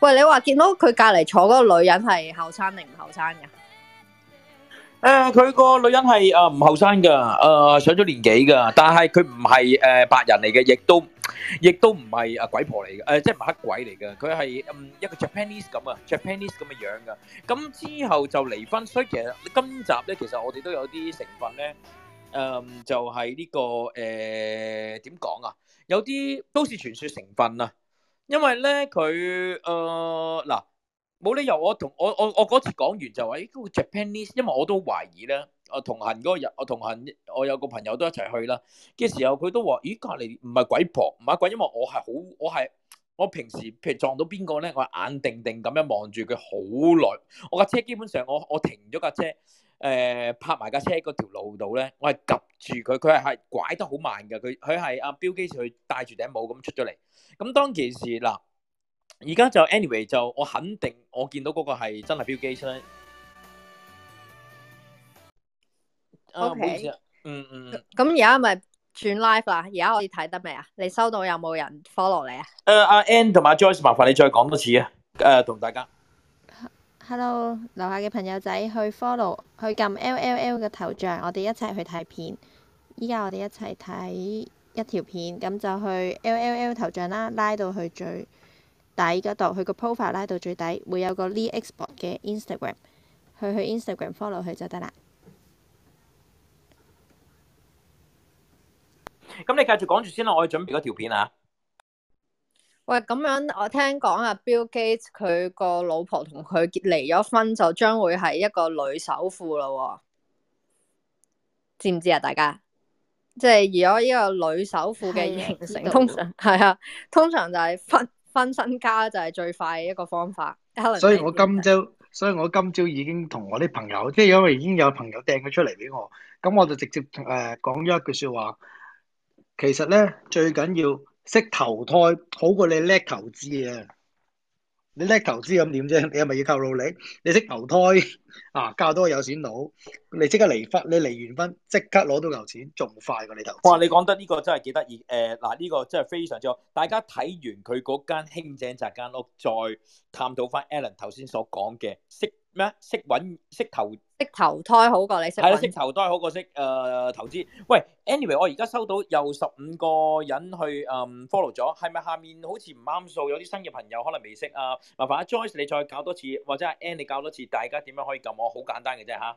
喂，你話見到佢隔籬坐嗰個女人係後生定唔後生噶？
誒，佢個女人係誒唔後生噶，誒上咗年紀噶，但係佢唔係誒白人嚟嘅，亦都亦都唔係誒鬼婆嚟嘅，誒即係唔係黑鬼嚟嘅，佢係嗯一個 Japanese 咁啊，Japanese 咁嘅樣噶。咁之後就離婚，所以其實今集咧，其實我哋都有啲成分咧，誒就係呢個誒點講啊？有啲都市傳說成分啊！因為咧佢，誒嗱，冇、呃、理由我同我我我嗰次講完就話，咦、哎，這個 Japanese，因為我都懷疑咧，我同行嗰日，我同行，我有個朋友都一齊去啦，嘅時候佢都話，咦，隔籬唔係鬼婆，唔係鬼，因為我係好，我係我平時譬如撞到邊個咧，我眼定定咁樣望住佢好耐，我架車基本上我我停咗架車。誒、呃，拍埋架車嗰條路度咧，我係及住佢，佢係係拐得好慢嘅，佢佢係阿標機佢戴住頂帽咁出咗嚟。咁當件事嗱，而家就 anyway 就我肯定我見到嗰個係真係標機出咧。OK，嗯
嗯。咁而家係咪轉 live 啦，而家可以睇得未啊？你收到有冇人 follow 你啊？
誒、
呃，阿 Ann 同埋 Joyce，麻煩你再講多次啊！誒、呃，同大家。
Hello，樓下嘅朋友仔去 follow，去撳 LLL 嘅頭像，我哋一齊去睇片。依家我哋一齊睇一條片，咁就去 LLL 頭像啦，拉到去最底嗰度，佢個 profile 拉到最底，會有個 li export 嘅 Instagram，去去 Instagram follow 佢就得啦。
咁你繼續講住先啦，我去準備嗰條片啊。
喂，咁樣我聽講阿 Bill Gates 佢個老婆同佢結離咗婚，就將會係一個女首富咯，知唔知啊？大家即係而家呢個女首富嘅形成，的通常係啊，的通常就係分分身家就係最快嘅一個方法。所以，我
今朝，所以我今朝已經同我啲朋友，即係因為已經有朋友掟佢出嚟俾我，咁我就直接誒講咗一句說話，其實咧最緊要。識投胎好過你叻投資啊！你叻投資咁點啫？你係咪要靠努力？你識投胎啊，嫁到個有錢佬，你即刻離婚，你離完婚即刻攞到嚿錢，仲快過你頭。
哇！你講得呢個真係幾得意誒！嗱，呢個真係非常之好。大家睇完佢嗰間輕井宅間屋，再探討翻 Alan 頭先所講嘅，識咩？識搵，識投。
識投胎好過你識係啦，識、啊、
投胎好過識誒、呃、投資。喂，Anyway，我而家收到有十五個人去誒 follow 咗，係、嗯、咪下面好似唔啱數？有啲新嘅朋友可能未識啊，麻煩阿、啊、Joyce 你再搞多次，或者阿、啊、An 你搞多次，大家點樣可以撳？我好簡單嘅啫吓。啊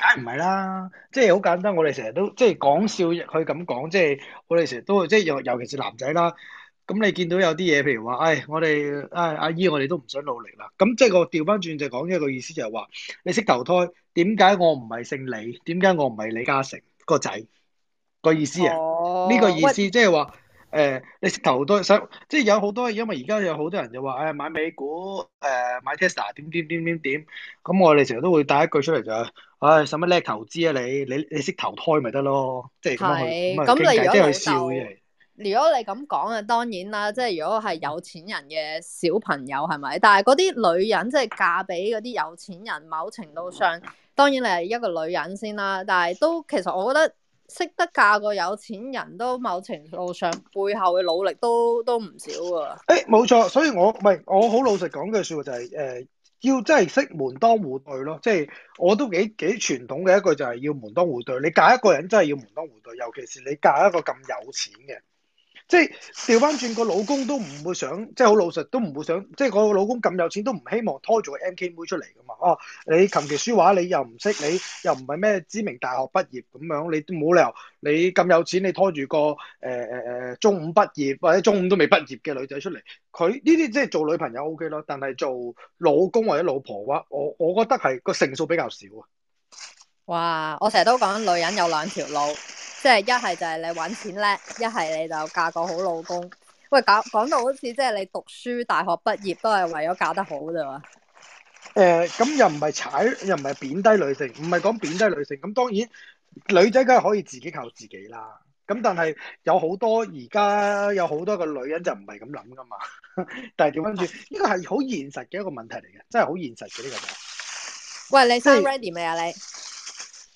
梗唔係啦，即係好簡單。我哋成日都即係講笑，佢咁講，即係我哋成日都會即係尤尤其是男仔啦。咁你見到有啲嘢，譬如話，唉、哎，我哋唉、哎，阿姨，我哋都唔想努力啦。咁、嗯、即係我掉返轉就講一個意思就，就係話你識投胎，點解我唔係姓李？點解我唔係李嘉誠個仔？意 oh, what? 個意思啊？
呢個意思
即係話誒，你識投胎想即係有好多，因為而家有好多人就話誒、哎、買美股誒、呃、買 Tesla 點點點點點咁，點點點我哋成日都會帶一句出嚟就。唉，使乜叻投資啊？你你你識投胎咪得咯？即係咁啊，即係如果笑
啫。如果你咁講啊，當然啦，即係如果係有錢人嘅小朋友係咪？但係嗰啲女人即係嫁俾嗰啲有錢人，某程度上當然你係一個女人先啦。但係都其實我覺得識得嫁個有錢人都某程度上背後嘅努力都都唔少噶。誒、欸，冇錯，所以我唔係我好老實
講句說話就係、是、誒。呃要真係識門當戶對咯，即係我都幾幾傳統嘅一句就係要門當戶對。你嫁一個人真係要門當戶對，尤其是你嫁一個咁有錢嘅。即係調翻轉個老公都唔會想，即係好老實都唔會想，即係個老公咁有錢都唔希望拖住個 MK 妹出嚟噶嘛。哦，你琴棋書畫你又唔識，你又唔係咩知名大學畢業咁樣，你都冇理由你咁有錢，你拖住個誒誒誒中五畢業或者中五都未畢業嘅女仔出嚟。佢呢啲即係做女朋友 OK 咯，但係做老公或者老婆嘅話，我我覺得係個成數比較少啊。
哇！我成日都講女人有兩條路，即係一係就係你搵錢叻，一係你就嫁個好老公。喂，搞講到好似即係你讀書大學畢業都係為咗嫁得好啫
嘛？誒、呃，咁又唔係踩，又唔係貶低女性，唔係講貶低女性。咁當然女仔梗係可以自己靠自己啦。咁但係有好多而家有好多個女人就唔係咁諗噶嘛。 但係點樣住呢個係好現實嘅一個問題嚟嘅，真係好現實嘅呢個。
喂，你三 ready 未啊？你是？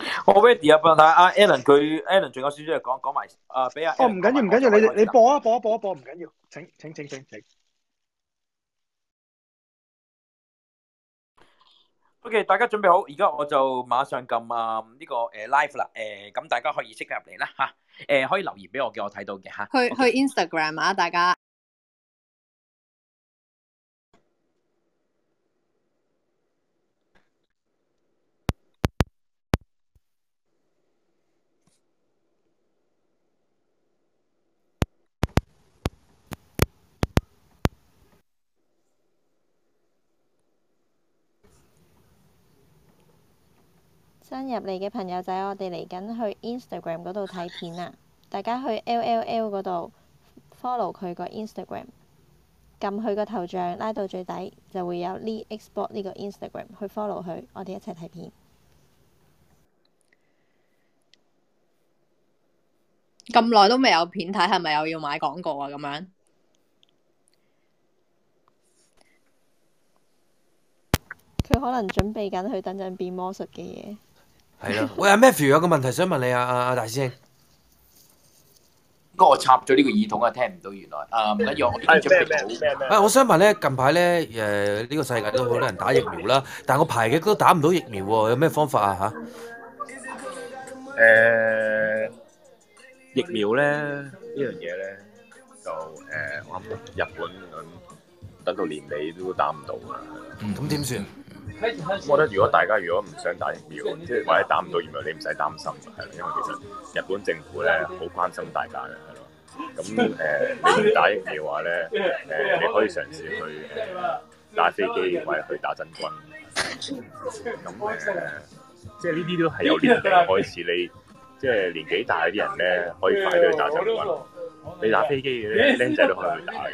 我 ready 啊，幫我睇阿 Allen 佢 Allen 仲有少少講講埋啊，俾阿哦唔緊要唔緊要，你說你播啊播啊播啊播，唔緊要，請請請請請。
請請 OK，大家準備好，而家我就馬上撳啊呢個誒、呃、live 啦誒，咁、呃、大家可以即刻入嚟啦吓，誒、啊呃、可以留言俾我叫我睇到嘅
吓。啊、去 Okay. 去 Instagram 啊，大家。新
入嚟嘅朋友仔，我哋嚟緊去 Instagram 嗰度睇片啊！大家去、LL、L L L 嗰度 follow 佢個 Instagram，撳佢個頭像拉到最底
就會有 Lee、呢個、Export 呢個 Instagram，去 follow 佢，我哋一齊睇片。咁耐都未有片睇，係咪又要買廣告啊？咁樣
佢可能準備緊，佢等陣變魔術嘅嘢。
係咯，喂阿， Matthew 有個問題想問你啊，啊大師兄，嗰個我插
咗呢個耳筒啊，聽唔到原來啊，唔一樣，我啊、 哎，我
想問咧近排咧誒呢、呃，這個世界都好多人打疫苗啦，但我排極都打唔到疫苗喎，有咩方法啊嚇？
誒、呃、疫苗咧呢樣嘢咧就誒、呃、我諗日本等等到年尾都打唔到啊。咁點算？嗯我覺得如果大家如果唔想打疫苗，即係或者打唔到疫苗，你唔使擔心嘅，因為其實日本政府咧好關心大家嘅，係咯。咁誒，唔、呃、打疫苗嘅話咧，誒、呃、你可以嘗試去、呃、打飛機，或者去打真軍。
咁誒、呃，即係
呢啲都係有年齡開始你，你即係年紀大啲人咧，可以快啲去打真軍。你打飛機嘅僆仔都可以去打嘅。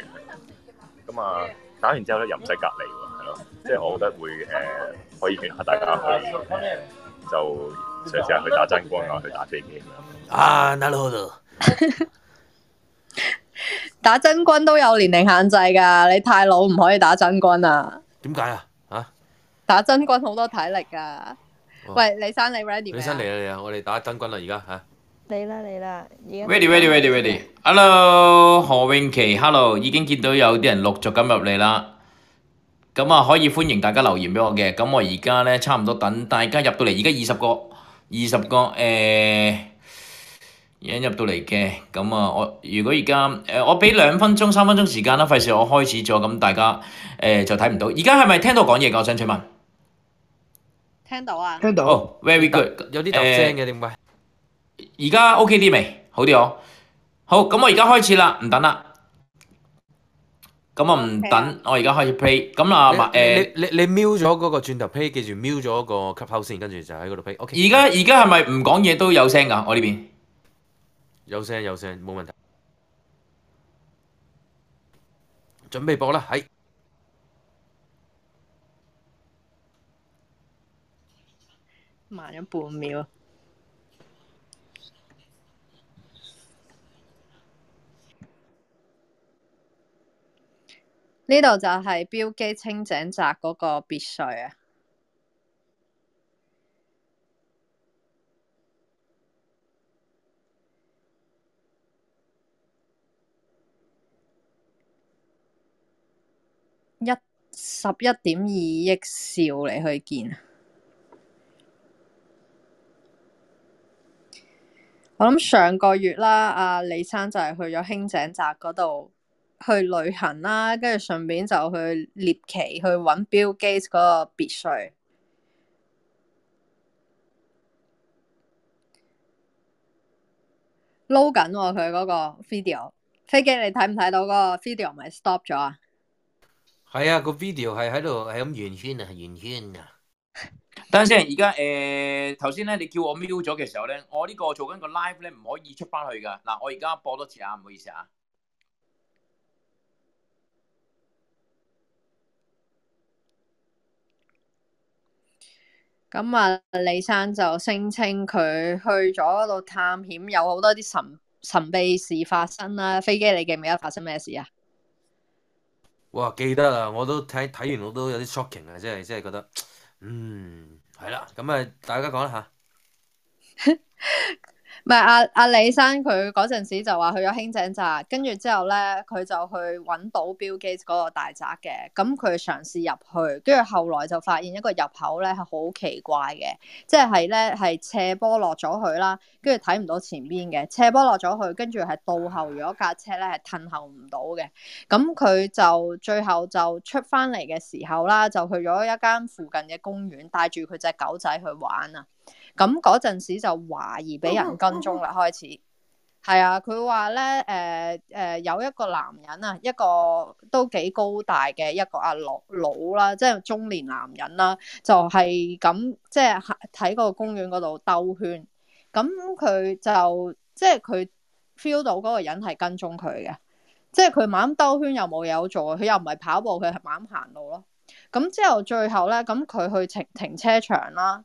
咁啊，打完之後咧又唔使隔離。即係我覺得會誒、呃，可以勸下大家去、呃、就嘗試下去打真軍
啊，去打飛機啊！Hello，
打真軍都有年齡限制㗎，你太老唔可以打真軍啊！點解啊？嚇！打真軍好多體力㗎。哦、喂，李生，你 ready 咩？李生嚟
啦嚟啦！我哋打真軍、啊、啦，而家嚇。你
啦你啦！Ready，ready，ready，ready。Ready, ready,
ready,
ready. Hello，何泳琪。Hello，已經見到有啲人陸續咁入嚟啦。咁啊，可以歡迎大家留言畀我嘅。咁我而家咧，差唔多等大家入到嚟。而家二十個，二十個已經、呃、入到嚟嘅。咁啊，我如果而家誒，我俾兩分鐘、三分鐘時間啦，費事我開始咗，咁大家誒、呃、就睇唔到。而家係咪聽到講嘢㗎？我想請問，聽到啊，聽到。Very good，有啲雜聲嘅點解？而家、呃、OK 啲未？好啲哦。好，咁我而家
開始啦，唔等啦。
咁我唔等，我而家開始 play。咁嗱，麥誒，你你
你瞄咗嗰個轉頭 play，記住瞄咗個吸口先，跟住就喺嗰度 play。O K，而家而家係
咪唔講嘢都有聲
㗎？我呢邊有聲有聲，冇問題。準備播啦，係慢咗半秒。
呢度就係標基清井澤嗰個別墅啊，一十一點二億兆嚟去見。我諗上個月啦，阿、啊、李生就係去咗清井澤嗰度。去旅行啦，跟住順便就去獵奇，去揾 Bill Gates 嗰個別墅。撈緊喎，佢嗰個 video 飛機，你睇唔睇到嗰個 video 咪 stop 咗？啊？
係啊，個 video 係喺度，係咁圓圈啊，圓圈啊！
等陣
先，而家誒頭先咧，
你叫我 mute 咗嘅時候咧，我呢個做緊個 live 咧唔可以出翻去噶。嗱，我而家播多次啊，唔好意思啊。
咁啊，李生就聲稱佢去咗度探險，有好多啲神神秘事發生啦、啊。飛機你記唔記得發生咩事啊？
哇，記得啦，我都睇睇完，我都有啲 shocking 啊，即係即係覺得，嗯，係啦。咁啊，大家講一下。
唔係阿阿李生，佢嗰陣時就話去咗輕井澤，跟住之後咧，佢就去揾到 Bill Gates 嗰個大宅嘅，咁佢嘗試入去，跟住後來就發現一個入口咧係好奇怪嘅，即係咧係斜坡落咗去啦，跟住睇唔到前邊嘅斜坡落咗去，跟住係到後如果架車咧係褪後唔到嘅，咁佢就最後就出翻嚟嘅時候啦，就去咗一間附近嘅公園，帶住佢隻狗仔去玩啊。咁嗰陣時就懷疑俾人跟蹤啦，開始係啊，佢話咧，誒、呃、誒、呃，有一個男人啊，一個都幾高大嘅一個阿老佬啦，即係中年男人啦，就係、係、咁，即係喺喺個公園嗰度兜圈。咁佢就即係佢 feel 到嗰個人係跟蹤佢嘅，即係佢猛兜圈又冇嘢做，佢又唔係跑步，佢係猛行路咯。咁之後最後咧，咁佢去停停車場啦。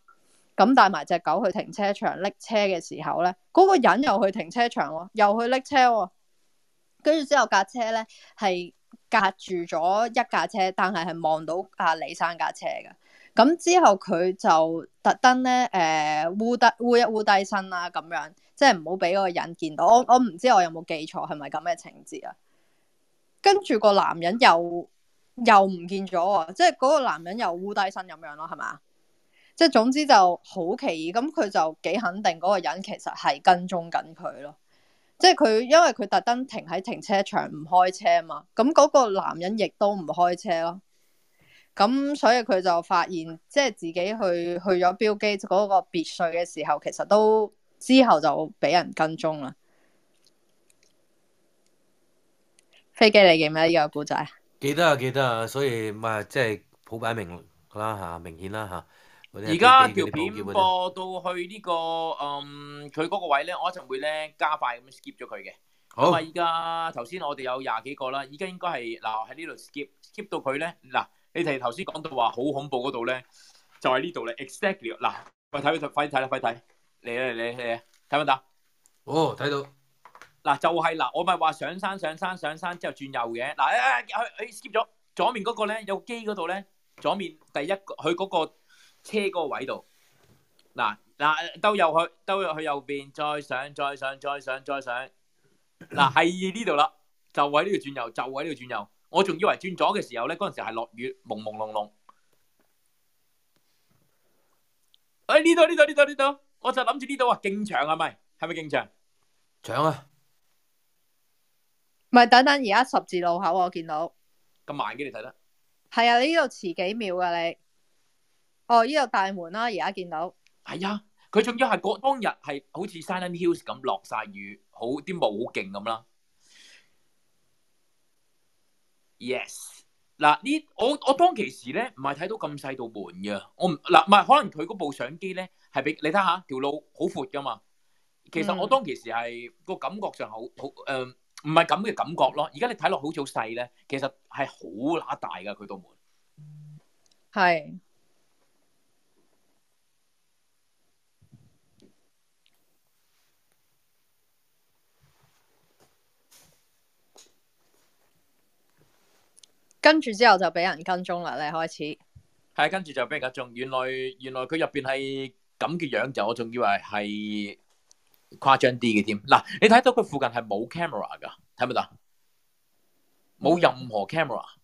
咁帶埋隻狗去停車場拎車嘅時候咧，嗰個人又去停車場喎，又去拎車喎，跟住之後架車咧係隔住咗一架車，但係係望到阿李生架車嘅。咁之後佢就特登咧誒，烏低烏一烏低身啦、啊，咁樣即係唔好俾嗰個人見到。我我唔知我有冇記錯，係咪咁嘅情節啊？跟住個男人又又唔見咗啊！即係嗰個男人又烏低身咁樣咯，係嘛？即係總之就好奇異，咁佢就幾肯定嗰個人其實係跟蹤緊佢咯。即係佢因為佢特登停喺停車場唔開車嘛，咁嗰個男人亦都唔開車咯。咁所以佢就發現，即係自己去去咗標機嗰個別墅嘅時候，其實都之後就俾人跟蹤啦。飛機你記唔記得呢個故仔？
記得啊，記得啊，所以咪即係普擺明啦吓，明顯啦吓。而家條片播
到去呢個嗯佢嗰個位咧，我一陣會咧加快咁 skip 咗佢嘅。
好，咪而
家頭先我哋有廿幾個啦，而家應該係嗱喺呢度 skip skip 到佢咧嗱。你哋頭先講到話好恐怖嗰度咧，就喺呢度咧。Exactly 嗱，喂，睇睇睇，快啲睇啦，快啲睇嚟啦嚟嚟，睇唔睇？
哦，睇
到嗱就係嗱，我咪話上山上山上山之後轉右嘅嗱，去去 skip 咗左面嗰個咧，有機嗰度咧，左面第一個佢嗰個。車嗰個位度，嗱嗱兜右去，兜入去右邊，再上再上再上再上，嗱喺呢度啦，啊哎、 就喺呢度轉右，就喺呢度轉右。我仲以為轉左嘅時候咧，嗰陣時係落雨，朦朦朧朧。哎呢度呢度呢度呢度，我就諗住呢度啊，勁長啊咪，係咪勁長？是
是長，長
啊，咪等等，而家十字路口我見到，
咁慢嘅你睇啦。
係啊，啊，你呢度遲幾秒㗎你。哦，依個大門啦、啊，而家見到
係啊，佢仲、哎、要係嗰當日係好似 Silent Hills 咁落晒雨，好啲霧好勁咁啦。Yes，嗱呢，我我當其時咧唔係睇到咁細道門嘅，我唔嗱唔係可能佢嗰部相機咧係俾你睇下條路好闊噶嘛。
其實我當
其時係、嗯、個感覺上好好誒，唔係咁嘅感覺咯。而家你睇落好似好細咧，其實係好乸大噶佢道門，
係。跟住之後就俾人跟蹤啦，咧開始。
係，跟住就俾人跟蹤。原來原來佢入邊係咁嘅樣、樣，就我仲以為係誇張啲嘅添。嗱，你睇到佢附近係冇 camera 噶，睇唔得？冇任何 camera。嗯，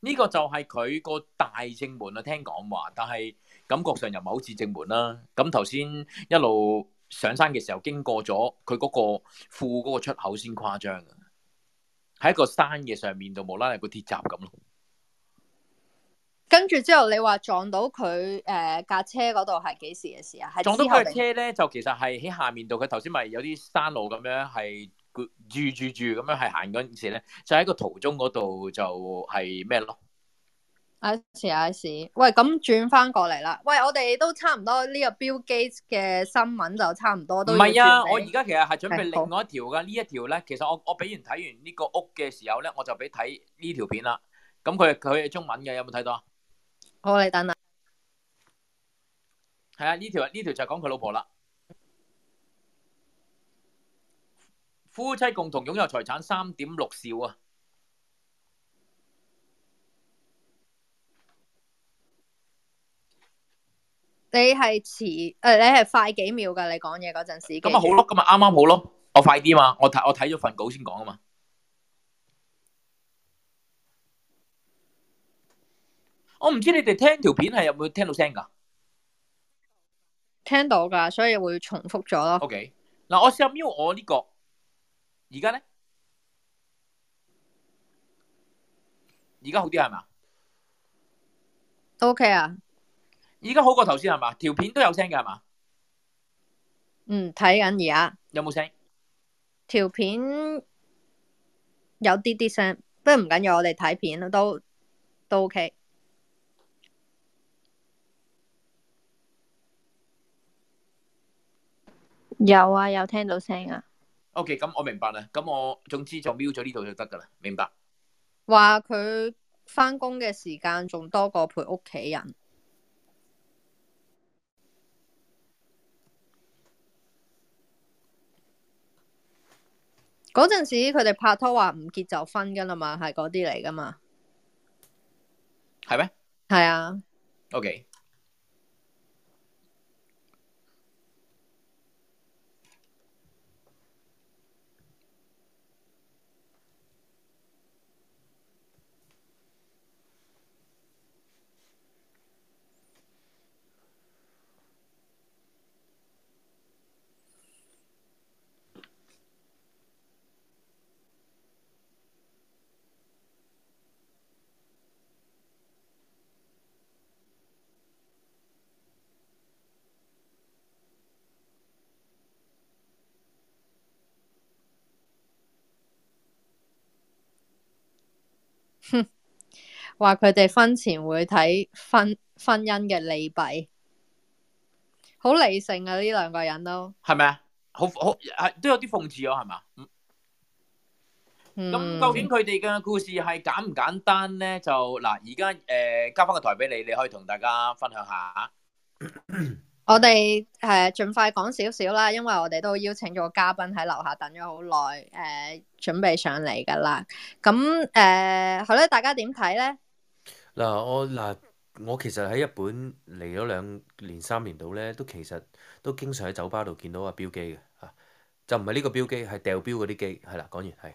呢個就係佢個大正門啊，聽講話，但係感覺上又唔係好似正門啦。咁頭先一路上山嘅時候，經過咗佢嗰個副嗰個出口先誇張啊。喺一個山嘅上面度，無啦啦個鐵閘咁咯。
跟住之後，你話撞到佢誒架車嗰度係幾時嘅事啊？撞到佢車
咧，就其實係喺下面度。佢頭先咪有啲山路咁樣係住住住咁樣係行嗰陣時咧，就喺個途中嗰度就係咩咯？
I see, I see. 喂，咁轉翻過嚟啦，喂，我哋都差唔多呢，這個 Bill Gates 嘅新聞就差唔多都唔係啊，我而
家其實係準備另外一條噶，一條呢一條咧，其實我我俾完睇完呢個屋嘅時候咧，我就俾睇呢條片啦，咁佢佢係中文嘅，有冇睇到啊？
好，你等啦，
係啊，呢條呢條就講佢老婆啦，夫妻共同擁有財產三點六兆啊。
你
係遲誒，你係快幾秒噶？你講嘢嗰陣時咁啊，好咯，
咁啊，啱啱好咯。我快啲嘛，我睇我睇咗份稿先講啊嘛。我唔知你哋聽條片係有冇聽到聲噶？
聽到噶，所以會重複咗咯。O K，
嗱，我試下瞄我呢個，而家咧，而家好啲係嘛？O K 啊。而家好過頭先係嘛？條片都有聲嘅係嘛？
嗯，睇緊而家有冇聲？條片有啲啲聲，不過唔緊要，我哋睇片都都 OK。有啊，有聽到聲啊。OK，
咁我明白啦。咁我總之就瞄咗呢度就得噶啦。明白。
話佢翻工嘅時間仲多過陪屋企人。嗰陣時佢哋拍拖，話唔結就分噶啦嘛，係嗰啲嚟噶嘛，
係咩？係啊，OK。
話佢哋婚前會睇婚婚姻嘅利弊，好理性啊！呢兩個人都
係咪啊？好好係都有啲諷刺啊，係嘛？咁、
嗯、究竟
佢哋嘅故事係簡唔簡單咧？就嗱，而家誒交翻個枱俾你，你可以同大家分享下。
我哋誒盡快講少少啦，因為我哋都邀請咗個嘉賓喺樓下等咗好耐，誒準備上嚟噶啦。咁誒，好 咧樂，大家點睇咧？
嗱， 我嗱，我其實喺日本嚟咗兩年三年度咧，都其實都經常喺酒吧度見到阿標機嘅吓，就唔係呢個標機，係掉標嗰啲機，係啦，講完係。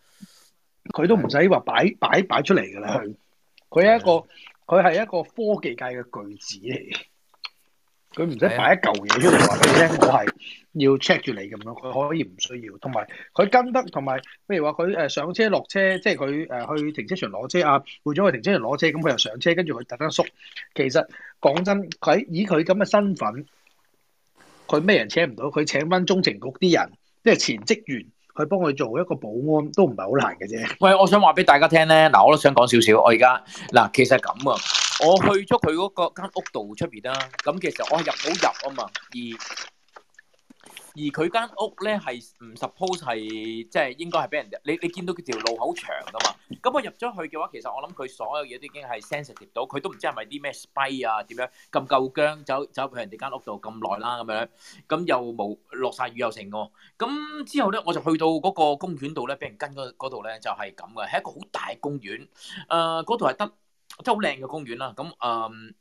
佢都唔使話擺擺擺出嚟噶啦，佢佢係一個佢係的一個科技界嘅巨子嚟，佢唔使擺一舊嘢出嚟話俾你聽，我係要 check 住你咁樣，佢可以唔需要。同埋佢跟得，同埋譬如話佢誒上車落車，即係佢誒去停車場攞車啊，換咗去停車場攞車，咁佢又上車，跟住佢特登縮。其實講真，佢以佢咁嘅身份，佢咩人請唔到？佢請翻中情局啲人，即係前職員。去幫佢做一個保安都唔係好難嘅啫。喂，我想話俾大家聽咧，
嗱，我都想講少少。我而家嗱，其實咁啊，我去咗佢嗰個間屋度出邊啦。咁其實我係入好入啊嘛，而。而佢間屋咧係唔 suppose 係即係應該係俾人，你你見到佢條路好長㗎嘛？咁我入咗去嘅話，其實我諗佢所有嘢都已經係 sensitive 到，佢都唔知係咪啲咩 spy 啊，點樣咁夠薑，走走入人哋間屋度咁耐啦咁樣，咁又冇落晒雨又成喎。咁之後咧，我就去到嗰個公園度咧，俾人跟嗰度咧就係咁嘅，係一個好大公園。誒、呃，嗰度係得真係好靚嘅公園啦。咁、嗯、誒。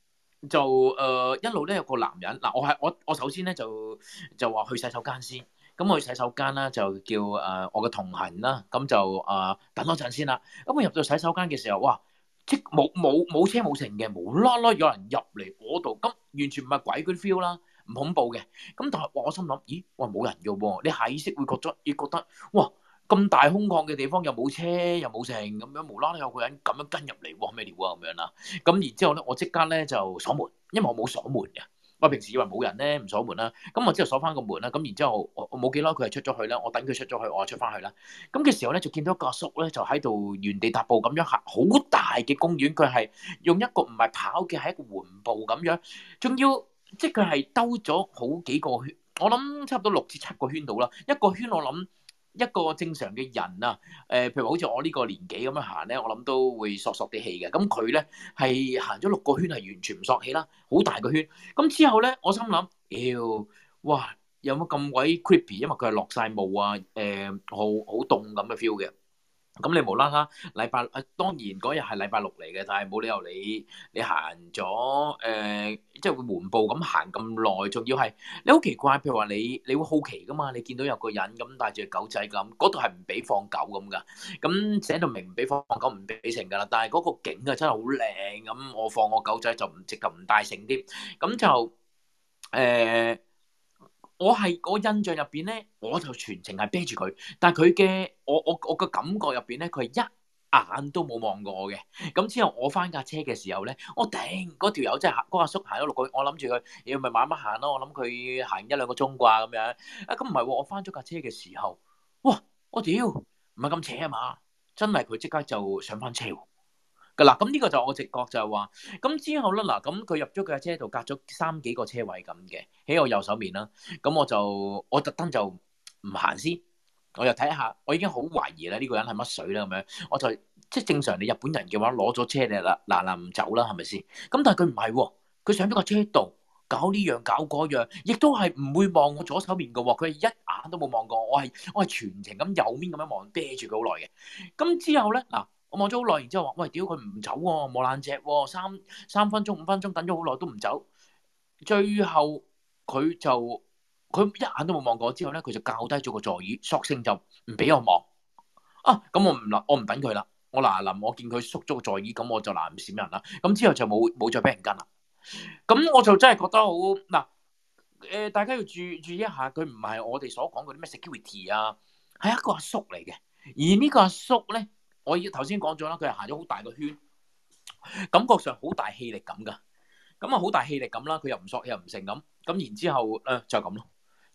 就誒、呃、一路咧有個男人嗱，啊，我係我我首先咧就就話去洗手間先，咁我去洗手間啦，就叫誒、呃、我嘅同行啦，咁就誒、呃、等多陣先啦。咁、啊、我入到洗手間嘅時候，哇，即冇冇冇車冇成嘅，無啦啦有人入嚟嗰度，咁完全唔係鬼鬼 feel 啦，唔恐怖嘅。咁但係我心諗，咦，我冇人嘅喎，你下意識會覺得咦，覺得，哇！咁大空曠嘅地方，又冇車又冇剩，咁樣無啦啦有個人咁樣跟入嚟喎，咩料啊？咁樣啦，咁然之後咧我即刻咧就鎖門，因為我冇鎖門嘅，我平時以為冇人咧唔鎖門啦，咁我之後鎖翻個門啦，咁然之後我冇幾耐佢係出咗去啦，我等佢出咗去我出翻去啦，咁嘅時候咧就見到個阿叔咧就喺度原地踏步咁樣行，好大嘅公園，佢係用一個唔係跑嘅，係一個緩步咁樣，仲要即係佢係兜咗好幾個圈，我諗差唔多六至七個圈度啦，一個圈我諗。一個正常嘅人啊，誒、呃，譬如好似我呢個年紀咁樣行咧，我諗都會索索啲氣嘅。咁佢咧係行咗六個圈係完全唔索氣啦，好大個圈。咁、嗯、之後咧，我心諗，妖，哇，有冇咁鬼 creepy？因為佢係落晒霧啊，誒、呃，好好凍咁嘅 feel 嘅。咁你無啦啦，禮拜當然嗰日係禮拜六嚟嘅，但係冇理由你你行咗誒，即係緩步咁行咁耐，仲要係你好奇怪，譬如話你你會好奇噶嘛？你見到有個人咁帶住狗仔咁，嗰度係唔俾放狗咁噶，咁寫到明唔俾放狗，唔俾成噶啦。但係嗰個景啊，真係好靚咁，我放我狗仔就唔直頭唔帶繩啲，咁就誒。我係我印象入面咧，我就全程係啤住佢，但係佢嘅我我我個感覺入面咧，佢係一眼都冇望過我嘅。咁之後我翻架車嘅時候咧，我頂嗰條友真係嗰個阿叔行咗六個月，我諗住佢你要咪慢慢行咯，我諗佢行一兩個鐘啩咁樣。啊，咁唔係喎，我翻咗架車嘅時候，哇！我屌，唔係咁扯啊嘛，真係佢即刻就上翻車。嗱咁呢個就我直覺就係話，咁之後咧嗱咁佢入咗佢嘅車度，隔咗三幾個車位咁嘅，喺我右手面啦。咁我就我特登就唔行先，我又睇下，我已經好懷疑啦呢個人係乜水啦咁樣。我就即係正常你日本人嘅話攞咗車嚟啦，嗱嗱唔走啦，係咪先？咁但係佢唔係喎，佢上咗個車度搞呢樣搞嗰樣，亦都係唔會望我左手面嘅喎，佢係一眼都冇望過我，我係我係全程咁右面咁樣望，啤住佢好耐嘅。咁之後咧嗱。我望咗好耐，然之後話喂，屌佢唔走喎、啊，磨爛蓆，三三分鐘、五分鐘等咗好耐都唔走。最後佢就佢一眼都冇望過。之後咧佢就較低咗個座椅，索性就唔俾我望啊。咁我唔啦，我唔等佢啦。我嗱臨我,我見佢縮咗個座椅，咁我就嗱唔閃人啦。咁之後就冇冇再俾人跟啦。咁、嗯、我就真係覺得好嗱誒，大家要注注意一下，佢唔係我哋所講嗰啲咩 security 啊，係一個阿叔嚟嘅，而個呢個阿叔咧。我已頭先講咗啦，佢係行咗好大個圈，感覺上好大氣力咁噶，咁啊好大氣力咁啦，佢又唔索又唔成咁，咁然之後誒、呃、就咁、是、咯。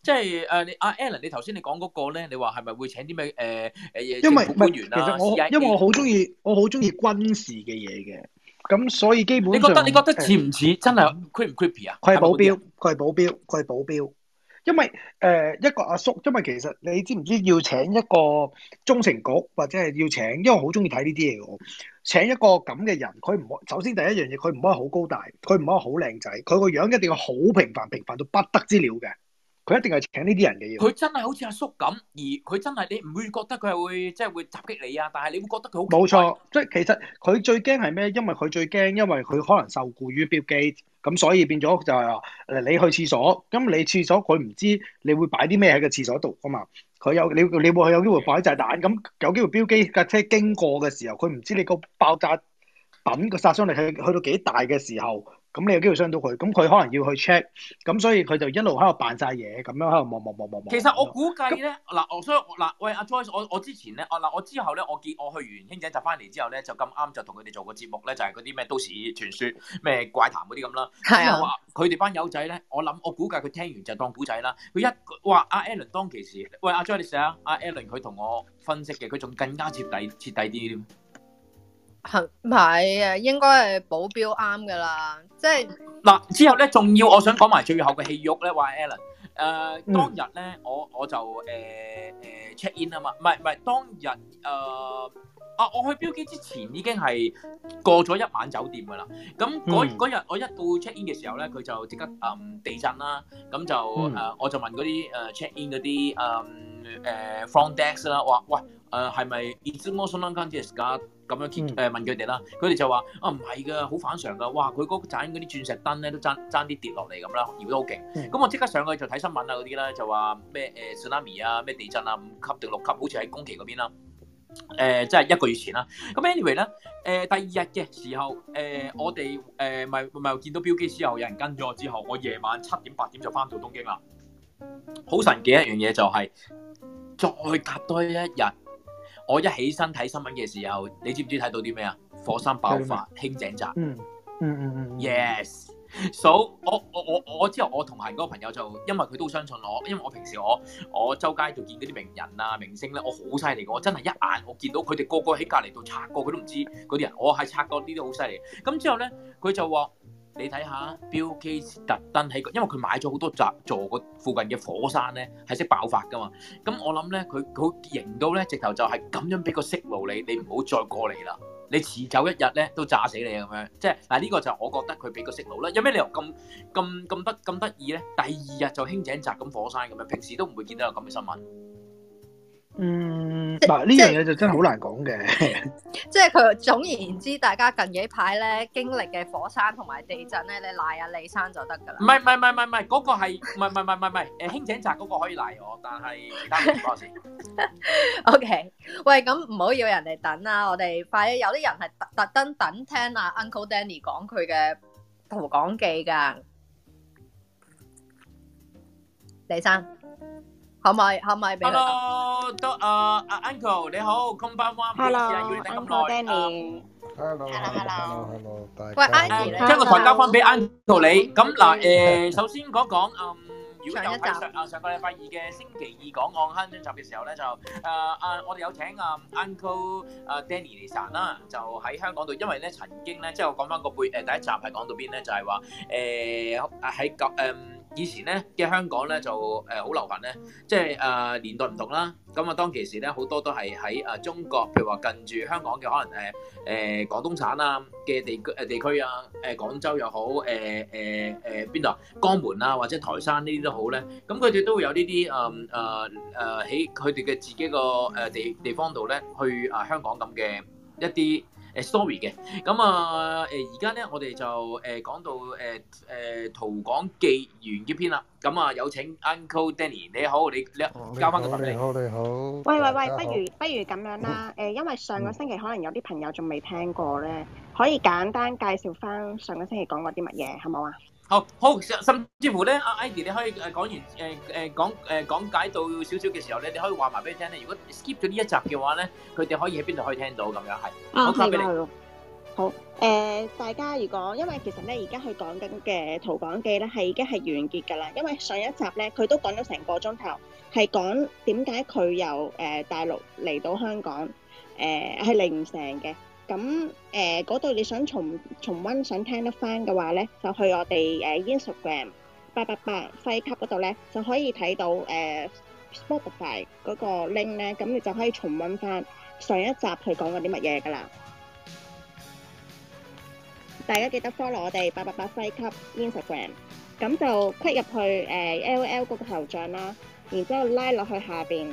即係誒，阿、呃、Alan，你頭先你講嗰、那個咧，你話係咪會請啲咩誒誒？呃員啊、因為唔係，其實我 CIA? 因為我好
中意，我好中意軍事嘅嘢嘅，咁所以基本上你覺得你覺得似唔似？呃、真係 creep 唔 creep 啊？佢係保鏢，佢係保鏢，佢係保鏢。因為誒一個阿叔，因為其實你知唔知要請一個中情局或者係要請，因為我好中意睇呢啲嘢嘅請一個咁嘅人，佢唔好，首先第一樣嘢，佢唔可以好高大，佢唔可以好靚仔，佢個樣一定要好平凡，平凡到不得之了嘅。佢一定係請呢啲人嘅嘢。佢
真係好似阿叔咁，而佢真係你唔會覺得佢係會即係、就是、會襲擊你啊！但係你會覺得佢好冇
錯。即係其實佢最驚係咩？因為佢最驚，因為佢可能受雇於 B 記。咁所以變咗就係話，你去廁所，咁你廁所佢唔知你會擺啲咩喺個廁所度啊嘛，佢有你你會有機會擺一隻彈，咁有機會標記架車經過嘅時候，佢唔知你個爆炸品個殺傷力去去到幾大嘅時候。咁你有機會傷到佢，咁佢可能要去 check，咁所以佢就一路喺度扮晒嘢，咁樣喺度望望望望望。其實我
估計咧，嗱我，所以嗱，喂，阿 Joyce，我我之前咧，啊嗱，我之後咧，我見我去完兄仔集翻嚟之後咧，就咁啱就同佢哋做個節目咧，就係嗰啲咩都市傳説、咩怪談嗰啲咁啦。係啊，佢哋班友仔咧，我諗我估計佢聽完就當古仔啦。佢一話阿 Alan 當其時，喂阿 Joyce 啊，阿 Alan 佢同我分析嘅，佢仲更加徹底徹底啲。
唔係啊，應該係保鏢啱噶啦，即係嗱
之後咧，仲要我想講埋最後嘅戲肉咧，話 Alan，誒、呃、當日咧我我就誒誒、呃呃、check in 啊嘛，唔係唔係當日誒、呃、啊，我去標機之前已經係過咗一晚酒店噶啦，咁嗰日、嗯、我一到 check in 嘅時候咧，佢就即刻嗯地震啦，咁就誒、呃、我就問嗰啲誒 check in 嗰啲誒誒 front desk 啦，話、嗯呃、喂誒係咪 it's most noncongested 咁樣誒問佢哋啦，佢哋就話啊唔係噶，好反常噶，哇！佢嗰盞嗰啲鑽石燈咧都爭爭啲跌落嚟咁啦，搖得好勁。咁、嗯、我即刻上去就睇新聞啊嗰啲啦，就話咩誒 tsunami 啊咩地震啊五級定六級，好似喺宮崎嗰邊啦、啊。誒、呃、即係一個月前啦、啊。咁 anyway 咧誒、呃、第二日嘅時候誒、呃嗯、我哋誒咪咪見到標機之後，有人跟咗我之後，我夜晚七點八點就翻到東京啦。好神奇一樣嘢就係、是、再隔多一日。我一起身睇新聞嘅時候，你知唔知睇到啲咩啊？火山爆發、輕井澤、嗯，嗯嗯 y e、嗯、s、yes. so 我我我我之後我同行嗰個朋友就因為佢都好相信我，因為我平時我我周街度見嗰啲名人啊、明星咧，我好犀利嘅，我真係一眼我見到佢哋個個喺隔離度拆過，佢都唔知嗰啲人，我係拆過呢啲好犀利。咁之後咧，佢就話。你睇下，Bill Gates 特登喺，因為佢買咗好多集座個附近嘅火山咧，係識爆發噶嘛。咁我諗咧，佢佢型到咧，呢直頭就係咁樣俾個息路你，你唔好再過嚟啦。你遲走一日咧，都炸死你咁樣。即係嗱，呢、這個就我覺得佢俾個息路啦。有咩理由咁咁咁得咁得意咧？第二日就輕井澤咁火山咁啊！平時都唔會見到有咁嘅新聞。
嗯，嗱，呢樣嘢就真係好難講嘅，
即係佢總而言之，大家近幾排咧經歷嘅火山同埋地震咧，你賴阿李生就得噶啦。
唔係唔係唔係唔係，嗰個係唔係唔係唔係唔係，誒輕井澤嗰個可以賴我，但係其他唔
關我事。OK，喂，咁唔好要人哋等啦，我哋快啲，有啲人係特特登等聽阿 Uncle Danny 講佢嘅逃港記噶，李生。好唔好？好唔好？俾你。Hello，
都誒誒 Uncle，你好，要你等咁耐啊，Uncle Danny。Hello，Hello，Hello，
喂，Andy 咧，將個台交翻俾 Uncle 你。咁嗱
誒，首先講講誒，如果由上誒上個禮拜二嘅星期二講《憨》呢集嘅時候咧，就誒誒，我哋有請誒 Uncle 誒 Danny 嚟談啦。就喺香港度，因為咧曾經咧，即係我講翻個背誒第一集係講到邊咧，就係話誒喺個誒。以前咧嘅香港咧就誒好流行咧，即係誒年代唔同啦。咁啊當其時咧，好多都係喺誒中國，譬如話近住香港嘅可能誒誒廣東產啊嘅地區誒地區啊，誒廣州又好，誒誒誒邊度啊江門啊、或者台山呢啲都好咧。咁佢哋都會有呢啲誒誒誒喺佢哋嘅自己個誒地地方度咧，去啊香港咁嘅一啲。誒，sorry 嘅，咁啊，誒，而家咧，我哋就誒講到誒誒《逃港記》完結篇啦，咁啊，有請 Uncle Danny，你好，你你交翻個份先。你好，你
好。好，喂喂喂，不如不如咁樣啦，誒，因為上個星期可能有啲朋友仲未聽過咧，可以簡單介紹翻上個星期講過啲乜嘢，好冇啊？好
好，甚至乎咧，阿 Eddy，你可以誒講完誒誒講誒講解到少少嘅時候咧，你可以話埋俾你聽咧。如果 skip 咗呢一集嘅話咧，佢哋可以喺邊度可以聽到，咁樣係，我交俾你。
好誒，大家如果因為其實咧而家佢講緊嘅《逃港記》咧係已經係完結㗎啦，因為上一集咧佢都講咗成個鐘頭，係講點解佢由誒大陸嚟到香港誒係嚟唔成嘅。咁誒嗰度你想重重溫想聽得翻嘅話咧，就去我哋誒、啊、Instagram 八八八細級嗰度咧，就可以睇到誒、啊、Spotify 嗰個 link 咧，咁你就可以重溫翻上一集佢講過啲乜嘢噶啦。大家記得 follow 我哋八八八細級 Instagram，咁就 click 入去誒、啊、Lol 嗰個頭像啦，然之後拉落去下邊。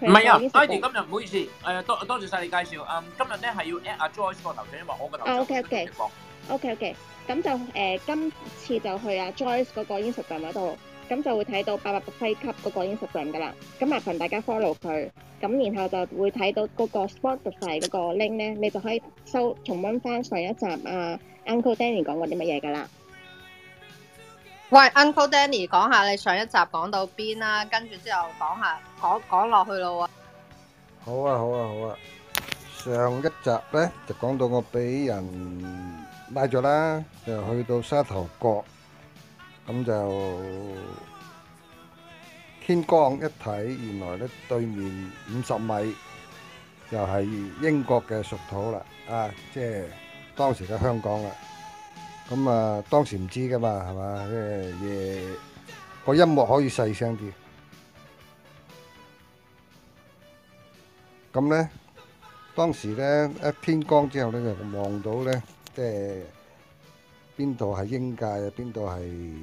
唔係啊，Ivy 今
日天唔好意思，誒多多謝晒你介紹。誒今日咧係要 at 阿 Joyce 個頭像，
因為我個頭像唔識 OK OK，咁、okay, okay. 就誒、呃、今次就去阿、啊、Joyce 嗰個 Instagram 嗰度，咁就會睇到八八八輝級嗰個 Instagram 噶啦。咁麻煩大家 follow 佢，咁然後就會睇到嗰個 Spotify 嗰個 link 咧，你就可以收重温翻上一集啊 Uncle Danny 講過啲乜嘢噶啦。
喂，Uncle Danny，講下你上一集講到邊啦？跟住之後講下，講講落去咯。
好啊，好啊，好啊。上一集咧就講到我俾人拉咗啦，就去到沙頭角，咁就天光一睇，原來咧對面50米就係英國嘅屬土啦，啊，即係當時嘅香港啦。咁啊、嗯，當時唔知噶嘛，係嘛？誒，個音樂可以細聲啲。咁、嗯、咧，當時咧，一天光之後咧，就望到咧，即係邊度係英界，邊度係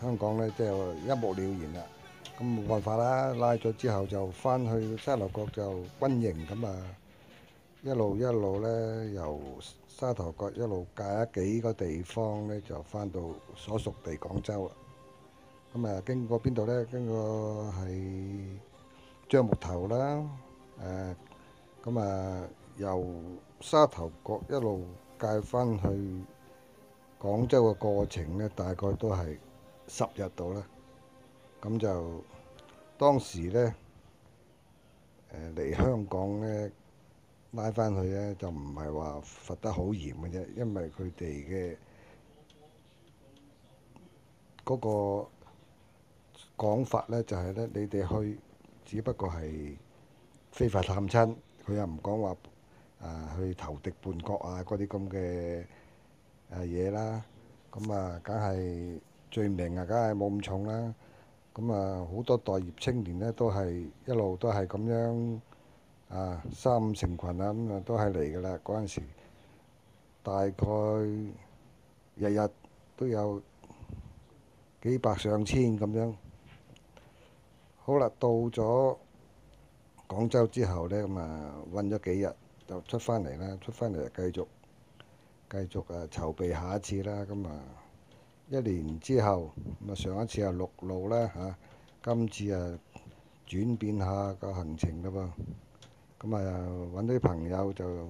香港咧，即係一目了然啦。咁、嗯、冇辦法啦，拉咗之後就翻去西蘭國就軍營，咁啊、嗯，一路一路咧又，由沙頭角一路隔啊幾個地方咧，就翻到所屬地廣州啦。咁、嗯、啊，經過邊度咧？經過係樟木頭啦。誒、呃，咁、嗯、啊，由沙頭角一路隔翻去廣州嘅過程咧，大概都係十日度啦。咁、嗯嗯嗯嗯嗯、就當時咧，誒、呃、嚟香港咧。拉返去咧，就唔係話罰得好嚴嘅啫，因為佢哋嘅嗰個講法咧，就係咧，你哋去只不過係非法探親，佢又唔講話去投敵叛國啊，嗰啲咁嘅嘢啦。咁啊，梗係罪名啊，梗係冇咁重啦。咁啊，好多待業青年咧，都係一路都係咁樣。啊，三五成群啊，咁、嗯、啊都係嚟噶啦。嗰陣時大概日日都有幾百上千咁樣。好啦，到咗廣州之後呢，咁啊温咗幾日就出返嚟啦。出返嚟就繼續繼續啊籌備下一次啦。咁、嗯、啊一年之後咁啊、嗯、上一次啊陸路啦、啊、嚇、啊，今次啊轉變下個行程咯噃。咁啊，揾啲、嗯、朋友就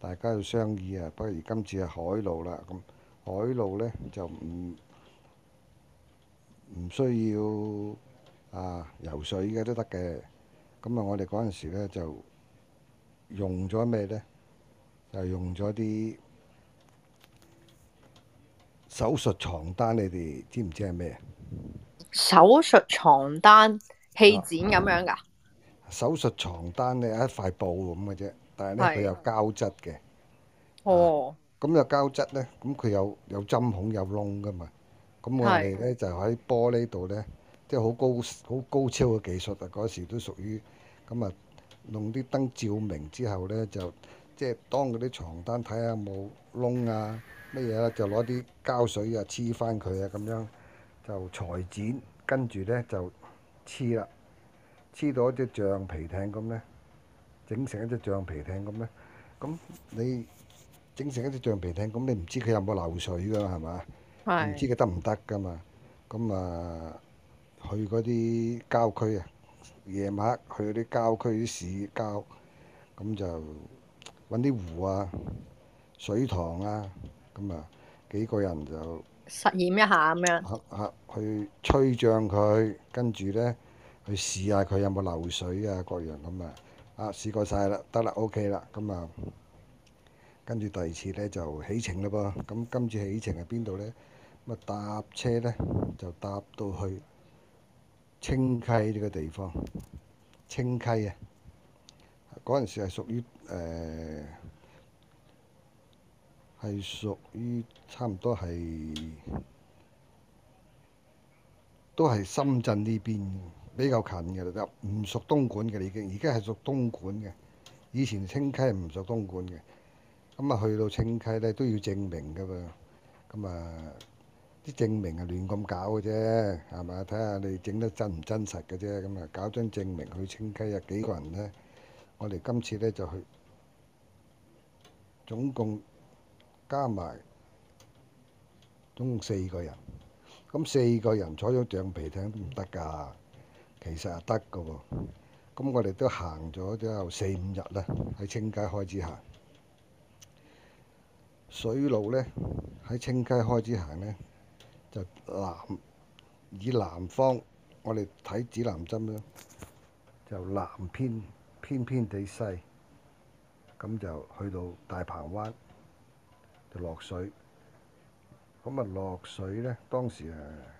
大家去商議如、嗯、就要啊。不過今次係海路啦，咁海路咧就唔唔需要啊游水嘅都得嘅。咁、嗯、啊，我哋嗰陣時咧就用咗咩咧？就用咗啲手術床單，你哋知唔知係咩？
手術床單、氣墊咁樣噶？啊嗯
手術床單呢一塊布咁嘅啫，但係呢，佢是有膠質嘅。哦。咁有、啊、膠質呢，咁佢有有針孔有窿㗎嘛。咁我哋呢，是就喺玻璃度呢，即係好高好高超嘅技術啊！嗰時都屬於咁啊，用啲燈照明之後呢，就即係當嗰啲床單睇下冇窿啊咩嘢啦，就攞啲膠水啊黐返佢啊咁樣就裁剪，跟住呢就黐啦。黐到一隻橡皮艇咁咧，整成一隻橡皮艇咁咧，咁你整成一隻橡皮艇，咁你唔知佢有冇漏水噶嘛？係嘛？唔知佢得唔得噶嘛？咁啊，去嗰啲郊區啊，夜晚去嗰啲郊區市郊，咁就搵啲湖啊、水塘啊，咁啊，幾個人就
實驗一下咁樣。
嚇嚇，去吹脹佢，跟住咧。去試下佢有冇漏水啊？各樣咁啊，啊試過晒啦，得啦，OK 啦。咁、嗯、啊，跟住第二次咧就起程嘞噃。咁、嗯、今次起程喺邊度咧？咪、嗯、搭車咧，就搭到去清溪呢個地方。清溪啊，嗰陣時係屬於誒，係、呃、屬於差唔多係都係深圳呢邊。比較近嘅啦，就唔屬東莞嘅啦，已經而家係屬東莞嘅。以前清溪唔屬東莞嘅，咁啊去到清溪咧都要證明㗎嘛。咁啊啲證明係亂咁搞嘅啫，係嘛？睇下你整得真唔真實嘅啫。咁啊搞張證明去清溪啊，幾個人咧？我哋今次咧就去總共加埋總共四個人。咁四個人坐咗橡皮艇都唔得㗎。其實係得嘅喎，咁我哋都行咗都有四五日啦，喺清溪開始行，水路咧喺清溪開始行咧就南，以南方我哋睇指南針咧就南偏偏偏地西，咁就去到大鵬灣就落水，咁啊落水咧當時啊～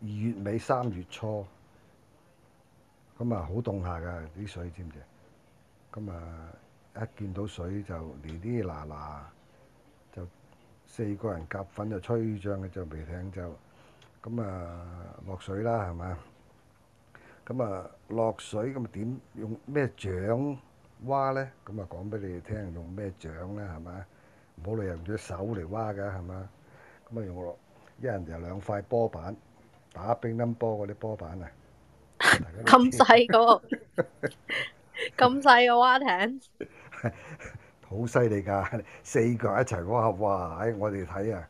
二月尾三月初，咁啊好凍下㗎啲水，知唔知？咁啊一見到水就黏黏嗱嗱，就四個人夾粉就吹脹嘅橡皮艇就咁啊落水啦，係咪？咁啊落水咁啊點用咩掌挖咧？咁啊講俾你哋聽，用咩掌咧？係咪？唔好你又用隻手嚟挖㗎，係咪？咁啊用一人有兩塊波板。打乒乓波嗰啲波板啊，咁細個，
咁細個蛙艇，
好犀利噶！四個人一齊哇哇！唉，我哋睇啊，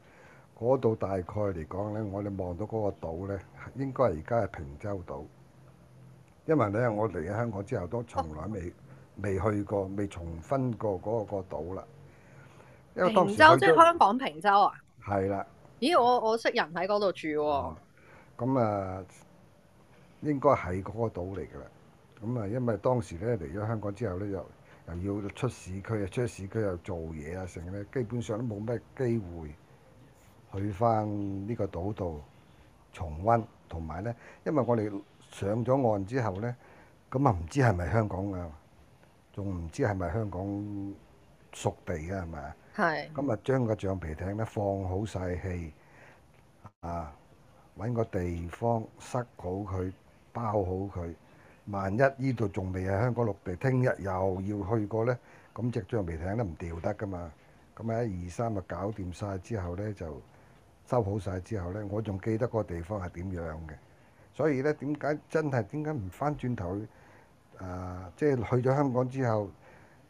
嗰度大概嚟講咧，我哋望到嗰個島咧，應該係而家係平洲島，因為咧我嚟咗香港之後都從來未未去過未重分過嗰個個島啦。因為平洲即係香
港平洲啊？
係啦的。
咦，我我識人喺嗰度住。嗯
咁啊、嗯，應該係嗰個島嚟㗎啦。咁、嗯、啊，因為當時咧嚟咗香港之後咧，又又要出市區啊，出市區又做嘢啊，成咧基本上都冇咩機會去翻呢個島度重溫。同埋咧，因為我哋上咗岸之後咧，咁啊唔知係咪香港㗎，仲唔知係咪香港屬地㗎係咪啊？係。咁啊是，將、嗯嗯、個橡皮艇咧放好晒氣啊！揾個地方塞好佢，包好佢。萬一呢度仲未係香港陸地，聽日又要去過咧，咁隻橡皮艇都唔掉得噶嘛。咁啊，一、二、三啊，搞掂曬之後咧，就收好曬之後咧，我仲記得個地方係點樣嘅。所以咧，點解真係點解唔返轉頭？誒，即係去咗香港之後，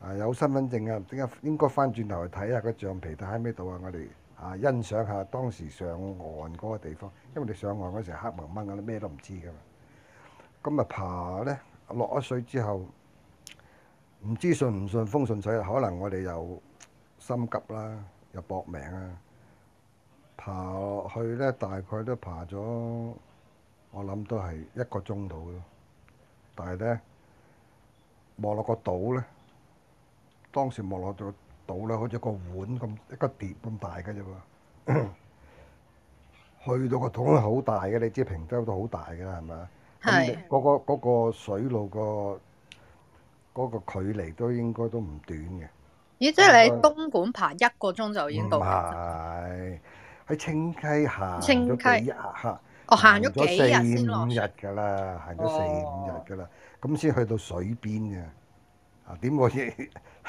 誒有身份證啊，點解應該返轉頭去睇下個橡皮艇喺咩度啊？我哋。啊！欣賞下當時上岸嗰個地方，因為你上岸嗰時黑蒙蒙啊，你咩都唔知噶嘛。咁啊爬咧，落咗水之後，唔知順唔順風順水，可能我哋又心急啦，又搏命啊！爬落去咧，大概都爬咗，我諗都係一個鐘度咯。但係咧，望落個島咧，當時望落度。到啦，好似個碗咁，一個碟咁大㗎啫喎。去到個桶都好大嘅，你知平洲都好大㗎啦，係嘛？係。嗰個嗰個水路個嗰個距離都應該都唔短嘅。
咦？即係你喺東莞爬一個鐘就已經到啦？
係，喺清溪行，清溪行，
我行咗幾日？嚇！
我行咗四五日㗎啦，行咗四五日㗎啦，咁先去到水邊嘅。啊！點我？係咁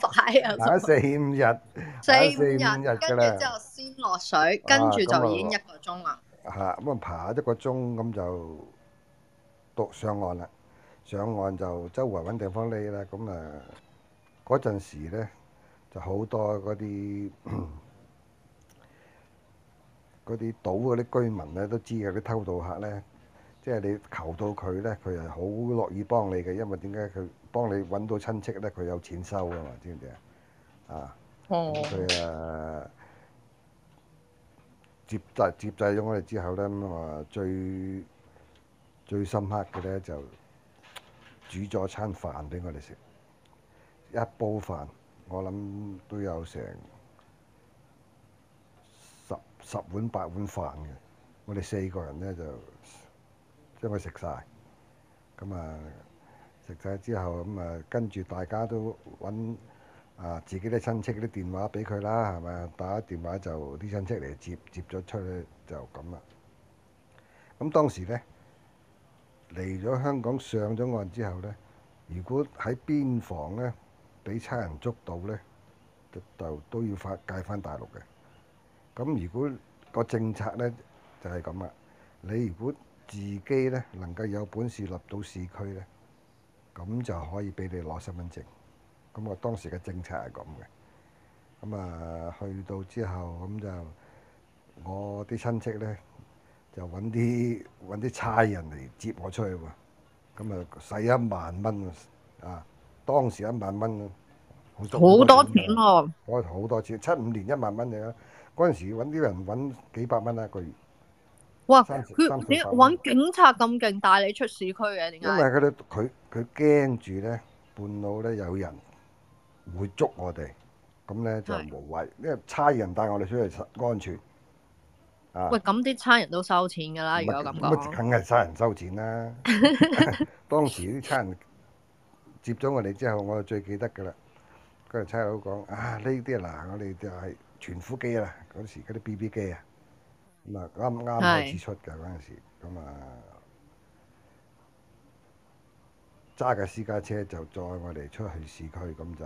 快啊！四五日，四五日，跟住之後
先落水，跟住就已經一個鐘
啦。嚇！咁啊，爬一個鐘，咁就到上岸啦。上岸就周圍揾地方匿啦。咁啊，嗰陣時咧，就好多嗰啲嗰啲島嗰啲居民咧，都知有啲偷渡客咧。即係你求到佢咧，佢係好樂意幫你嘅，因為點解佢幫你揾到親戚咧？佢有錢收㗎嘛，知唔知啊？啊，佢的啊接濟接濟咗我哋之後咧，咁啊最最深刻嘅咧就煮咗餐飯俾我哋食，一煲飯我諗都有成十十碗八碗飯嘅，我哋四個人咧就。將佢食晒，咁啊食曬之後，咁啊跟住大家都揾啊自己啲親戚啲電話俾佢啦，係嘛，打電話就啲親戚嚟接接咗出去就咁啦。咁當時呢，嚟咗香港上咗岸之後呢，如果喺邊防呢俾差人捉到呢，就都要發解翻大陸嘅。咁如果個政策呢就係咁啦，你如果，自己咧能夠有本事入到市區咧，咁就可以俾你攞身份證。咁啊，當時嘅政策係咁嘅。咁啊，去到之後咁就我啲親戚咧就揾啲揾啲差人嚟接我出去喎。咁啊，使一萬蚊啊，當時一萬蚊。好多錢喎！我好多錢，七五年一萬蚊嘅嗰陣時，揾啲人揾幾百蚊一個月。哇！佢你揾
警察咁勁帶你出市區嘅點解？為
因為佢佢佢驚住咧，半路咧有人會捉我哋，咁咧就無謂。是的 因為差人帶我哋出去安全。喂啊！喂，咁
啲差人都收錢噶啦，不如果咁，咁梗
係差人收錢啦。 當時啲差人接咗我哋之後，我就最記得噶啦。嗰個差佬講：啊，呢啲嗱，我哋就係傳呼機啦，嗰時嗰啲 B B 機啊。咁啱啱開始出嘅嗰陣時，咁啊揸架私家車就載我哋出去市區，咁就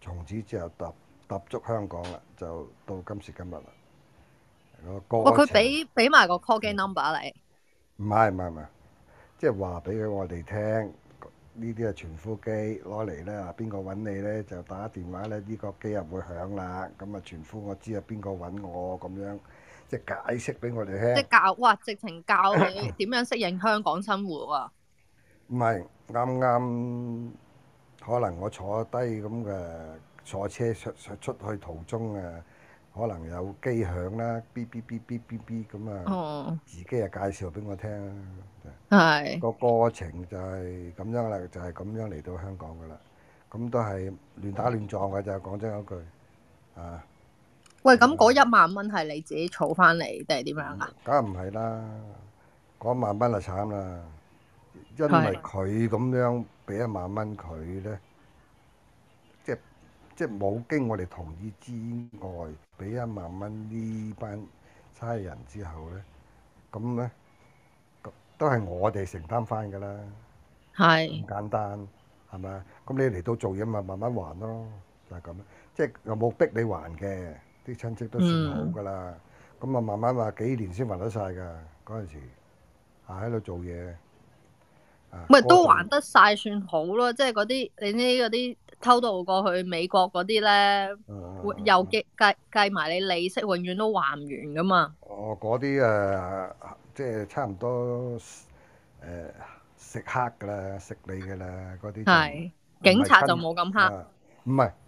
從此之後踏踏足香港啦，就到今時今日啦。那個佢俾
俾埋個 call 機、嗯、number 嚟來，
唔係唔係唔係，即係話俾佢我哋聽，呢啲係傳呼機，攞嚟咧，邊個揾你咧就打電話咧，呢、呢個機啊會響啦。咁啊，傳呼我知啊邊個揾我咁樣。即係解釋俾我哋聽，即係
教哇，直情教你點樣適應香港生活啊！唔
係啱啱，可能我坐低咁誒，坐車出出出去途中誒，可能有機響啦，咇咇咇咇咇咇咁啊，自己誒介紹俾我聽，係個過程就係咁樣啦，就係咁樣嚟到香港噶啦，咁都係亂打亂撞嘅就係講真一句啊！
喂，咁嗰一萬蚊係你自己儲翻嚟定係點樣
啊？梗係唔係啦，嗰一萬蚊就慘啦，因為佢咁樣俾一萬蚊佢咧，即係即係冇經我哋同意之外俾一萬蚊呢班差人之後咧，咁咧都係我哋承擔翻噶啦，
係咁
簡單係咪？咁你嚟到做嘢咪慢慢還咯，就咁，即又冇逼你還嘅。啲親戚都算好噶啦，咁啊、嗯、慢慢話幾年先還得晒噶。嗰陣時，啊喺度做嘢
啊。咪不頂都還得晒，算好咯，即係嗰啲你呢嗰啲偷渡過去美國嗰啲咧，嗯嗯嗯、又計計計埋你利息，永遠都還唔完噶嘛。
哦、啊，嗰啲誒即係差唔多誒、啊、食黑噶啦，食你噶啦嗰啲。係
警察就冇咁黑。唔
係、啊。啊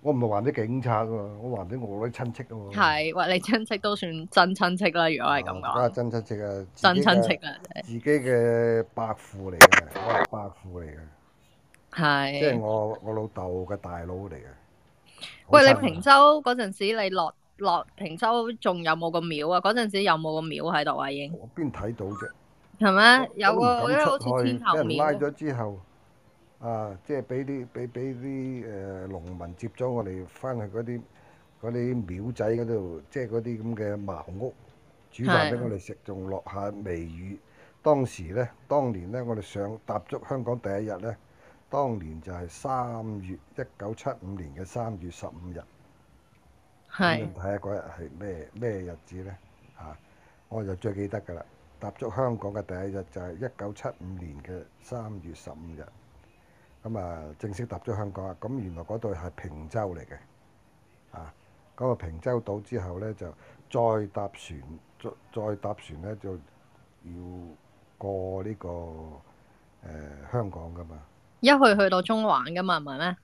我唔係還啲警察喎、啊，我還啲我啲親戚喎、
啊。係，喂，你親戚都算真親戚啦，如果係咁講。梗係、哦、真親戚
啊！真親戚啊！自己嘅、啊、伯父嚟嘅，我係伯父嚟嘅。
係是。即係我
我老豆嘅大佬嚟嘅。
啊、喂，你平洲嗰陣時，你落落平洲，仲有冇個廟啊？嗰陣時有冇個廟喺度啊？已經。我
邊睇、哦、到啫？
係咪嗎？
有個我好似天后廟。拉咗
之後。啊！即係俾啲俾俾啲誒農民接咗我哋翻去嗰啲嗰啲廟仔嗰度，即係嗰啲咁嘅茅屋煮飯俾我哋食，仲落是、啊、下微雨。當時呢，當年呢，我哋上踏足香港第一日呢，當年就係三月一九七五年嘅三月十五日。
係睇
下嗰日係咩咩日子呢？嚇、啊？我就最記得㗎啦！踏足香港嘅第一日就係一九七五年嘅三月十五日。咁啊，正式搭咗香港啊！咁原來嗰度係平洲嚟嘅，啊，嗰個平洲島之後咧，就再搭船，再再搭船咧，就要過呢個誒香港噶嘛。
一去去到中環噶嘛，唔係咩？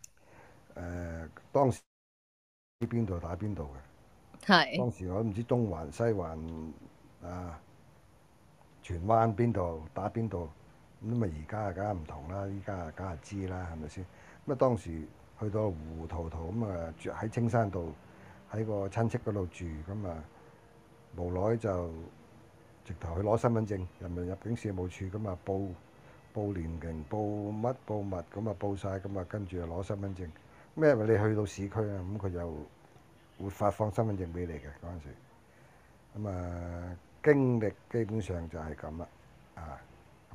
誒當時喺邊度打邊度嘅，係當時我唔知東環西環啊，荃灣邊度打邊度。咁咪而家啊，梗係唔同啦！依家啊，梗係知啦，係咪先？咁啊，當時去到糊糊塗塗咁啊，住喺青山道，喺個親戚嗰度住，咁啊，無奈就直頭去攞身份證，人民入境事務處咁啊，報報聯名、報乜報,報物，咁啊，報晒。咁啊，跟住啊攞身份證。咩咪你去到市區啊？咁佢又會發放身份證俾你嘅嗰陣時。咁啊，經歷基本上就係咁啦，啊。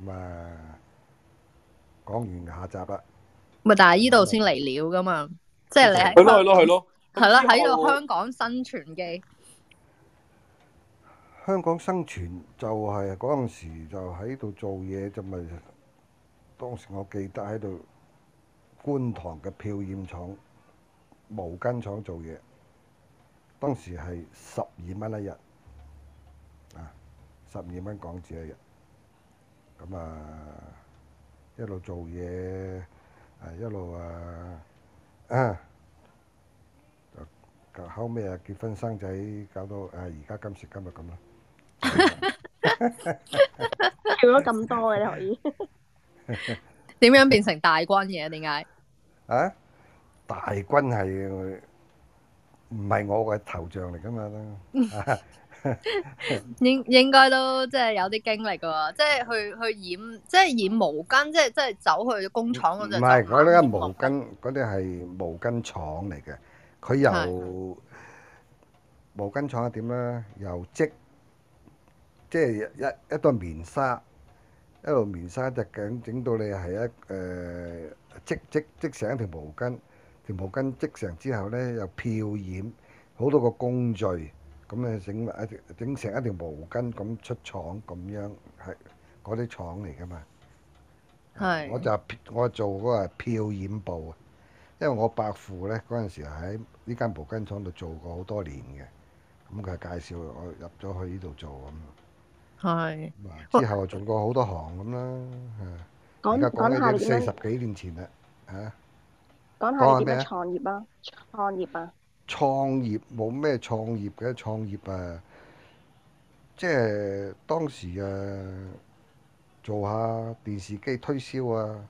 咁誒，講完下集啦。
咪但係依度先嚟料噶嘛？的即係你係。係咯係咯係咯。係咯，喺度香港生存嘅。
我香港生存就係嗰陣時就喺度做嘢就咪、是，當時我記得喺度觀塘嘅漂染廠、毛巾廠做嘢，當時係十二蚊一日，啊，十二蚊港紙一日。咁啊，一路做嘢，啊一路啊，啊，就咁後屘啊，結婚生仔，搞到誒而家今時今日咁
咯。做咗咁
多嘅你可以，點樣變成大軍嘢？點解？
啊，大軍係唔係我嘅頭像嚟噶嘛？
應應該都即係有啲經歷噶即係去去染，即係染毛巾，即係即係走去工廠嗰度。唔
係嗰啲係毛巾，嗰啲係毛巾廠嚟嘅。佢由毛巾廠點咧？由織，即係一一堆棉紗，一路棉紗就咁整到你係一誒織織織成一條毛巾，條毛巾織成之後咧又漂染，好多個工序。咁誒整埋一整成一條毛巾，咁出廠，咁樣係嗰啲廠嚟噶嘛？係
是。我就
我做嗰個漂染部。啊，因為我伯父咧嗰陣時喺呢間毛巾廠度做過好多年嘅，咁佢介紹我入咗去呢度做咁。係
是。
之後做過好多行咁啦。講，講下四十幾年前啦，嚇。講下你點樣創業啊？創業啊！創業，冇咩創業嘅創業啊！即係當時誒、啊、做下電視機推銷啊！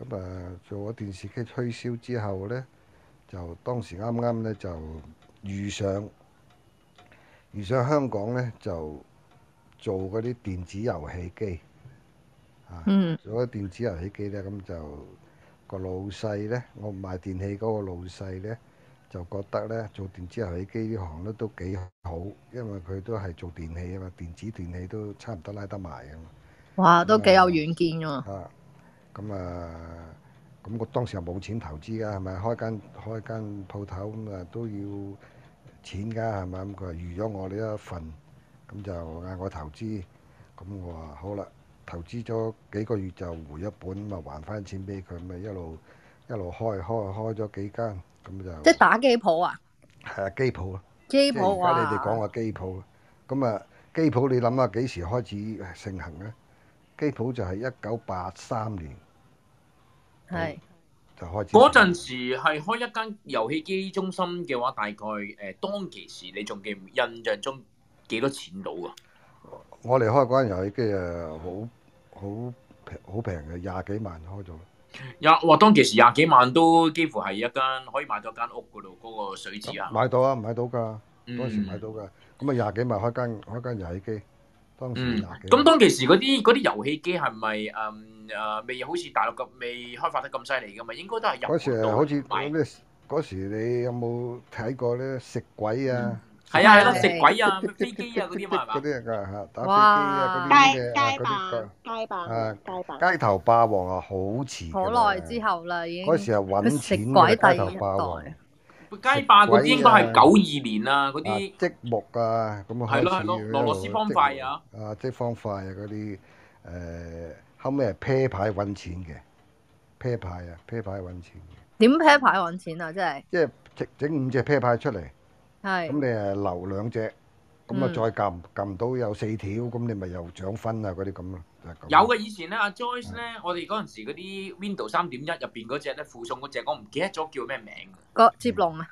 咁啊做咗電視機推銷之後呢，就當時啱啱呢，就遇上遇上香港呢，就做嗰啲電子遊戲機、啊嗯、做咗電子遊戲機呢，咁就、個老細呢，我賣電器嗰個老細呢。就覺得呢，做電子遊戲機呢行咧都幾好，因為佢都係做電器啊嘛，電子電器都差唔多拉得埋啊
嘛。哇！都幾有遠見㗎。
咁、uh, 啊，咁、啊、我當時又冇錢投資㗎，係咪，開間開間鋪頭咁啊都要錢㗎，係咪咁，佢預咗我呢一份，咁就嗌我投資，咁我話好啦，投資咗幾個月就回一本，咁啊還翻錢俾佢，咪一路。一路開開開咗幾間，咁就即係
打機鋪啊！
係啊，機鋪，
機鋪啊！你哋
講下機鋪啦。咁啊，機鋪你諗下幾時開始盛行咧？機鋪就係一九八三年，
係
就開始。嗰陣
時係開一間遊戲機中心嘅話，大概誒當其時你仲記唔，印象中幾多錢到㗎？
我嚟開嗰間遊戲機啊，好好平好平嘅，廿幾萬開咗。廿哇，當其時廿幾萬都
幾乎係一間可以買到間屋嗰度，嗰個水池啊！買
到啊，買到噶，當時買到噶。咁啊，廿幾萬開間開間遊戲機，當時廿幾萬。咁、嗯、當其時嗰啲
嗰啲遊戲機係咪誒誒未好似大陸咁未開發得咁犀利噶？咪應該都係入到買。嗰
時好似嗰時你有冇睇過咧？食鬼啊！嗯係啊，係咯，食鬼啊，飛機啊嗰啲嘛，嗰啲啊，吓打飛機啊嗰啲嘢，嗰啲啊，街
霸，
街街頭霸王啊，好遲好
耐之後啦，已經。嗰時候揾錢嘅街頭霸王。啊，食
鬼！街霸嗰啲應該係九二年啊，嗰啲
積木啊，咁啊，好似俄羅斯方塊
啊。
啊，積方塊啊，嗰啲誒，後尾係啤牌揾錢嘅啤牌啊，啤牌揾錢。
點啤牌揾錢啊？真係。
即係整整五隻啤牌出嚟。係咁你誒，留兩隻，
咁啊再
撳，撳唔到有四條，咁你咪又獎分啊嗰啲咁咯，就咁。有
嘅以前咧，阿 Joyce 咧，我哋嗰陣時嗰啲 Window 三點一入邊嗰隻咧附送嗰隻，我唔記得咗叫咩名
嘅。個接龍啊？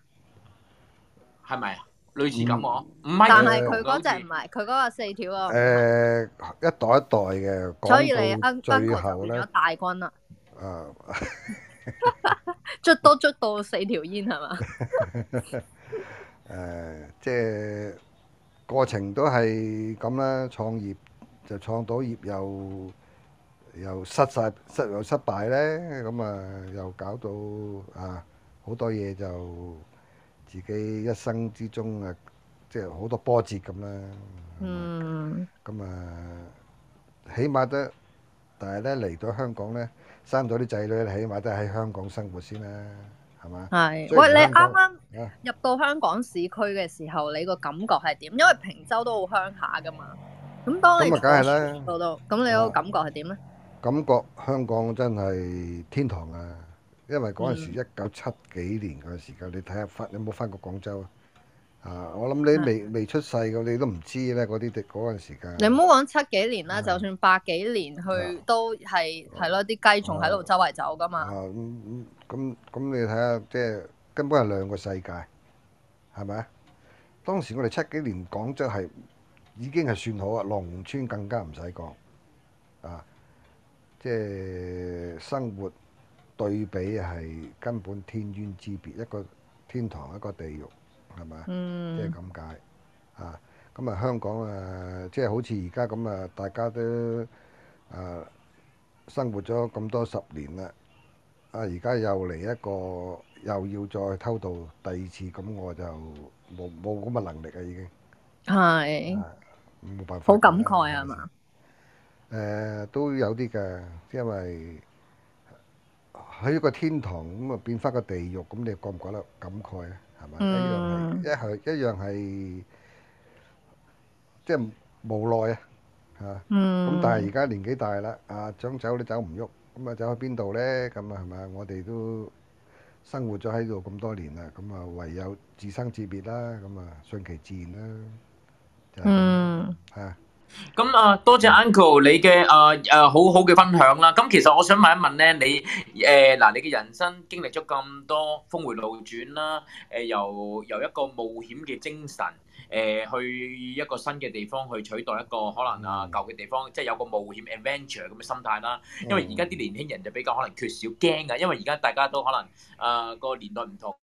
係咪啊？類似咁講。唔係。但
係佢嗰隻唔係，佢嗰個四條啊。誒，
一代一代嘅。所以你啊啊，變咗大軍啦。啊！
捉多捉到四條煙係嘛？
誒、呃，即係過程都係咁啦。創業就創到業又又失敗，失又失敗咧。咁啊，又，又搞到啊好多嘢就自己一生之中啊，即係好多波折咁啦、嗯嗯。嗯。咁啊，起碼都，但係咧嚟到香港咧，生咗啲仔女，起碼都喺香港生活先啦。
係，喂，你啱啱
入到香港市區嘅時候，你個感覺係點？因為平洲都好鄉下㗎嘛，咁當你咁啊，梗係啦，到到，咁你個感覺係點咧？
感覺香港真係天堂啊！因為嗰陣時一九七幾年嗰陣時候，你睇下翻，有冇返過廣州啊？啊！我諗你未未出世嘅，你都唔知咧。嗰啲嘅嗰陣時間，你唔
好講七幾年啦，的就算百幾年去都係係咯，啲的雞仲喺度周圍走噶嘛。
咁咁你睇下，即、就、係、是、根本係兩個世界，係咪啊？當時我哋七幾年廣州係已經係算好啊，農村更加唔使講啊，即、就、係、是、生活對比係根本天淵之別，一個天堂一個地獄。
係咪？即係咁
解啊！咁啊，香港啊，即係好似而家咁啊，大家都啊生活咗咁多十年啦，啊而家又嚟一個又要再偷渡第二次，咁我就冇冇咁嘅能力啊，已經
係冇辦法。好感慨啊嘛！
誒都有啲嘅，即因為喺一個天堂咁啊，變翻個地獄，咁你覺唔覺得感慨啊？係咪一樣係一係一樣係，即係無奈啊嚇！咁、嗯、但係而家年紀大啦，啊想走都走唔喐，咁啊走去邊度咧？咁啊係咪我哋都生活咗喺度咁多年啦？咁啊唯有自生自滅啦，咁啊順其自然啦，
就係嚇。
嗯。
咁啊，多謝 Uncle
你嘅啊啊
好好嘅分享啦。咁、啊、其實我想問一問咧，你誒嗱、呃，你嘅人生經歷咗咁多峰回路轉啦，誒由由一個冒險嘅精神，誒、呃、去一個新嘅地方去取代一個可能啊舊嘅地方，即係、嗯、有個冒險 adventure 咁嘅心態啦。因為而家啲年輕人就比較可能缺少驚噶，因為而家大家都可能啊個、呃、年代唔同，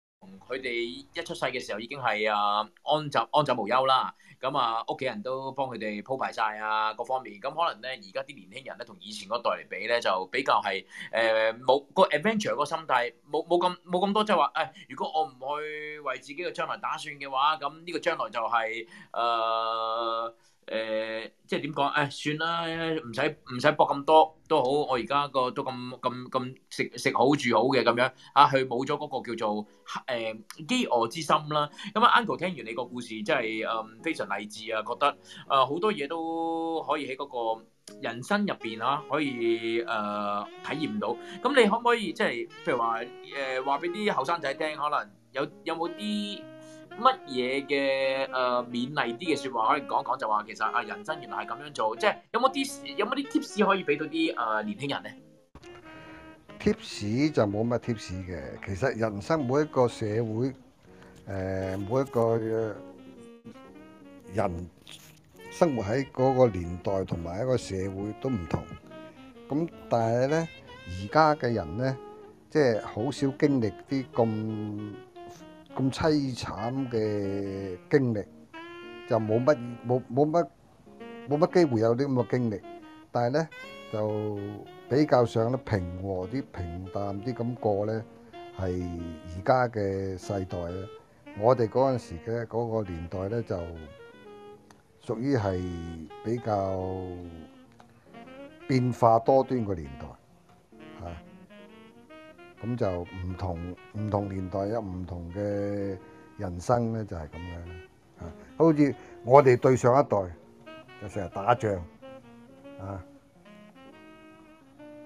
佢哋一出世嘅時候已經係啊安就安枕無憂啦。咁啊，屋企人都幫佢哋鋪排晒啊，各方面。咁可能咧，而家啲年輕人咧，同以前嗰代嚟比咧，就比較係誒冇個 adventure 個心態，冇冇咁冇咁多即係話，誒、就是哎、如果我唔去為自己嘅將來打算嘅話，咁呢個將來就係、是、誒。呃誒、呃，即係點講？誒、哎，算啦，唔使唔使搏咁多都好。我而家個都咁咁咁食食好住好嘅咁樣嚇，佢冇咗嗰個叫做誒饑餓之心啦。咁、嗯、啊，Uncle 聽完你個故事，真係誒、嗯、非常勵志啊，覺得誒好、呃、多嘢都可以喺嗰個人生入邊啊，可以誒、呃、體驗到。咁、嗯、你可唔可以即係譬如話誒話俾啲後生仔聽？可能有有冇啲？乜嘢嘅誒勉勵啲嘅説話可以講講？就話其實啊，人生原來係咁樣做，即係有冇啲有冇啲 tips 可以俾到啲誒年輕人咧
？tips 就冇乜 tips 嘅。其實人生每一個社會，誒每一個人生活喺嗰個年代同埋一個社會都唔同。咁但係咧，而家嘅人咧，即係好少經歷啲咁。咁淒慘嘅經歷，就冇乜冇冇乜冇乜機會有啲咁嘅經歷，但係呢，就比較上咧平和啲、平淡啲咁過呢，係而家嘅世代啊！我哋嗰陣時嘅嗰個年代呢，就屬於係比較變化多端嘅年代。咁就唔同唔同年代有唔同嘅人生咧，就係咁樣。啊，好似我哋對上一代就成日打仗啊，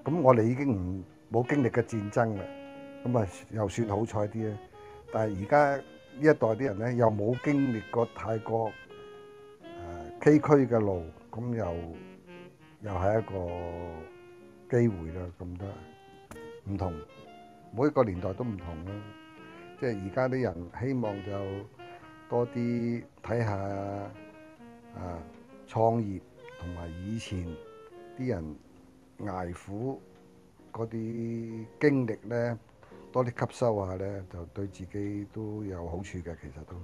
咁我哋已經唔冇經歷過戰爭啦。咁啊，又算好彩啲咧。但係而家呢一代啲人咧，又冇經歷過太過誒崎嶇嘅路，咁又又係一個機會啦。咁都係唔同。每一個年代都唔同咯，即係而家啲人希望就多啲睇下啊創業同埋以前啲人捱苦嗰啲經歷咧，多啲吸收下咧，就對自己都有好處嘅。其實都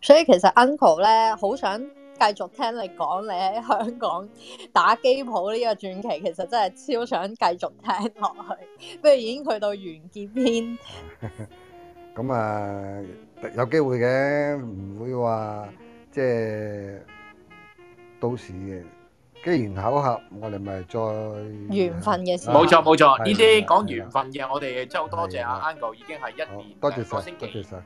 所以其實 Uncle 咧好想，繼續聽你講你喺香港打機鋪呢個傳奇，其實真係超想繼續聽落去，不如已經去到完結篇。
咁啊，有機會嘅，唔會話即係到時，機緣巧合，我哋咪再緣分嘅事。冇錯冇錯，呢啲
講緣分嘅，我哋都多謝阿 Ango，已經係一年多謝晒多謝晒。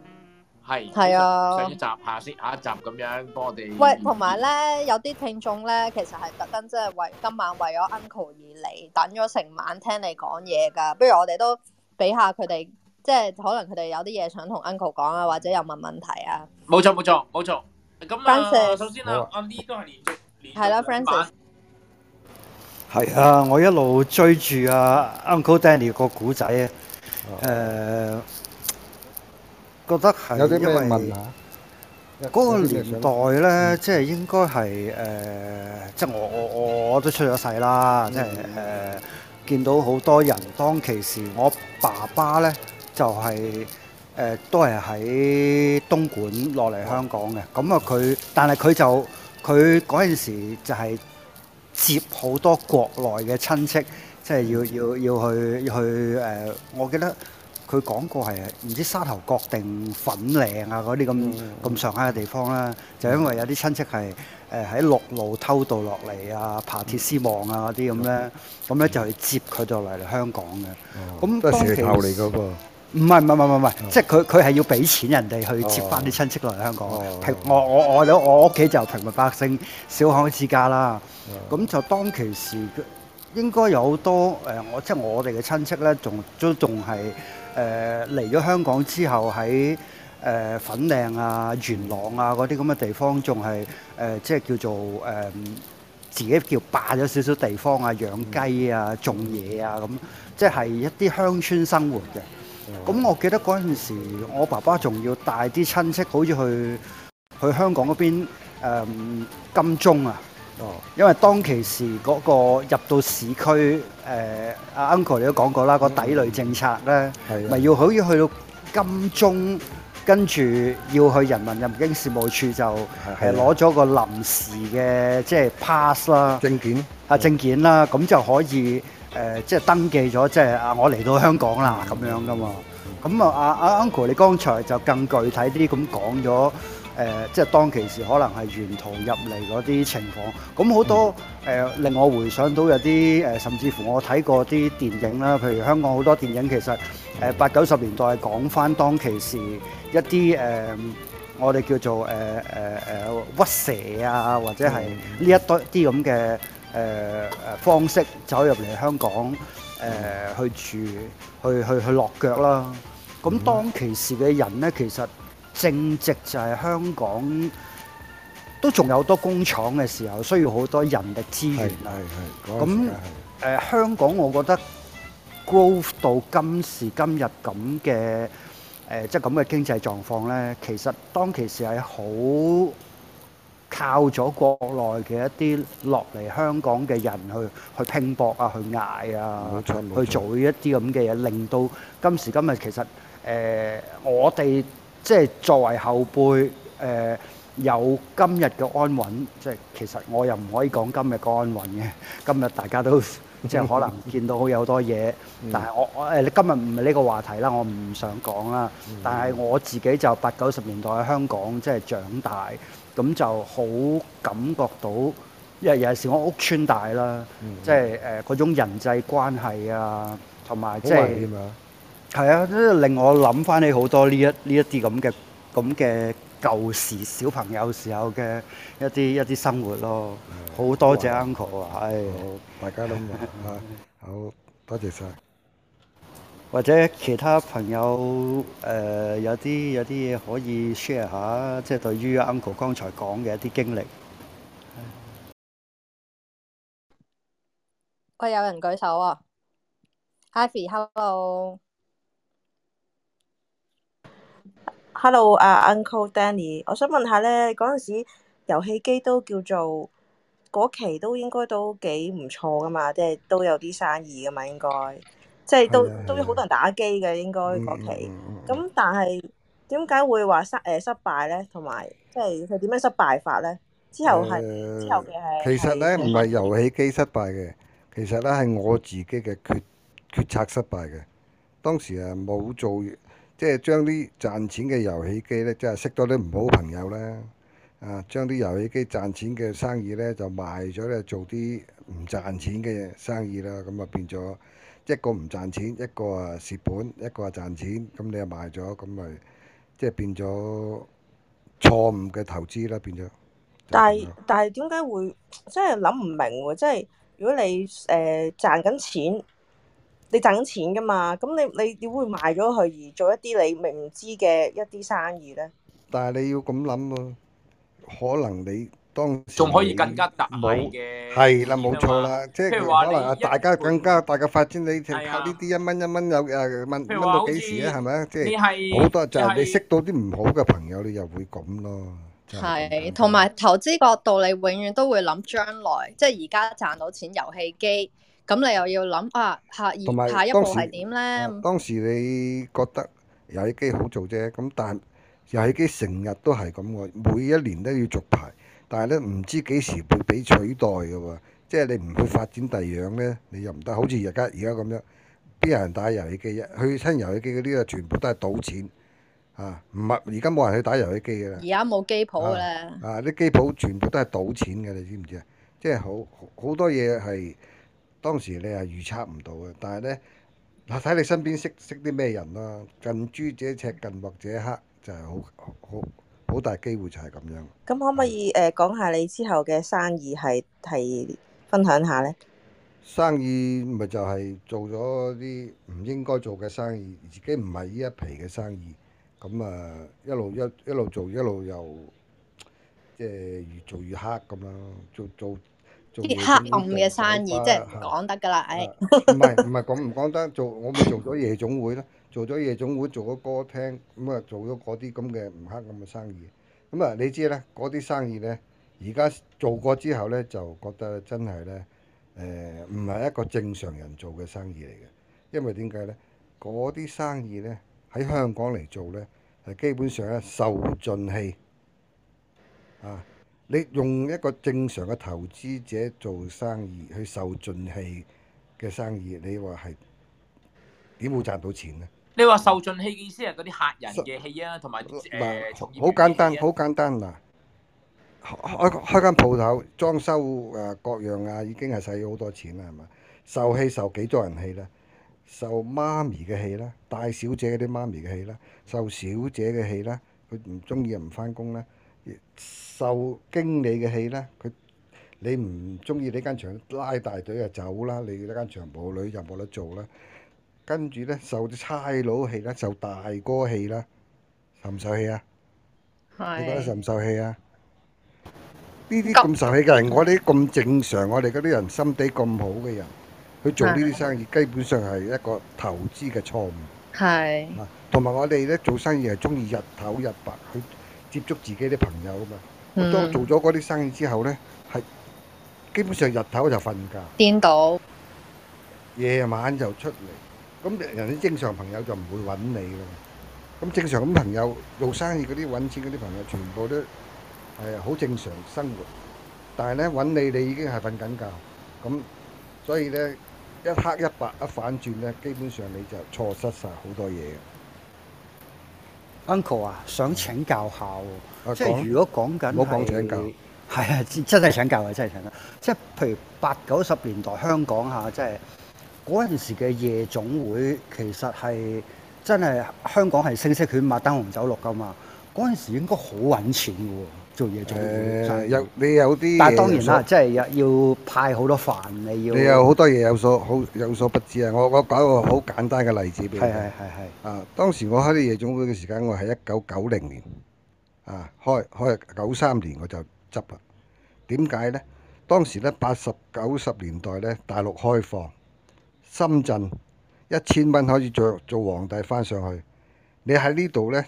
係，係啊，上一集下先下一集咁樣，幫我
哋。喂，同埋咧，有啲聽眾咧，其實係特登即係為今晚為咗 Uncle 而嚟，等咗成晚聽你講嘢噶。不如我哋都俾下佢哋，即係可能佢哋有啲嘢想同 Uncle 講啊，或者又問問題啊。
冇錯，冇錯，冇錯。咁啊
，Francis，首
先啊，阿呢 e 都係連續連晚。係啦、啊、
Francis。係啊，我一路追住啊 Uncle Danny 個古仔，誒、哦。呃覺得係，因為嗰個年代咧、呃，即係應該係誒，即係我我我都出咗世啦，嗯、即係誒、呃，見到好多人當其時，我爸爸咧就係、是、誒、呃，都係喺東莞落嚟香港嘅。咁啊、嗯，佢但係佢就佢嗰陣時就係接好多國內嘅親戚，即、就、係、是、要、嗯、要要去要去誒、呃。我記得。佢講過係唔知沙頭角定粉嶺啊嗰啲咁咁上下嘅地方啦，就因為有啲親戚係誒喺陸路偷渡落嚟啊，爬鐵絲網啊嗰啲咁咧，咁咧就去接佢就嚟嚟香港嘅。咁當其時頭嚟嗰個唔係唔係唔係唔係，即係佢佢係要俾錢人哋去接翻啲親戚落嚟香港。平我我我我屋企就平民百姓小康之家啦。咁就當其時應該有好多誒，我即係我哋嘅親戚咧，仲都仲係。誒嚟咗香港之後喺誒、呃、粉嶺啊、元朗啊嗰啲咁嘅地方，仲係誒即係叫做誒、呃、自己叫霸咗少少地方啊，養雞啊、種嘢啊咁，即係一啲鄉村生活嘅。咁、嗯、我記得嗰陣時，我爸爸仲要帶啲親戚，好似去去香港嗰邊、呃、金鐘啊。哦，因為當其時嗰個入到市區，誒阿 Uncle 你都講過啦，個抵壘政策咧，咪要可以去到金鐘，跟住要去人民入境事務處就攞咗個臨時嘅即係 pass 啦，證件啊證件啦，咁就可以誒即係登記咗，即係我嚟到香港啦咁樣噶嘛，咁啊阿阿 Uncle 你剛才就更具體啲咁講咗。誒、呃、即係當其時，可能係沿途入嚟嗰啲情況，咁好多誒、嗯呃、令我回想到有啲誒、呃，甚至乎我睇過啲電影啦，譬如香港好多電影其實誒、呃、八九十年代講翻當其時一啲誒、呃，我哋叫做誒誒誒屈蛇啊，或者係呢一堆啲咁嘅誒誒方式走入嚟香港誒、呃、去住去去去落腳啦。咁當其時嘅人咧，其實～正值就係香港都仲有多工廠嘅時候，需要好多人力資源啊。係係，咁誒香港，我覺得 growth 到今時今日咁嘅誒，即係咁嘅經濟狀況咧，其實當其時係好靠咗國內嘅一啲落嚟香港嘅人去去拼搏啊，去捱啊，去做一啲咁嘅嘢，令到今時今日其實誒我哋。即係作為後輩，誒、呃、有今日嘅安穩，即係其實我又唔可以講今日嘅安穩嘅。今日大家都即係可能見到有好多嘢， 但係我我誒你今日唔係呢個話題啦，我唔想講啦。但係我自己就八九十年代喺香港即係長大，咁就好感覺到，因為有陣時我屋邨大啦， 即係誒嗰種人際關係啊，同埋即係。係啊，令我諗翻起好多呢一呢一啲咁嘅咁嘅舊時小朋友時候嘅一啲一啲生活咯。好、嗯、多謝好吧 Uncle 啊、哎！誒，大家都有啊， 好多謝曬。或者其他朋友誒、呃，有啲有啲嘢可以 share 下，即、就、係、是、對於 Uncle 剛才講嘅一啲經歷。
喂、哦，有人舉手啊？Ivy，hello。Ivy, Hello
Hello，阿 Uncle Danny，我想問下咧，嗰陣時遊戲機都叫做嗰期都應該都幾唔錯噶嘛，即係都有啲生意噶嘛，應該即係都都有好、就是、的多人打機嘅，應該嗰期。咁但係點解會話失誒失敗咧？同埋即係佢點樣失敗法咧？之後係、呃、之後嘅係的。其實咧唔係
遊戲機失敗嘅，其實咧係我自己嘅決決策失敗嘅。當時誒冇做。即係將啲賺錢嘅遊戲機咧，即係識多啲唔好朋友啦。啊，將啲遊戲機賺錢嘅生意咧，就賣咗咧，做啲唔賺錢嘅生意啦。咁啊變咗一個唔賺錢，一個啊蝕本，一個啊賺錢。咁你又賣咗，咁咪即係變咗錯誤嘅投資啦。變
咗。但係但係點解會即係諗唔明喎？即係如果你誒賺緊錢。你賺錢噶嘛？咁你你點會賣咗佢而做一啲你唔知嘅一啲生意咧？但
係你要咁諗咯，可能你當時仲可以更加大啲嘅，係啦，冇錯啦，即係可能啊，大家更加大嘅發展，你靠呢啲一蚊一蚊有誒蚊蚊到幾時啊？係咪？即係好多就係你識到啲唔好嘅朋友，你又會咁咯。
係
同埋投資角度，你永遠都會諗將來，即係而家賺到錢遊戲機。咁你又要諗啊，下而下一步係點咧？當
時你覺得遊戲機好做啫，咁但遊戲機成日都係咁嘅，每一年都要續牌，但係咧唔知幾時會俾取代嘅喎。即係你唔去發展第二樣咧，你又唔得。好似而家而家咁樣，邊有人打遊戲機啫？去親遊戲機嗰啲啊，全部都係賭錢啊！唔係而家冇人去打遊戲機㗎啦。而家冇機
鋪啦。
啊！啲機鋪全部都係賭錢嘅，你知唔知啊？即係好好多嘢係。當時你係預測唔到嘅，但係呢，睇你身邊識識啲咩人啦，近朱者赤，近墨者黑，就係好好好大機會就係咁樣。
咁可唔可以誒講下你之後嘅生意係係分享下呢？生意咪就係做咗啲唔應該做嘅生意，自己唔係呢一
皮嘅生意，咁啊一路一一路做一路又即係越做越黑咁樣做做。啲黑暗嘅生意即係唔講得㗎喇，誒！唔係唔係講唔講得？做我咪做咗夜總會啦，做咗夜總會，做咗歌廳，咁啊做咗嗰啲咁嘅唔黑暗嘅生意，咁啊你知咧嗰啲生意咧，而家做過之後咧就覺得真係咧誒，唔係一個正常人做嘅生意嚟嘅，因為點解咧？嗰啲生意咧喺香港嚟做咧係基本上咧受盡氣啊！你用一個正常嘅投資者做生意，去受盡氣嘅生意，你話係點會賺到錢啊？
你話受盡氣嘅意思係嗰啲客人嘅氣啊，同埋誒從好簡單，
好簡單嗱。開開間鋪頭，裝修誒各樣啊，已經係使咗好多錢啦，係嘛？受氣受幾多人氣啦？受媽咪嘅氣啦，大小姐嗰啲媽咪嘅氣啦，受小姐嘅氣啦，佢唔中意又唔返工啦。受經理嘅氣啦，佢你唔中意呢間場拉大隊就走啦，你呢間場冇女就冇得做啦。跟住咧受啲差佬氣啦，受大哥氣啦，受唔受氣啊？
你覺得受
唔受氣啊？呢啲咁受氣嘅人，我哋咁正常，我哋嗰啲人心地咁好嘅人，去做呢啲生意，基本上係一個投資嘅錯誤。係。同埋我哋咧做生意係中意日頭日白去接觸自己啲朋友啊嘛，
當我做
咗嗰啲生意之後呢，係、嗯、基本上日頭就瞓覺，顛倒夜晚就出嚟。咁人哋正常朋友就唔會揾你嘅，咁正常咁朋友做生意嗰啲揾錢嗰啲朋友，全部都係好正常生活。但係呢，揾你，你已經係瞓緊覺，咁所以呢，一黑一白一反轉呢，基本上你就錯失晒好多嘢。
Uncle 啊，想請教下喎，啊、即係如果講緊係，係啊，真係請教啊，真係請教。即係譬如八九十年代香港嚇，即係嗰陣時嘅夜總會，其實係真係香港係聲色犬馬、燈紅酒綠㗎嘛。嗰陣時應該好揾錢㗎喎。做嘢做、呃，你有啲，但當然啦有所、啊，即係要派好多飯你要。你有好多嘢
有所好有所不知啊！我我講個好簡單嘅例子俾你。係係係係。啊，當時我開啲夜總會嘅時間，我係一九九零年啊，開開九三年我就執啦。點解呢？當時咧八十九十年代咧，大陸開放，深圳一千蚊可以著做，做皇帝翻上去。你喺呢度呢，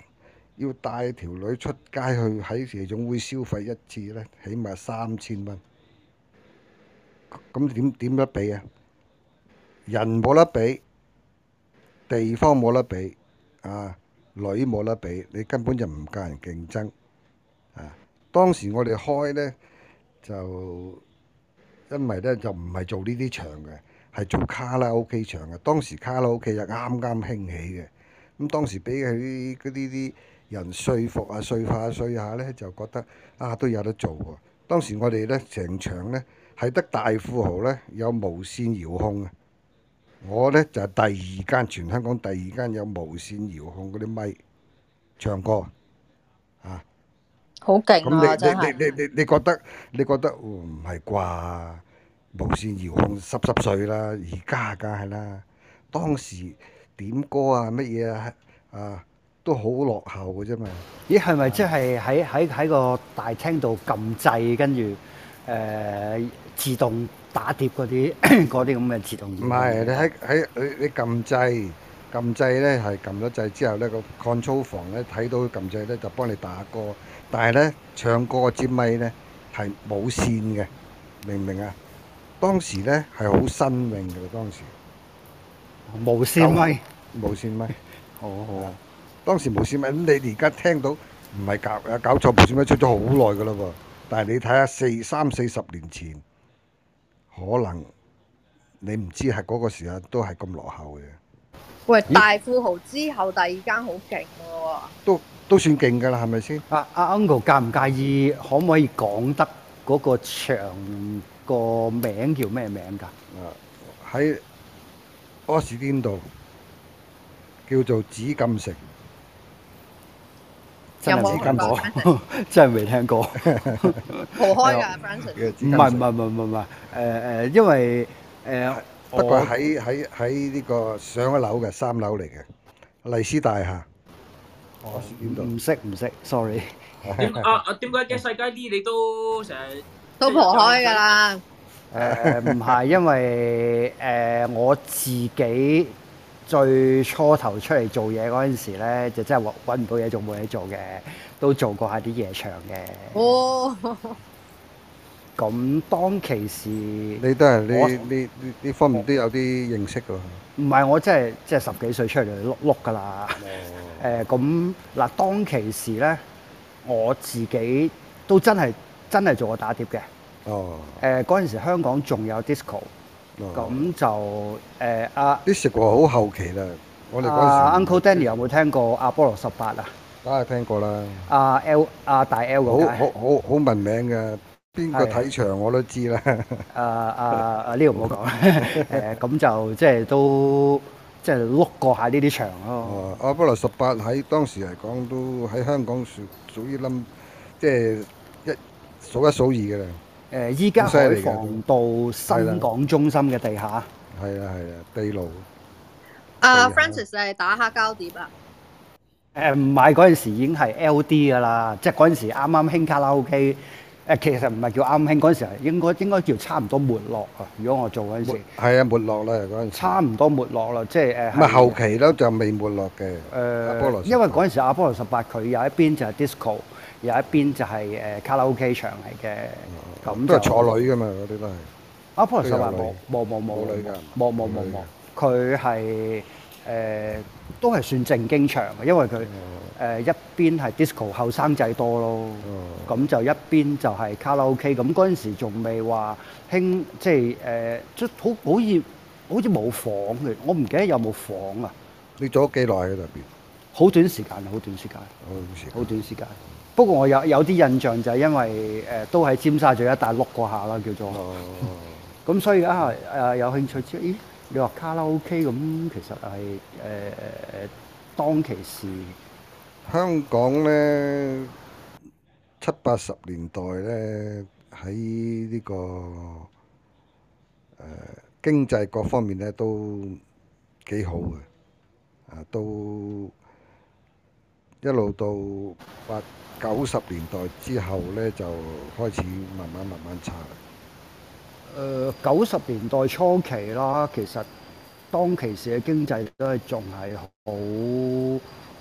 要帶條女出街去喺夜總會消費一次咧，起碼三千蚊。咁點點得比啊？人冇得比，地方冇得比，啊，女冇得比，你根本就唔夠人競爭。啊！當時我哋開咧就因為咧就唔係做呢啲場嘅，係做卡拉 OK 場嘅。當時卡拉 OK 係啱啱興起嘅，咁當時俾佢嗰啲啲。人説服啊，説化啊，説下咧就覺得啊都有得做喎。當時我哋咧成場咧係得大富豪咧有無線遙控啊。我咧就係第二間全香港第二間有無線遙控嗰啲咪唱歌啊。
好勁啊！真係。你你
你你你覺得，你覺得唔係啩？無線遙控濕濕碎啦，而家梗係啦。當時點歌啊乜嘢啊，啊～
都好落後嘅啫嘛！咦，係咪即係喺喺喺個大廳度撳掣，跟住誒、呃、自動打碟嗰啲嗰啲咁嘅自動？唔係，你喺喺你撳掣，撳掣咧係撳咗掣之後咧
個 control 房咧睇到佢撳掣咧就幫你打歌，但係咧唱歌嘅接咪咧係冇線嘅，明唔明啊？當時咧係好新穎嘅，當時無線咪？無線咪？ 好好。 當時無線咪你而家聽到唔係搞有搞錯，無線咪出咗好耐噶啦喎！但係你睇下四三四十年前，可能你唔知係嗰個時間都係咁落後嘅。
喂，大富豪之後第二間好勁喎，
都都算勁噶啦，係咪先？啊啊、uh,，Uncle 介唔介意可唔可以講得嗰個場個名叫咩名㗎？喺 a 士甸度叫做紫禁城。
真係冇聽過，
真係未聽過。蒲開噶？唔係唔係唔係唔係，誒誒，因為誒，
不過喺喺喺呢個上一樓嘅三樓嚟嘅麗斯大廈。
我唔識唔識，sorry。點啊
啊？點解咁細
間啲？你都成日都蒲開㗎啦？
誒唔係，因為誒我自己。最初頭出嚟做嘢嗰陣時咧，就真係揾唔到嘢做，冇嘢做嘅，都做過下啲夜場嘅。哦，咁當其時，你都係我你你你呢方面都有啲認識㗎。唔係，我真係即係十幾歲出嚟碌碌㗎啦。哦。咁嗱、oh. 呃，當其時呢，我自己都真係真係做過打碟嘅。哦、oh. 呃。誒，嗰陣時香港仲有 disco。咁、嗯、就誒阿
啲食過好後期啦，我哋嗰時、啊、Uncle
Danny 有冇聽過阿波羅十八啊？梗係、啊、聽過啦。阿、啊、L 阿、啊、大 L 好好好好聞名嘅，邊個睇場我都知啦。誒誒誒呢個唔好講。誒咁就即係都即係碌過下呢啲場咯。阿、啊、波羅十八
喺當時嚟講都喺香港算屬於冧，即、就、係、是、一
數一數二嘅。誒，依家海防道新港中心嘅地下，係啊係啊地牢。
阿 Francis 係打黑膠碟啊！誒，唔
係嗰陣時已經係 LD 噶啦，即係嗰陣時啱啱興卡拉 OK。誒，其實唔係叫啱啱興，嗰陣時應該應該叫差唔多沒落啊！如果我做嗰陣時，係啊沒落啦嗰陣時，差唔多沒落啦，即係誒。咪後期
咯，就未沒落
嘅。誒，因為嗰陣時阿波羅十八佢有一邊就係 disco。有一邊就係誒卡拉 O、OK、K 場嚟嘅咁，都係坐女
㗎嘛，嗰啲都係
阿 Paul 所話冇冇冇冇女㗎，冇冇冇冇。佢係誒都係算正經場嘅，因為佢誒、嗯呃、一邊係 disco 後生仔多咯，咁、嗯、就一邊就係卡拉 O、OK, K。咁嗰陣時仲未話興，即係誒，即、呃、好好似好似冇房嘅。我唔記得有冇房啊？你做咗幾耐喺入邊？好短時間，好短時間，好短時間。不過我有有啲印象就係因為誒、呃、都係尖沙咀一帶碌過下啦叫做，咁、oh. 嗯、所以啊誒、呃、有興趣即係咦你話卡拉 OK 咁、嗯、其實係誒、呃、當其時
香港咧七八十年代咧喺呢、這個誒、呃、經濟各方面咧都幾好嘅啊都。一路到八九十年代之後咧，就開始慢慢慢慢拆。誒，
九十年代初期啦，其實當其時嘅經濟都係仲係好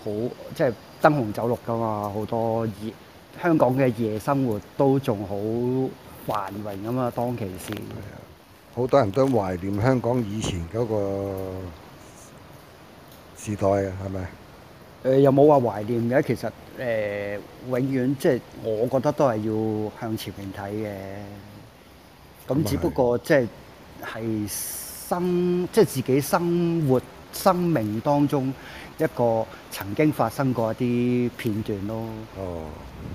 好，即係、就是、燈紅酒綠㗎嘛，好多夜香港嘅夜生活都仲好繁榮啊嘛，當其時、係啊。好多人都懷念香港以前嗰個時代啊，係咪？誒、呃、又冇話懷念嘅，其實誒、呃、永遠即係我覺得都係要向前面睇嘅。咁只不過、就是、即係係生即係自己生活生命當中一個曾經發生過一啲片段咯。哦，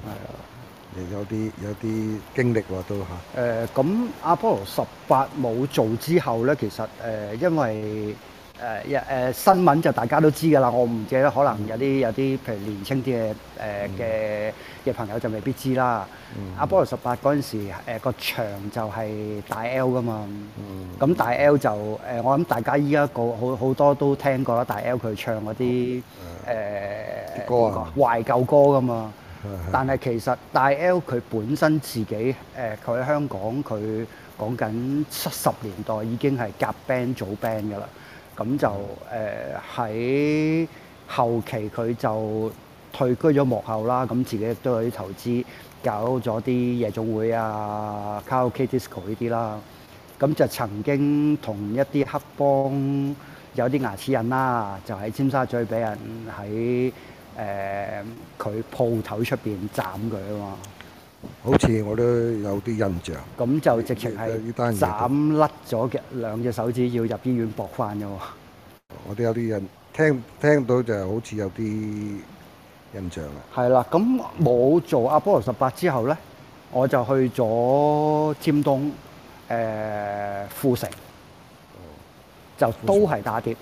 係、呃、啊，你有啲有啲經歷喎都嚇。誒、啊、咁、呃、阿波羅十八冇做之後咧，其實誒、呃、因為。誒，一誒、uh, yeah, uh, 新聞就大家都知㗎啦。我唔記得可能有啲有啲，譬如年青啲嘅誒嘅嘅朋友就未必知啦。Mm hmm. 阿波羅十八嗰陣時，誒個場就係大 L 㗎嘛。咁、mm hmm. 大 L 就誒、呃，我諗大家依家個好好，好多都聽過啦。大 L 佢唱嗰啲誒歌啊，懷舊歌㗎嘛。 但係其實大 L 佢本身自己誒，佢、呃、喺香港佢講緊七十年代已經係夾 band 組 band 㗎啦。咁就誒喺、呃、後期佢就退居咗幕後啦，咁自己亦都有啲投資搞咗啲夜總會啊、卡拉 OK、disco 呢啲啦。咁就曾經同一啲黑幫有啲牙齒印啦、啊，就喺尖沙咀俾人喺誒佢鋪頭出邊斬佢啊嘛。好似我都有啲印象。咁、嗯、就直情係斬甩咗嘅兩隻手指，要入醫院搏翻嘅
我都有啲印，聽聽到就好似有啲
印象啦、啊。係啦，咁冇做阿波羅十八之後咧，我就去咗尖東、誒、呃、富城，哦、城就都係打碟。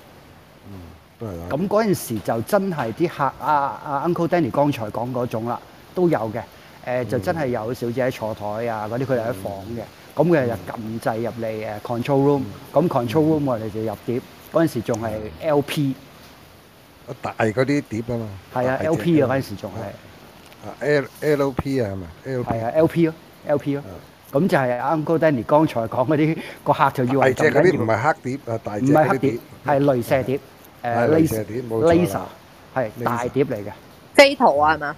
嗯，都係打。咁嗰陣時就真係啲客阿阿 Uncle Danny 剛才講嗰種啦，都有嘅。誒就真係有小姐坐台啊，嗰啲佢哋喺房嘅，咁佢哋入撳掣入嚟誒 control room，咁 control room 我哋就入碟，嗰陣時仲係 LP，大嗰啲碟啊嘛，係啊 LP 啊嗰陣時仲係 L P 啊係咪？L 係啊 LP 啊，LP 咯，咁就係阿 Danny 剛才講嗰啲個客就以為大隻啲唔係黑碟啊，大唔係黑碟，係雷射碟誒，雷射碟冇錯，係大碟嚟嘅，
飛圖啊嘛。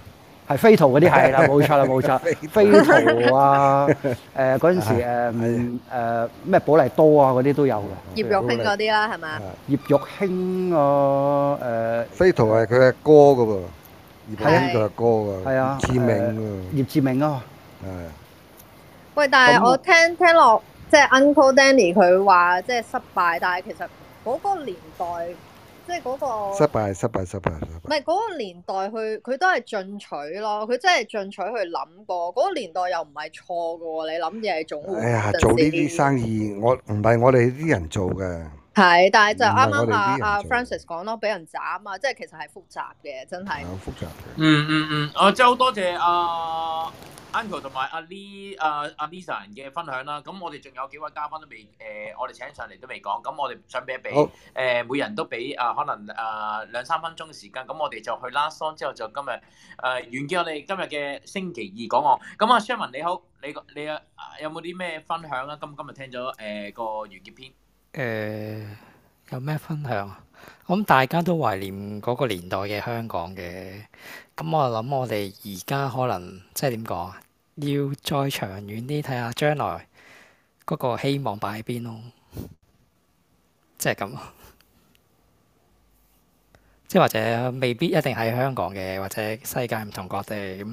係飛圖嗰啲係啦，冇錯啦，冇錯。飛圖 啊，誒嗰陣時誒咩寶麗多啊嗰啲都有嘅。葉玉卿嗰啲
啦係咪？
葉玉卿啊誒。飛圖係佢嘅歌噶喎，葉玉卿佢嘅歌噶，葉志明的的、呃。葉志明啊。係的。
喂，但係我聽聽落，即、就、係、是、Uncle Danny 佢話即係失敗，但係其實嗰個年代。即係嗰個失
敗，失敗，失敗，失
敗。唔係嗰個年代，佢佢都係進取咯，佢真係進取去諗過。嗰個年代又唔係錯嘅喎，你諗嘢係做。哎呀，做呢啲生
意，我唔係我哋啲人做嘅。
係，但係就啱啱阿阿 Francis 講咯，俾人斬啊，即係其實係複雜嘅，真係。好複雜。嗯嗯嗯，
啊
即
係好多謝阿 Uncle 同埋阿 Lee、阿阿 Lisa 嘅分享啦。咁我哋仲有幾位嘉賓都未誒，我哋請上嚟都未講。咁我哋想俾一俾誒每人都俾啊可能啊兩三分鐘時間。咁我哋就去 last song 之後，就今日誒完結我哋今日嘅星期二講案。咁啊，Sharon 你好，你個你啊有冇啲咩分享啊？今今日聽咗誒個完結篇。
誒、呃，有咩分享啊？咁我諗大家都懷念嗰個年代嘅香港
嘅，咁、嗯、我諗我哋而家可能即係點講啊？要再長遠啲睇下將來嗰個希望擺喺邊咯，即係咁， 即係或者未必一定喺香港嘅，或者世界唔同各地咁。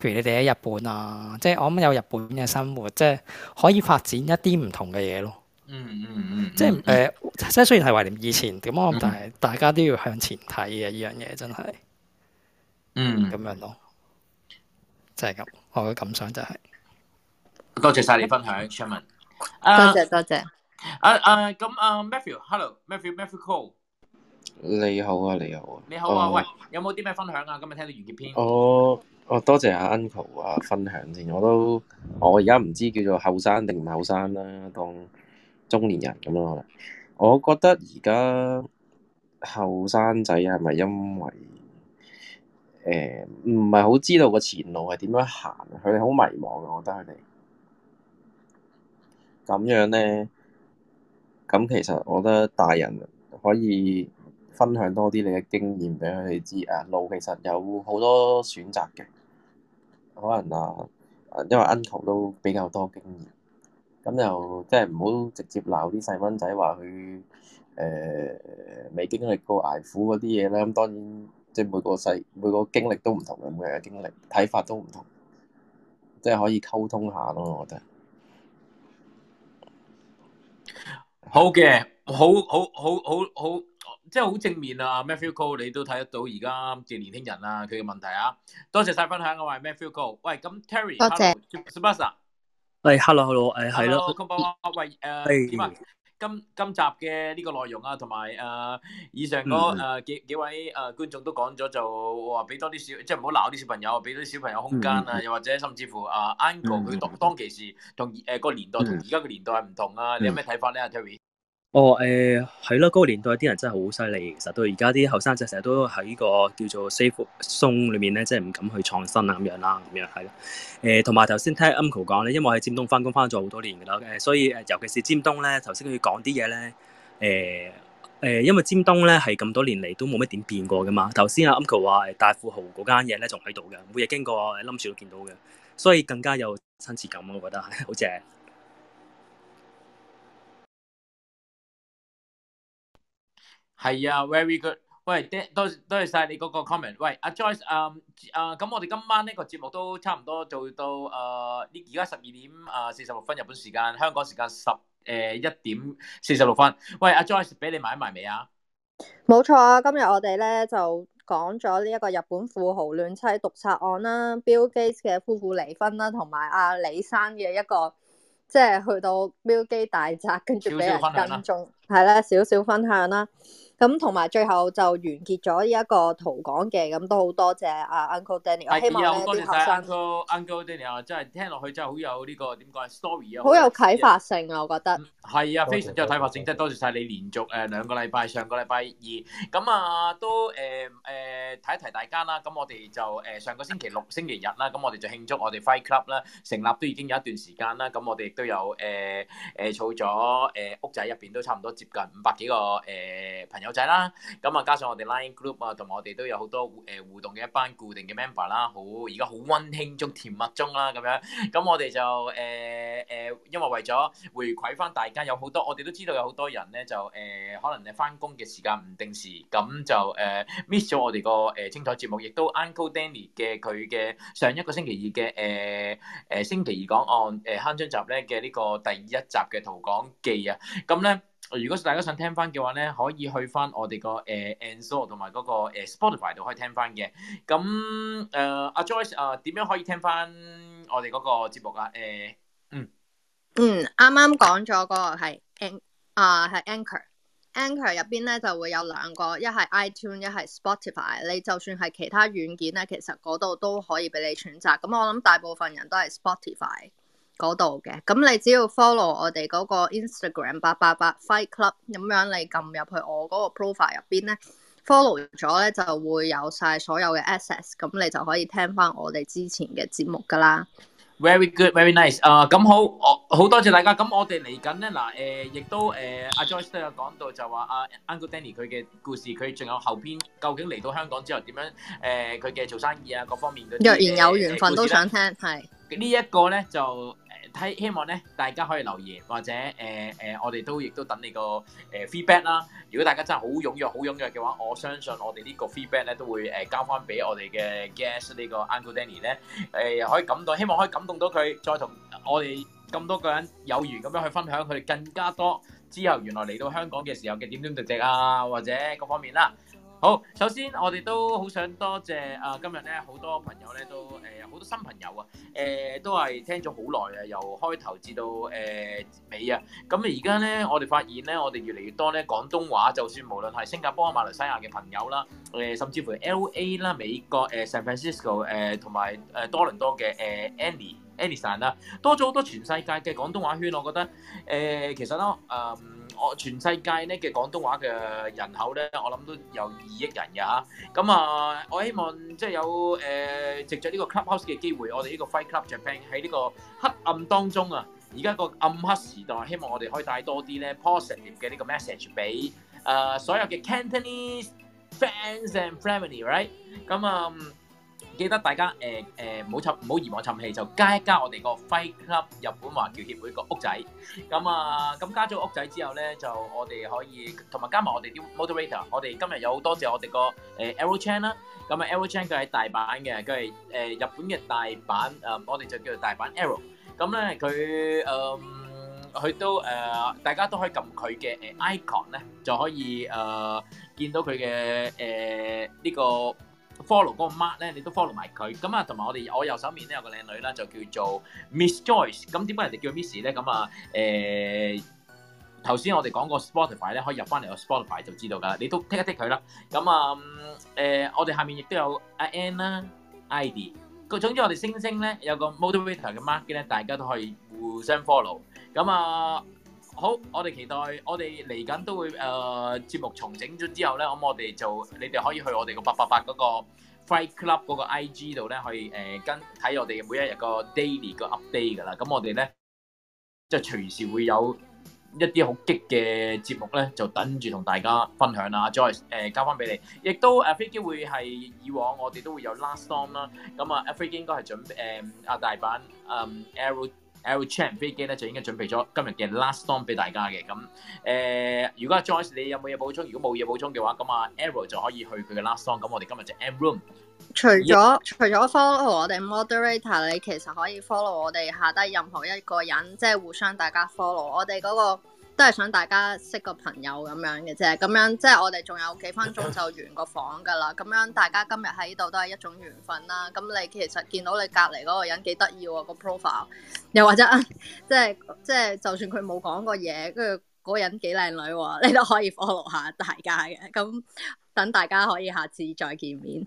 譬如你哋喺日本啊，即係我諗有日
本嘅生活，即係可以發展一啲唔同嘅嘢咯。嗯嗯嗯，嗯嗯即係誒、呃，
即係雖然係懷念以前咁啊，嗯、但係大家都要向前睇嘅呢樣嘢，真係，
嗯，咁
樣咯，真係咁，我嘅感想就係、是
uh,，多謝晒你分享 Sherman、uh, uh, 多謝多謝、uh,，啊啊咁啊 Matthew，Hello，Matthew，Matthew Matthew,
Cole，你好啊，你好啊，你好啊，喂，
有冇啲咩分享啊？今日聽到完
結篇，哦，哦，多謝阿 Uncle 啊分享先，我都我而家唔知叫做後生定唔後生啦，當，中年人咁咯，我覺得而家後生仔啊，係咪因為誒唔係好知道個前路係點樣行？佢哋好迷茫啊，我覺得佢哋咁樣咧。咁其實我覺得大人可以分享多啲你嘅經驗俾佢哋知。誒，路其實有好多選擇嘅，可能啊，因為 uncle 都比較多經驗。咁就即係唔好直接鬧啲細蚊仔話佢誒未經歷過捱苦嗰啲嘢啦。咁當然即係每個細每個經歷都唔同嘅，每人嘅經歷睇法都唔同，即係可以溝通下咯。我覺得
好嘅，好好好好好，好，即係好正面啊！Matthew Cole，你都睇得到而家嘅年輕人啊，佢嘅問題啊，多謝晒分享。我係 Matthew Cole。喂，咁 Terry，多謝。
係，hello，hello，誒，係咯，康
爸爸，喂，誒，點啊？今今集嘅呢個內容啊，同埋誒，以、uh, 以上個誒、uh, 幾幾位誒、uh, 觀眾都講咗，就話俾多啲小，mm hmm. 即係唔好鬧啲小朋友，俾多啲小朋友空間啊，又、mm hmm. 或者甚至乎啊，Angle 佢當當其時同誒、呃、個年代同而家嘅年代係唔同啊，mm hmm. 你有咩睇法咧，阿 Terry？
哦，
誒、呃，係咯，嗰、那個年代啲人真係好犀利，其實到而家啲後生仔成日都喺個叫做 safe zone 裏面咧，即係唔敢去創新啊，咁樣啦，咁樣係咯。誒，同埋頭先聽 Uncle 講咧，因為我喺尖東翻工翻咗好多年噶啦，誒，所以誒，尤其是尖東咧，頭先佢講啲嘢咧，誒、呃，誒、呃，因為尖東咧係咁多年嚟都冇乜點變過噶嘛。頭先阿 Uncle 話大富豪嗰間嘢咧仲喺度嘅，每日經過誒諗住都見到嘅，所以更加有親切
感，我覺得係好正。
係啊，yeah，very good。喂，多多謝晒你嗰個 comment。喂，阿 Joyce，嗯，啊，咁我哋今晚呢個節目都差唔多做到誒，而家十二點誒四十六分日本時間，香港時間十誒一點四十六分。喂，阿 Joyce，俾你買埋未啊？
冇錯啊，今日我哋咧就講咗呢一個日本富豪亂妻毒殺案啦，Bill Gates 嘅夫婦離婚啦，同埋阿李生嘅一個即係去到 Bill Gates 大宅，跟住俾人跟蹤，係啦，啊，少少分享啦。咁同埋最後就完結咗呢一個圖講嘅，咁都好的多謝阿 Uncle Danny。係，多
謝 Uncle Uncle Danny 啊！真係聽落去真係好有
呢個點講啊，story 啊，好有啟發性啊，我覺得。
係啊，非常之有啟發性，即係多謝晒你連續誒兩個禮拜，嗯、上個禮拜二咁啊，都誒誒、呃呃、提一提大家啦。咁我哋就誒、呃、上個星期六星期日啦，咁我哋就慶祝我哋 Fight Club 啦，成立都已經有一段時間啦。咁我哋亦都有誒誒儲咗誒屋仔入邊都差唔多接近五百幾個誒、呃、朋友仔啦，咁啊加上我哋 Line Group 啊，同埋我哋都有好多誒互動嘅一班固定嘅 member 啦，好而家好溫馨中甜蜜中啦咁樣，咁我哋就誒誒、呃、因為為咗回饋翻大家，有好多我哋都知道有好多人咧就誒、呃、可能你翻工嘅時間唔定時，咁就誒 miss 咗我哋個誒精彩節目，亦都 Uncle Danny 嘅佢嘅上一個星期二嘅誒誒星期二講案誒刊張集咧嘅呢個第一集嘅圖講記啊，咁咧。如果大家想聽翻嘅話咧，可以去翻我哋、呃那個誒 Anso d 同埋嗰個 Spotify 度可以聽翻嘅。咁誒阿 Joyce 啊、呃，點樣可以聽翻我哋嗰個節目啊？誒、呃、嗯
嗯，啱啱講咗個係 An 啊係 Anchor，Anchor 入邊咧就會有兩個，一係 iTunes，一係 Spotify。你就算係其他軟件咧，其實嗰度都可以俾你選擇。咁我諗大部分人都係 Spotify。嗰度嘅，咁你只要 follow 我哋嗰個 Instagram 八八八 Fight Club，咁樣你撳入去我嗰個 profile 入邊咧，follow 咗咧就會有晒所有嘅 access，咁你就可以聽翻我哋之前嘅節目噶啦。
Very good，very nice，誒，咁好，我好多謝大家。咁我哋嚟緊咧，嗱、呃，誒，亦都誒，阿 Joyce 都有講到，就話 Uncle Danny 佢嘅故事，佢仲有後邊究竟嚟到香港之後點樣？誒、呃，佢嘅做生意啊，各方面若然有緣分、呃、都想
聽，係
呢一個咧就。希望咧，大家可以留言或者誒誒、呃呃，我哋都亦都等你個誒 feedback 啦。如果大家真係好踴躍，好踴躍嘅話，我相信我哋呢個 feedback 咧都會誒交翻俾我哋嘅 guest 呢個 Uncle Danny 咧誒，可以感動，希望可以感動到佢，再同我哋咁多個人有緣咁樣去分享佢哋更加多之後原來嚟到香港嘅時候嘅點點滴滴啊，或者各方面啦。好，首先我哋都好想多謝啊，今日咧好多朋友咧都誒好、呃、多新朋友啊，誒、呃、都係聽咗好耐啊，由開頭至到誒、呃、尾啊。咁而家咧，我哋發現咧，我哋越嚟越多咧廣東話，就算無論係新加坡、馬來西亞嘅朋友啦，誒、呃、甚至乎 LA 啦、啊、美國誒、呃、San Francisco 誒同埋誒多倫多嘅誒、呃、Annie、Annie 啦，多咗好多全世界嘅廣東話圈，我覺得誒、呃、其實咧啊。呃我全世界咧嘅廣東話嘅人口咧，我諗都有二億人嘅嚇。咁啊，我希望即係有誒，藉著呢個 Clubhouse 嘅機會，我哋呢個 Fight Club Japan 喺呢個黑暗當中啊，而家個暗黑時代，希望我哋可以帶多啲咧 positive 嘅呢個 message 俾誒所有嘅 Cantonese fans and family, right？咁啊。記得大家誒誒唔好沉，唔好言忘沉氣，就加一加我哋個 Fight Club 日本華僑協會個屋仔。咁啊，咁加咗屋仔之後咧，就我哋可以同埋加埋我哋啲 Moderator。我哋今日有好多謝我哋個誒 Arrow Chan 啦。咁啊，Arrow Chan 佢喺大阪嘅，佢係誒日本嘅大阪。誒我哋就叫做大阪 Arrow。咁咧，佢誒佢都誒，大家都可以撳佢嘅誒 icon 咧，就可以誒見到佢嘅誒呢個。follow 嗰個 Mark 咧，你都 follow 埋佢。咁啊，同埋我哋我右手面咧有個靚女啦，就叫做 Miss Joyce。咁點解人哋叫 Miss 咧？咁啊，誒頭先我哋講過 Spotify 咧，可以入翻嚟個 Spotify 就知道噶。你都 tick 一 tick 佢啦。咁啊誒，我哋下面亦都有阿 Ann 啦，Idy。個總之我哋星星咧有個 Motivator 嘅 Mark 嘅咧，大家都可以互相 follow。咁啊～好，我哋期待，我哋嚟緊都會誒節目重整咗之後咧，咁我哋就你哋可以去我哋個八八八嗰個 Fight Club 嗰個 IG 度咧，去誒跟睇我哋每一日個 daily 個 update 噶啦。咁我哋咧就隨時會有一啲好激嘅節目咧，就等住同大家分享啦。Joyce 誒交翻俾你，亦都誒飛機會係以往我哋都會有 last dom 啦。咁啊，飛機應該係準備誒啊大阪嗯 Arrow。Arrow Chan 飛機咧就已經準備咗今日嘅 last song 俾大家嘅咁誒，如果 Joyce 你有冇嘢補充？如果冇嘢補充嘅話，咁啊 Arrow 就可以去佢嘅 last song。咁我哋今日就 end room 除了。Yeah.
除咗除咗 follow 我哋 moderator，你其實可以 follow 我哋下低任何一個人，即係互相大家 follow 我哋嗰個。都係想大家識個朋友咁樣嘅啫，咁樣即係我哋仲有幾分鐘就完個房噶啦，咁樣大家今日喺度都係一種緣分啦。咁你其實見到你隔籬嗰個人幾得意喎，個 profile 又或者即係即係就算佢冇講過嘢，跟住嗰個人幾靚女，你都可以 follow 下大家嘅。咁等大家可以下次再見面。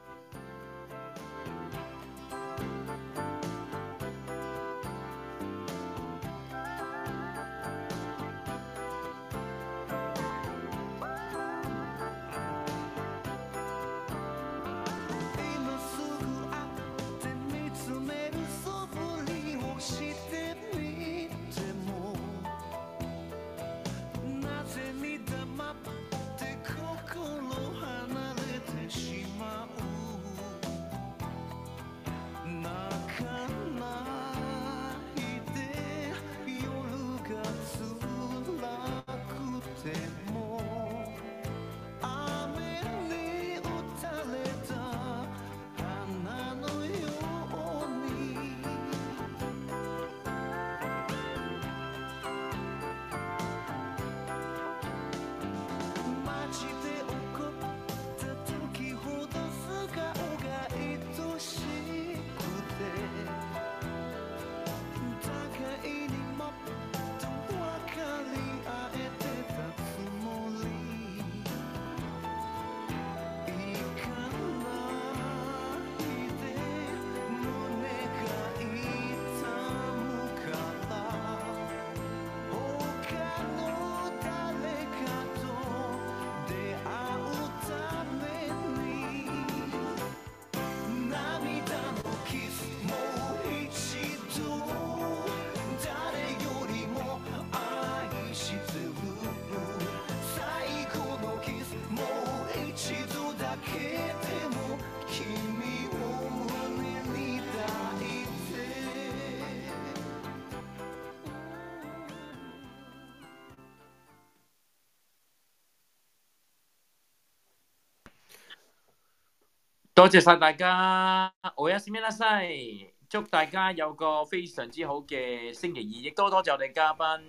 多謝曬
大家，我係咩啦西，祝大家有個非常之好嘅星期二，亦多多謝我哋嘉賓，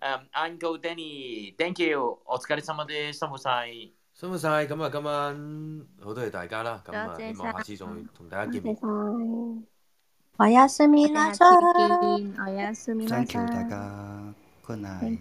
誒，Uncle Danny，Thank you，我今日啲新
聞都辛苦曬，辛苦曬，咁啊，今晚好多謝大家啦，咁啊，希望下次
仲
會同大家見面，
我係咩啦西，我係咩啦西，祝
大家過年。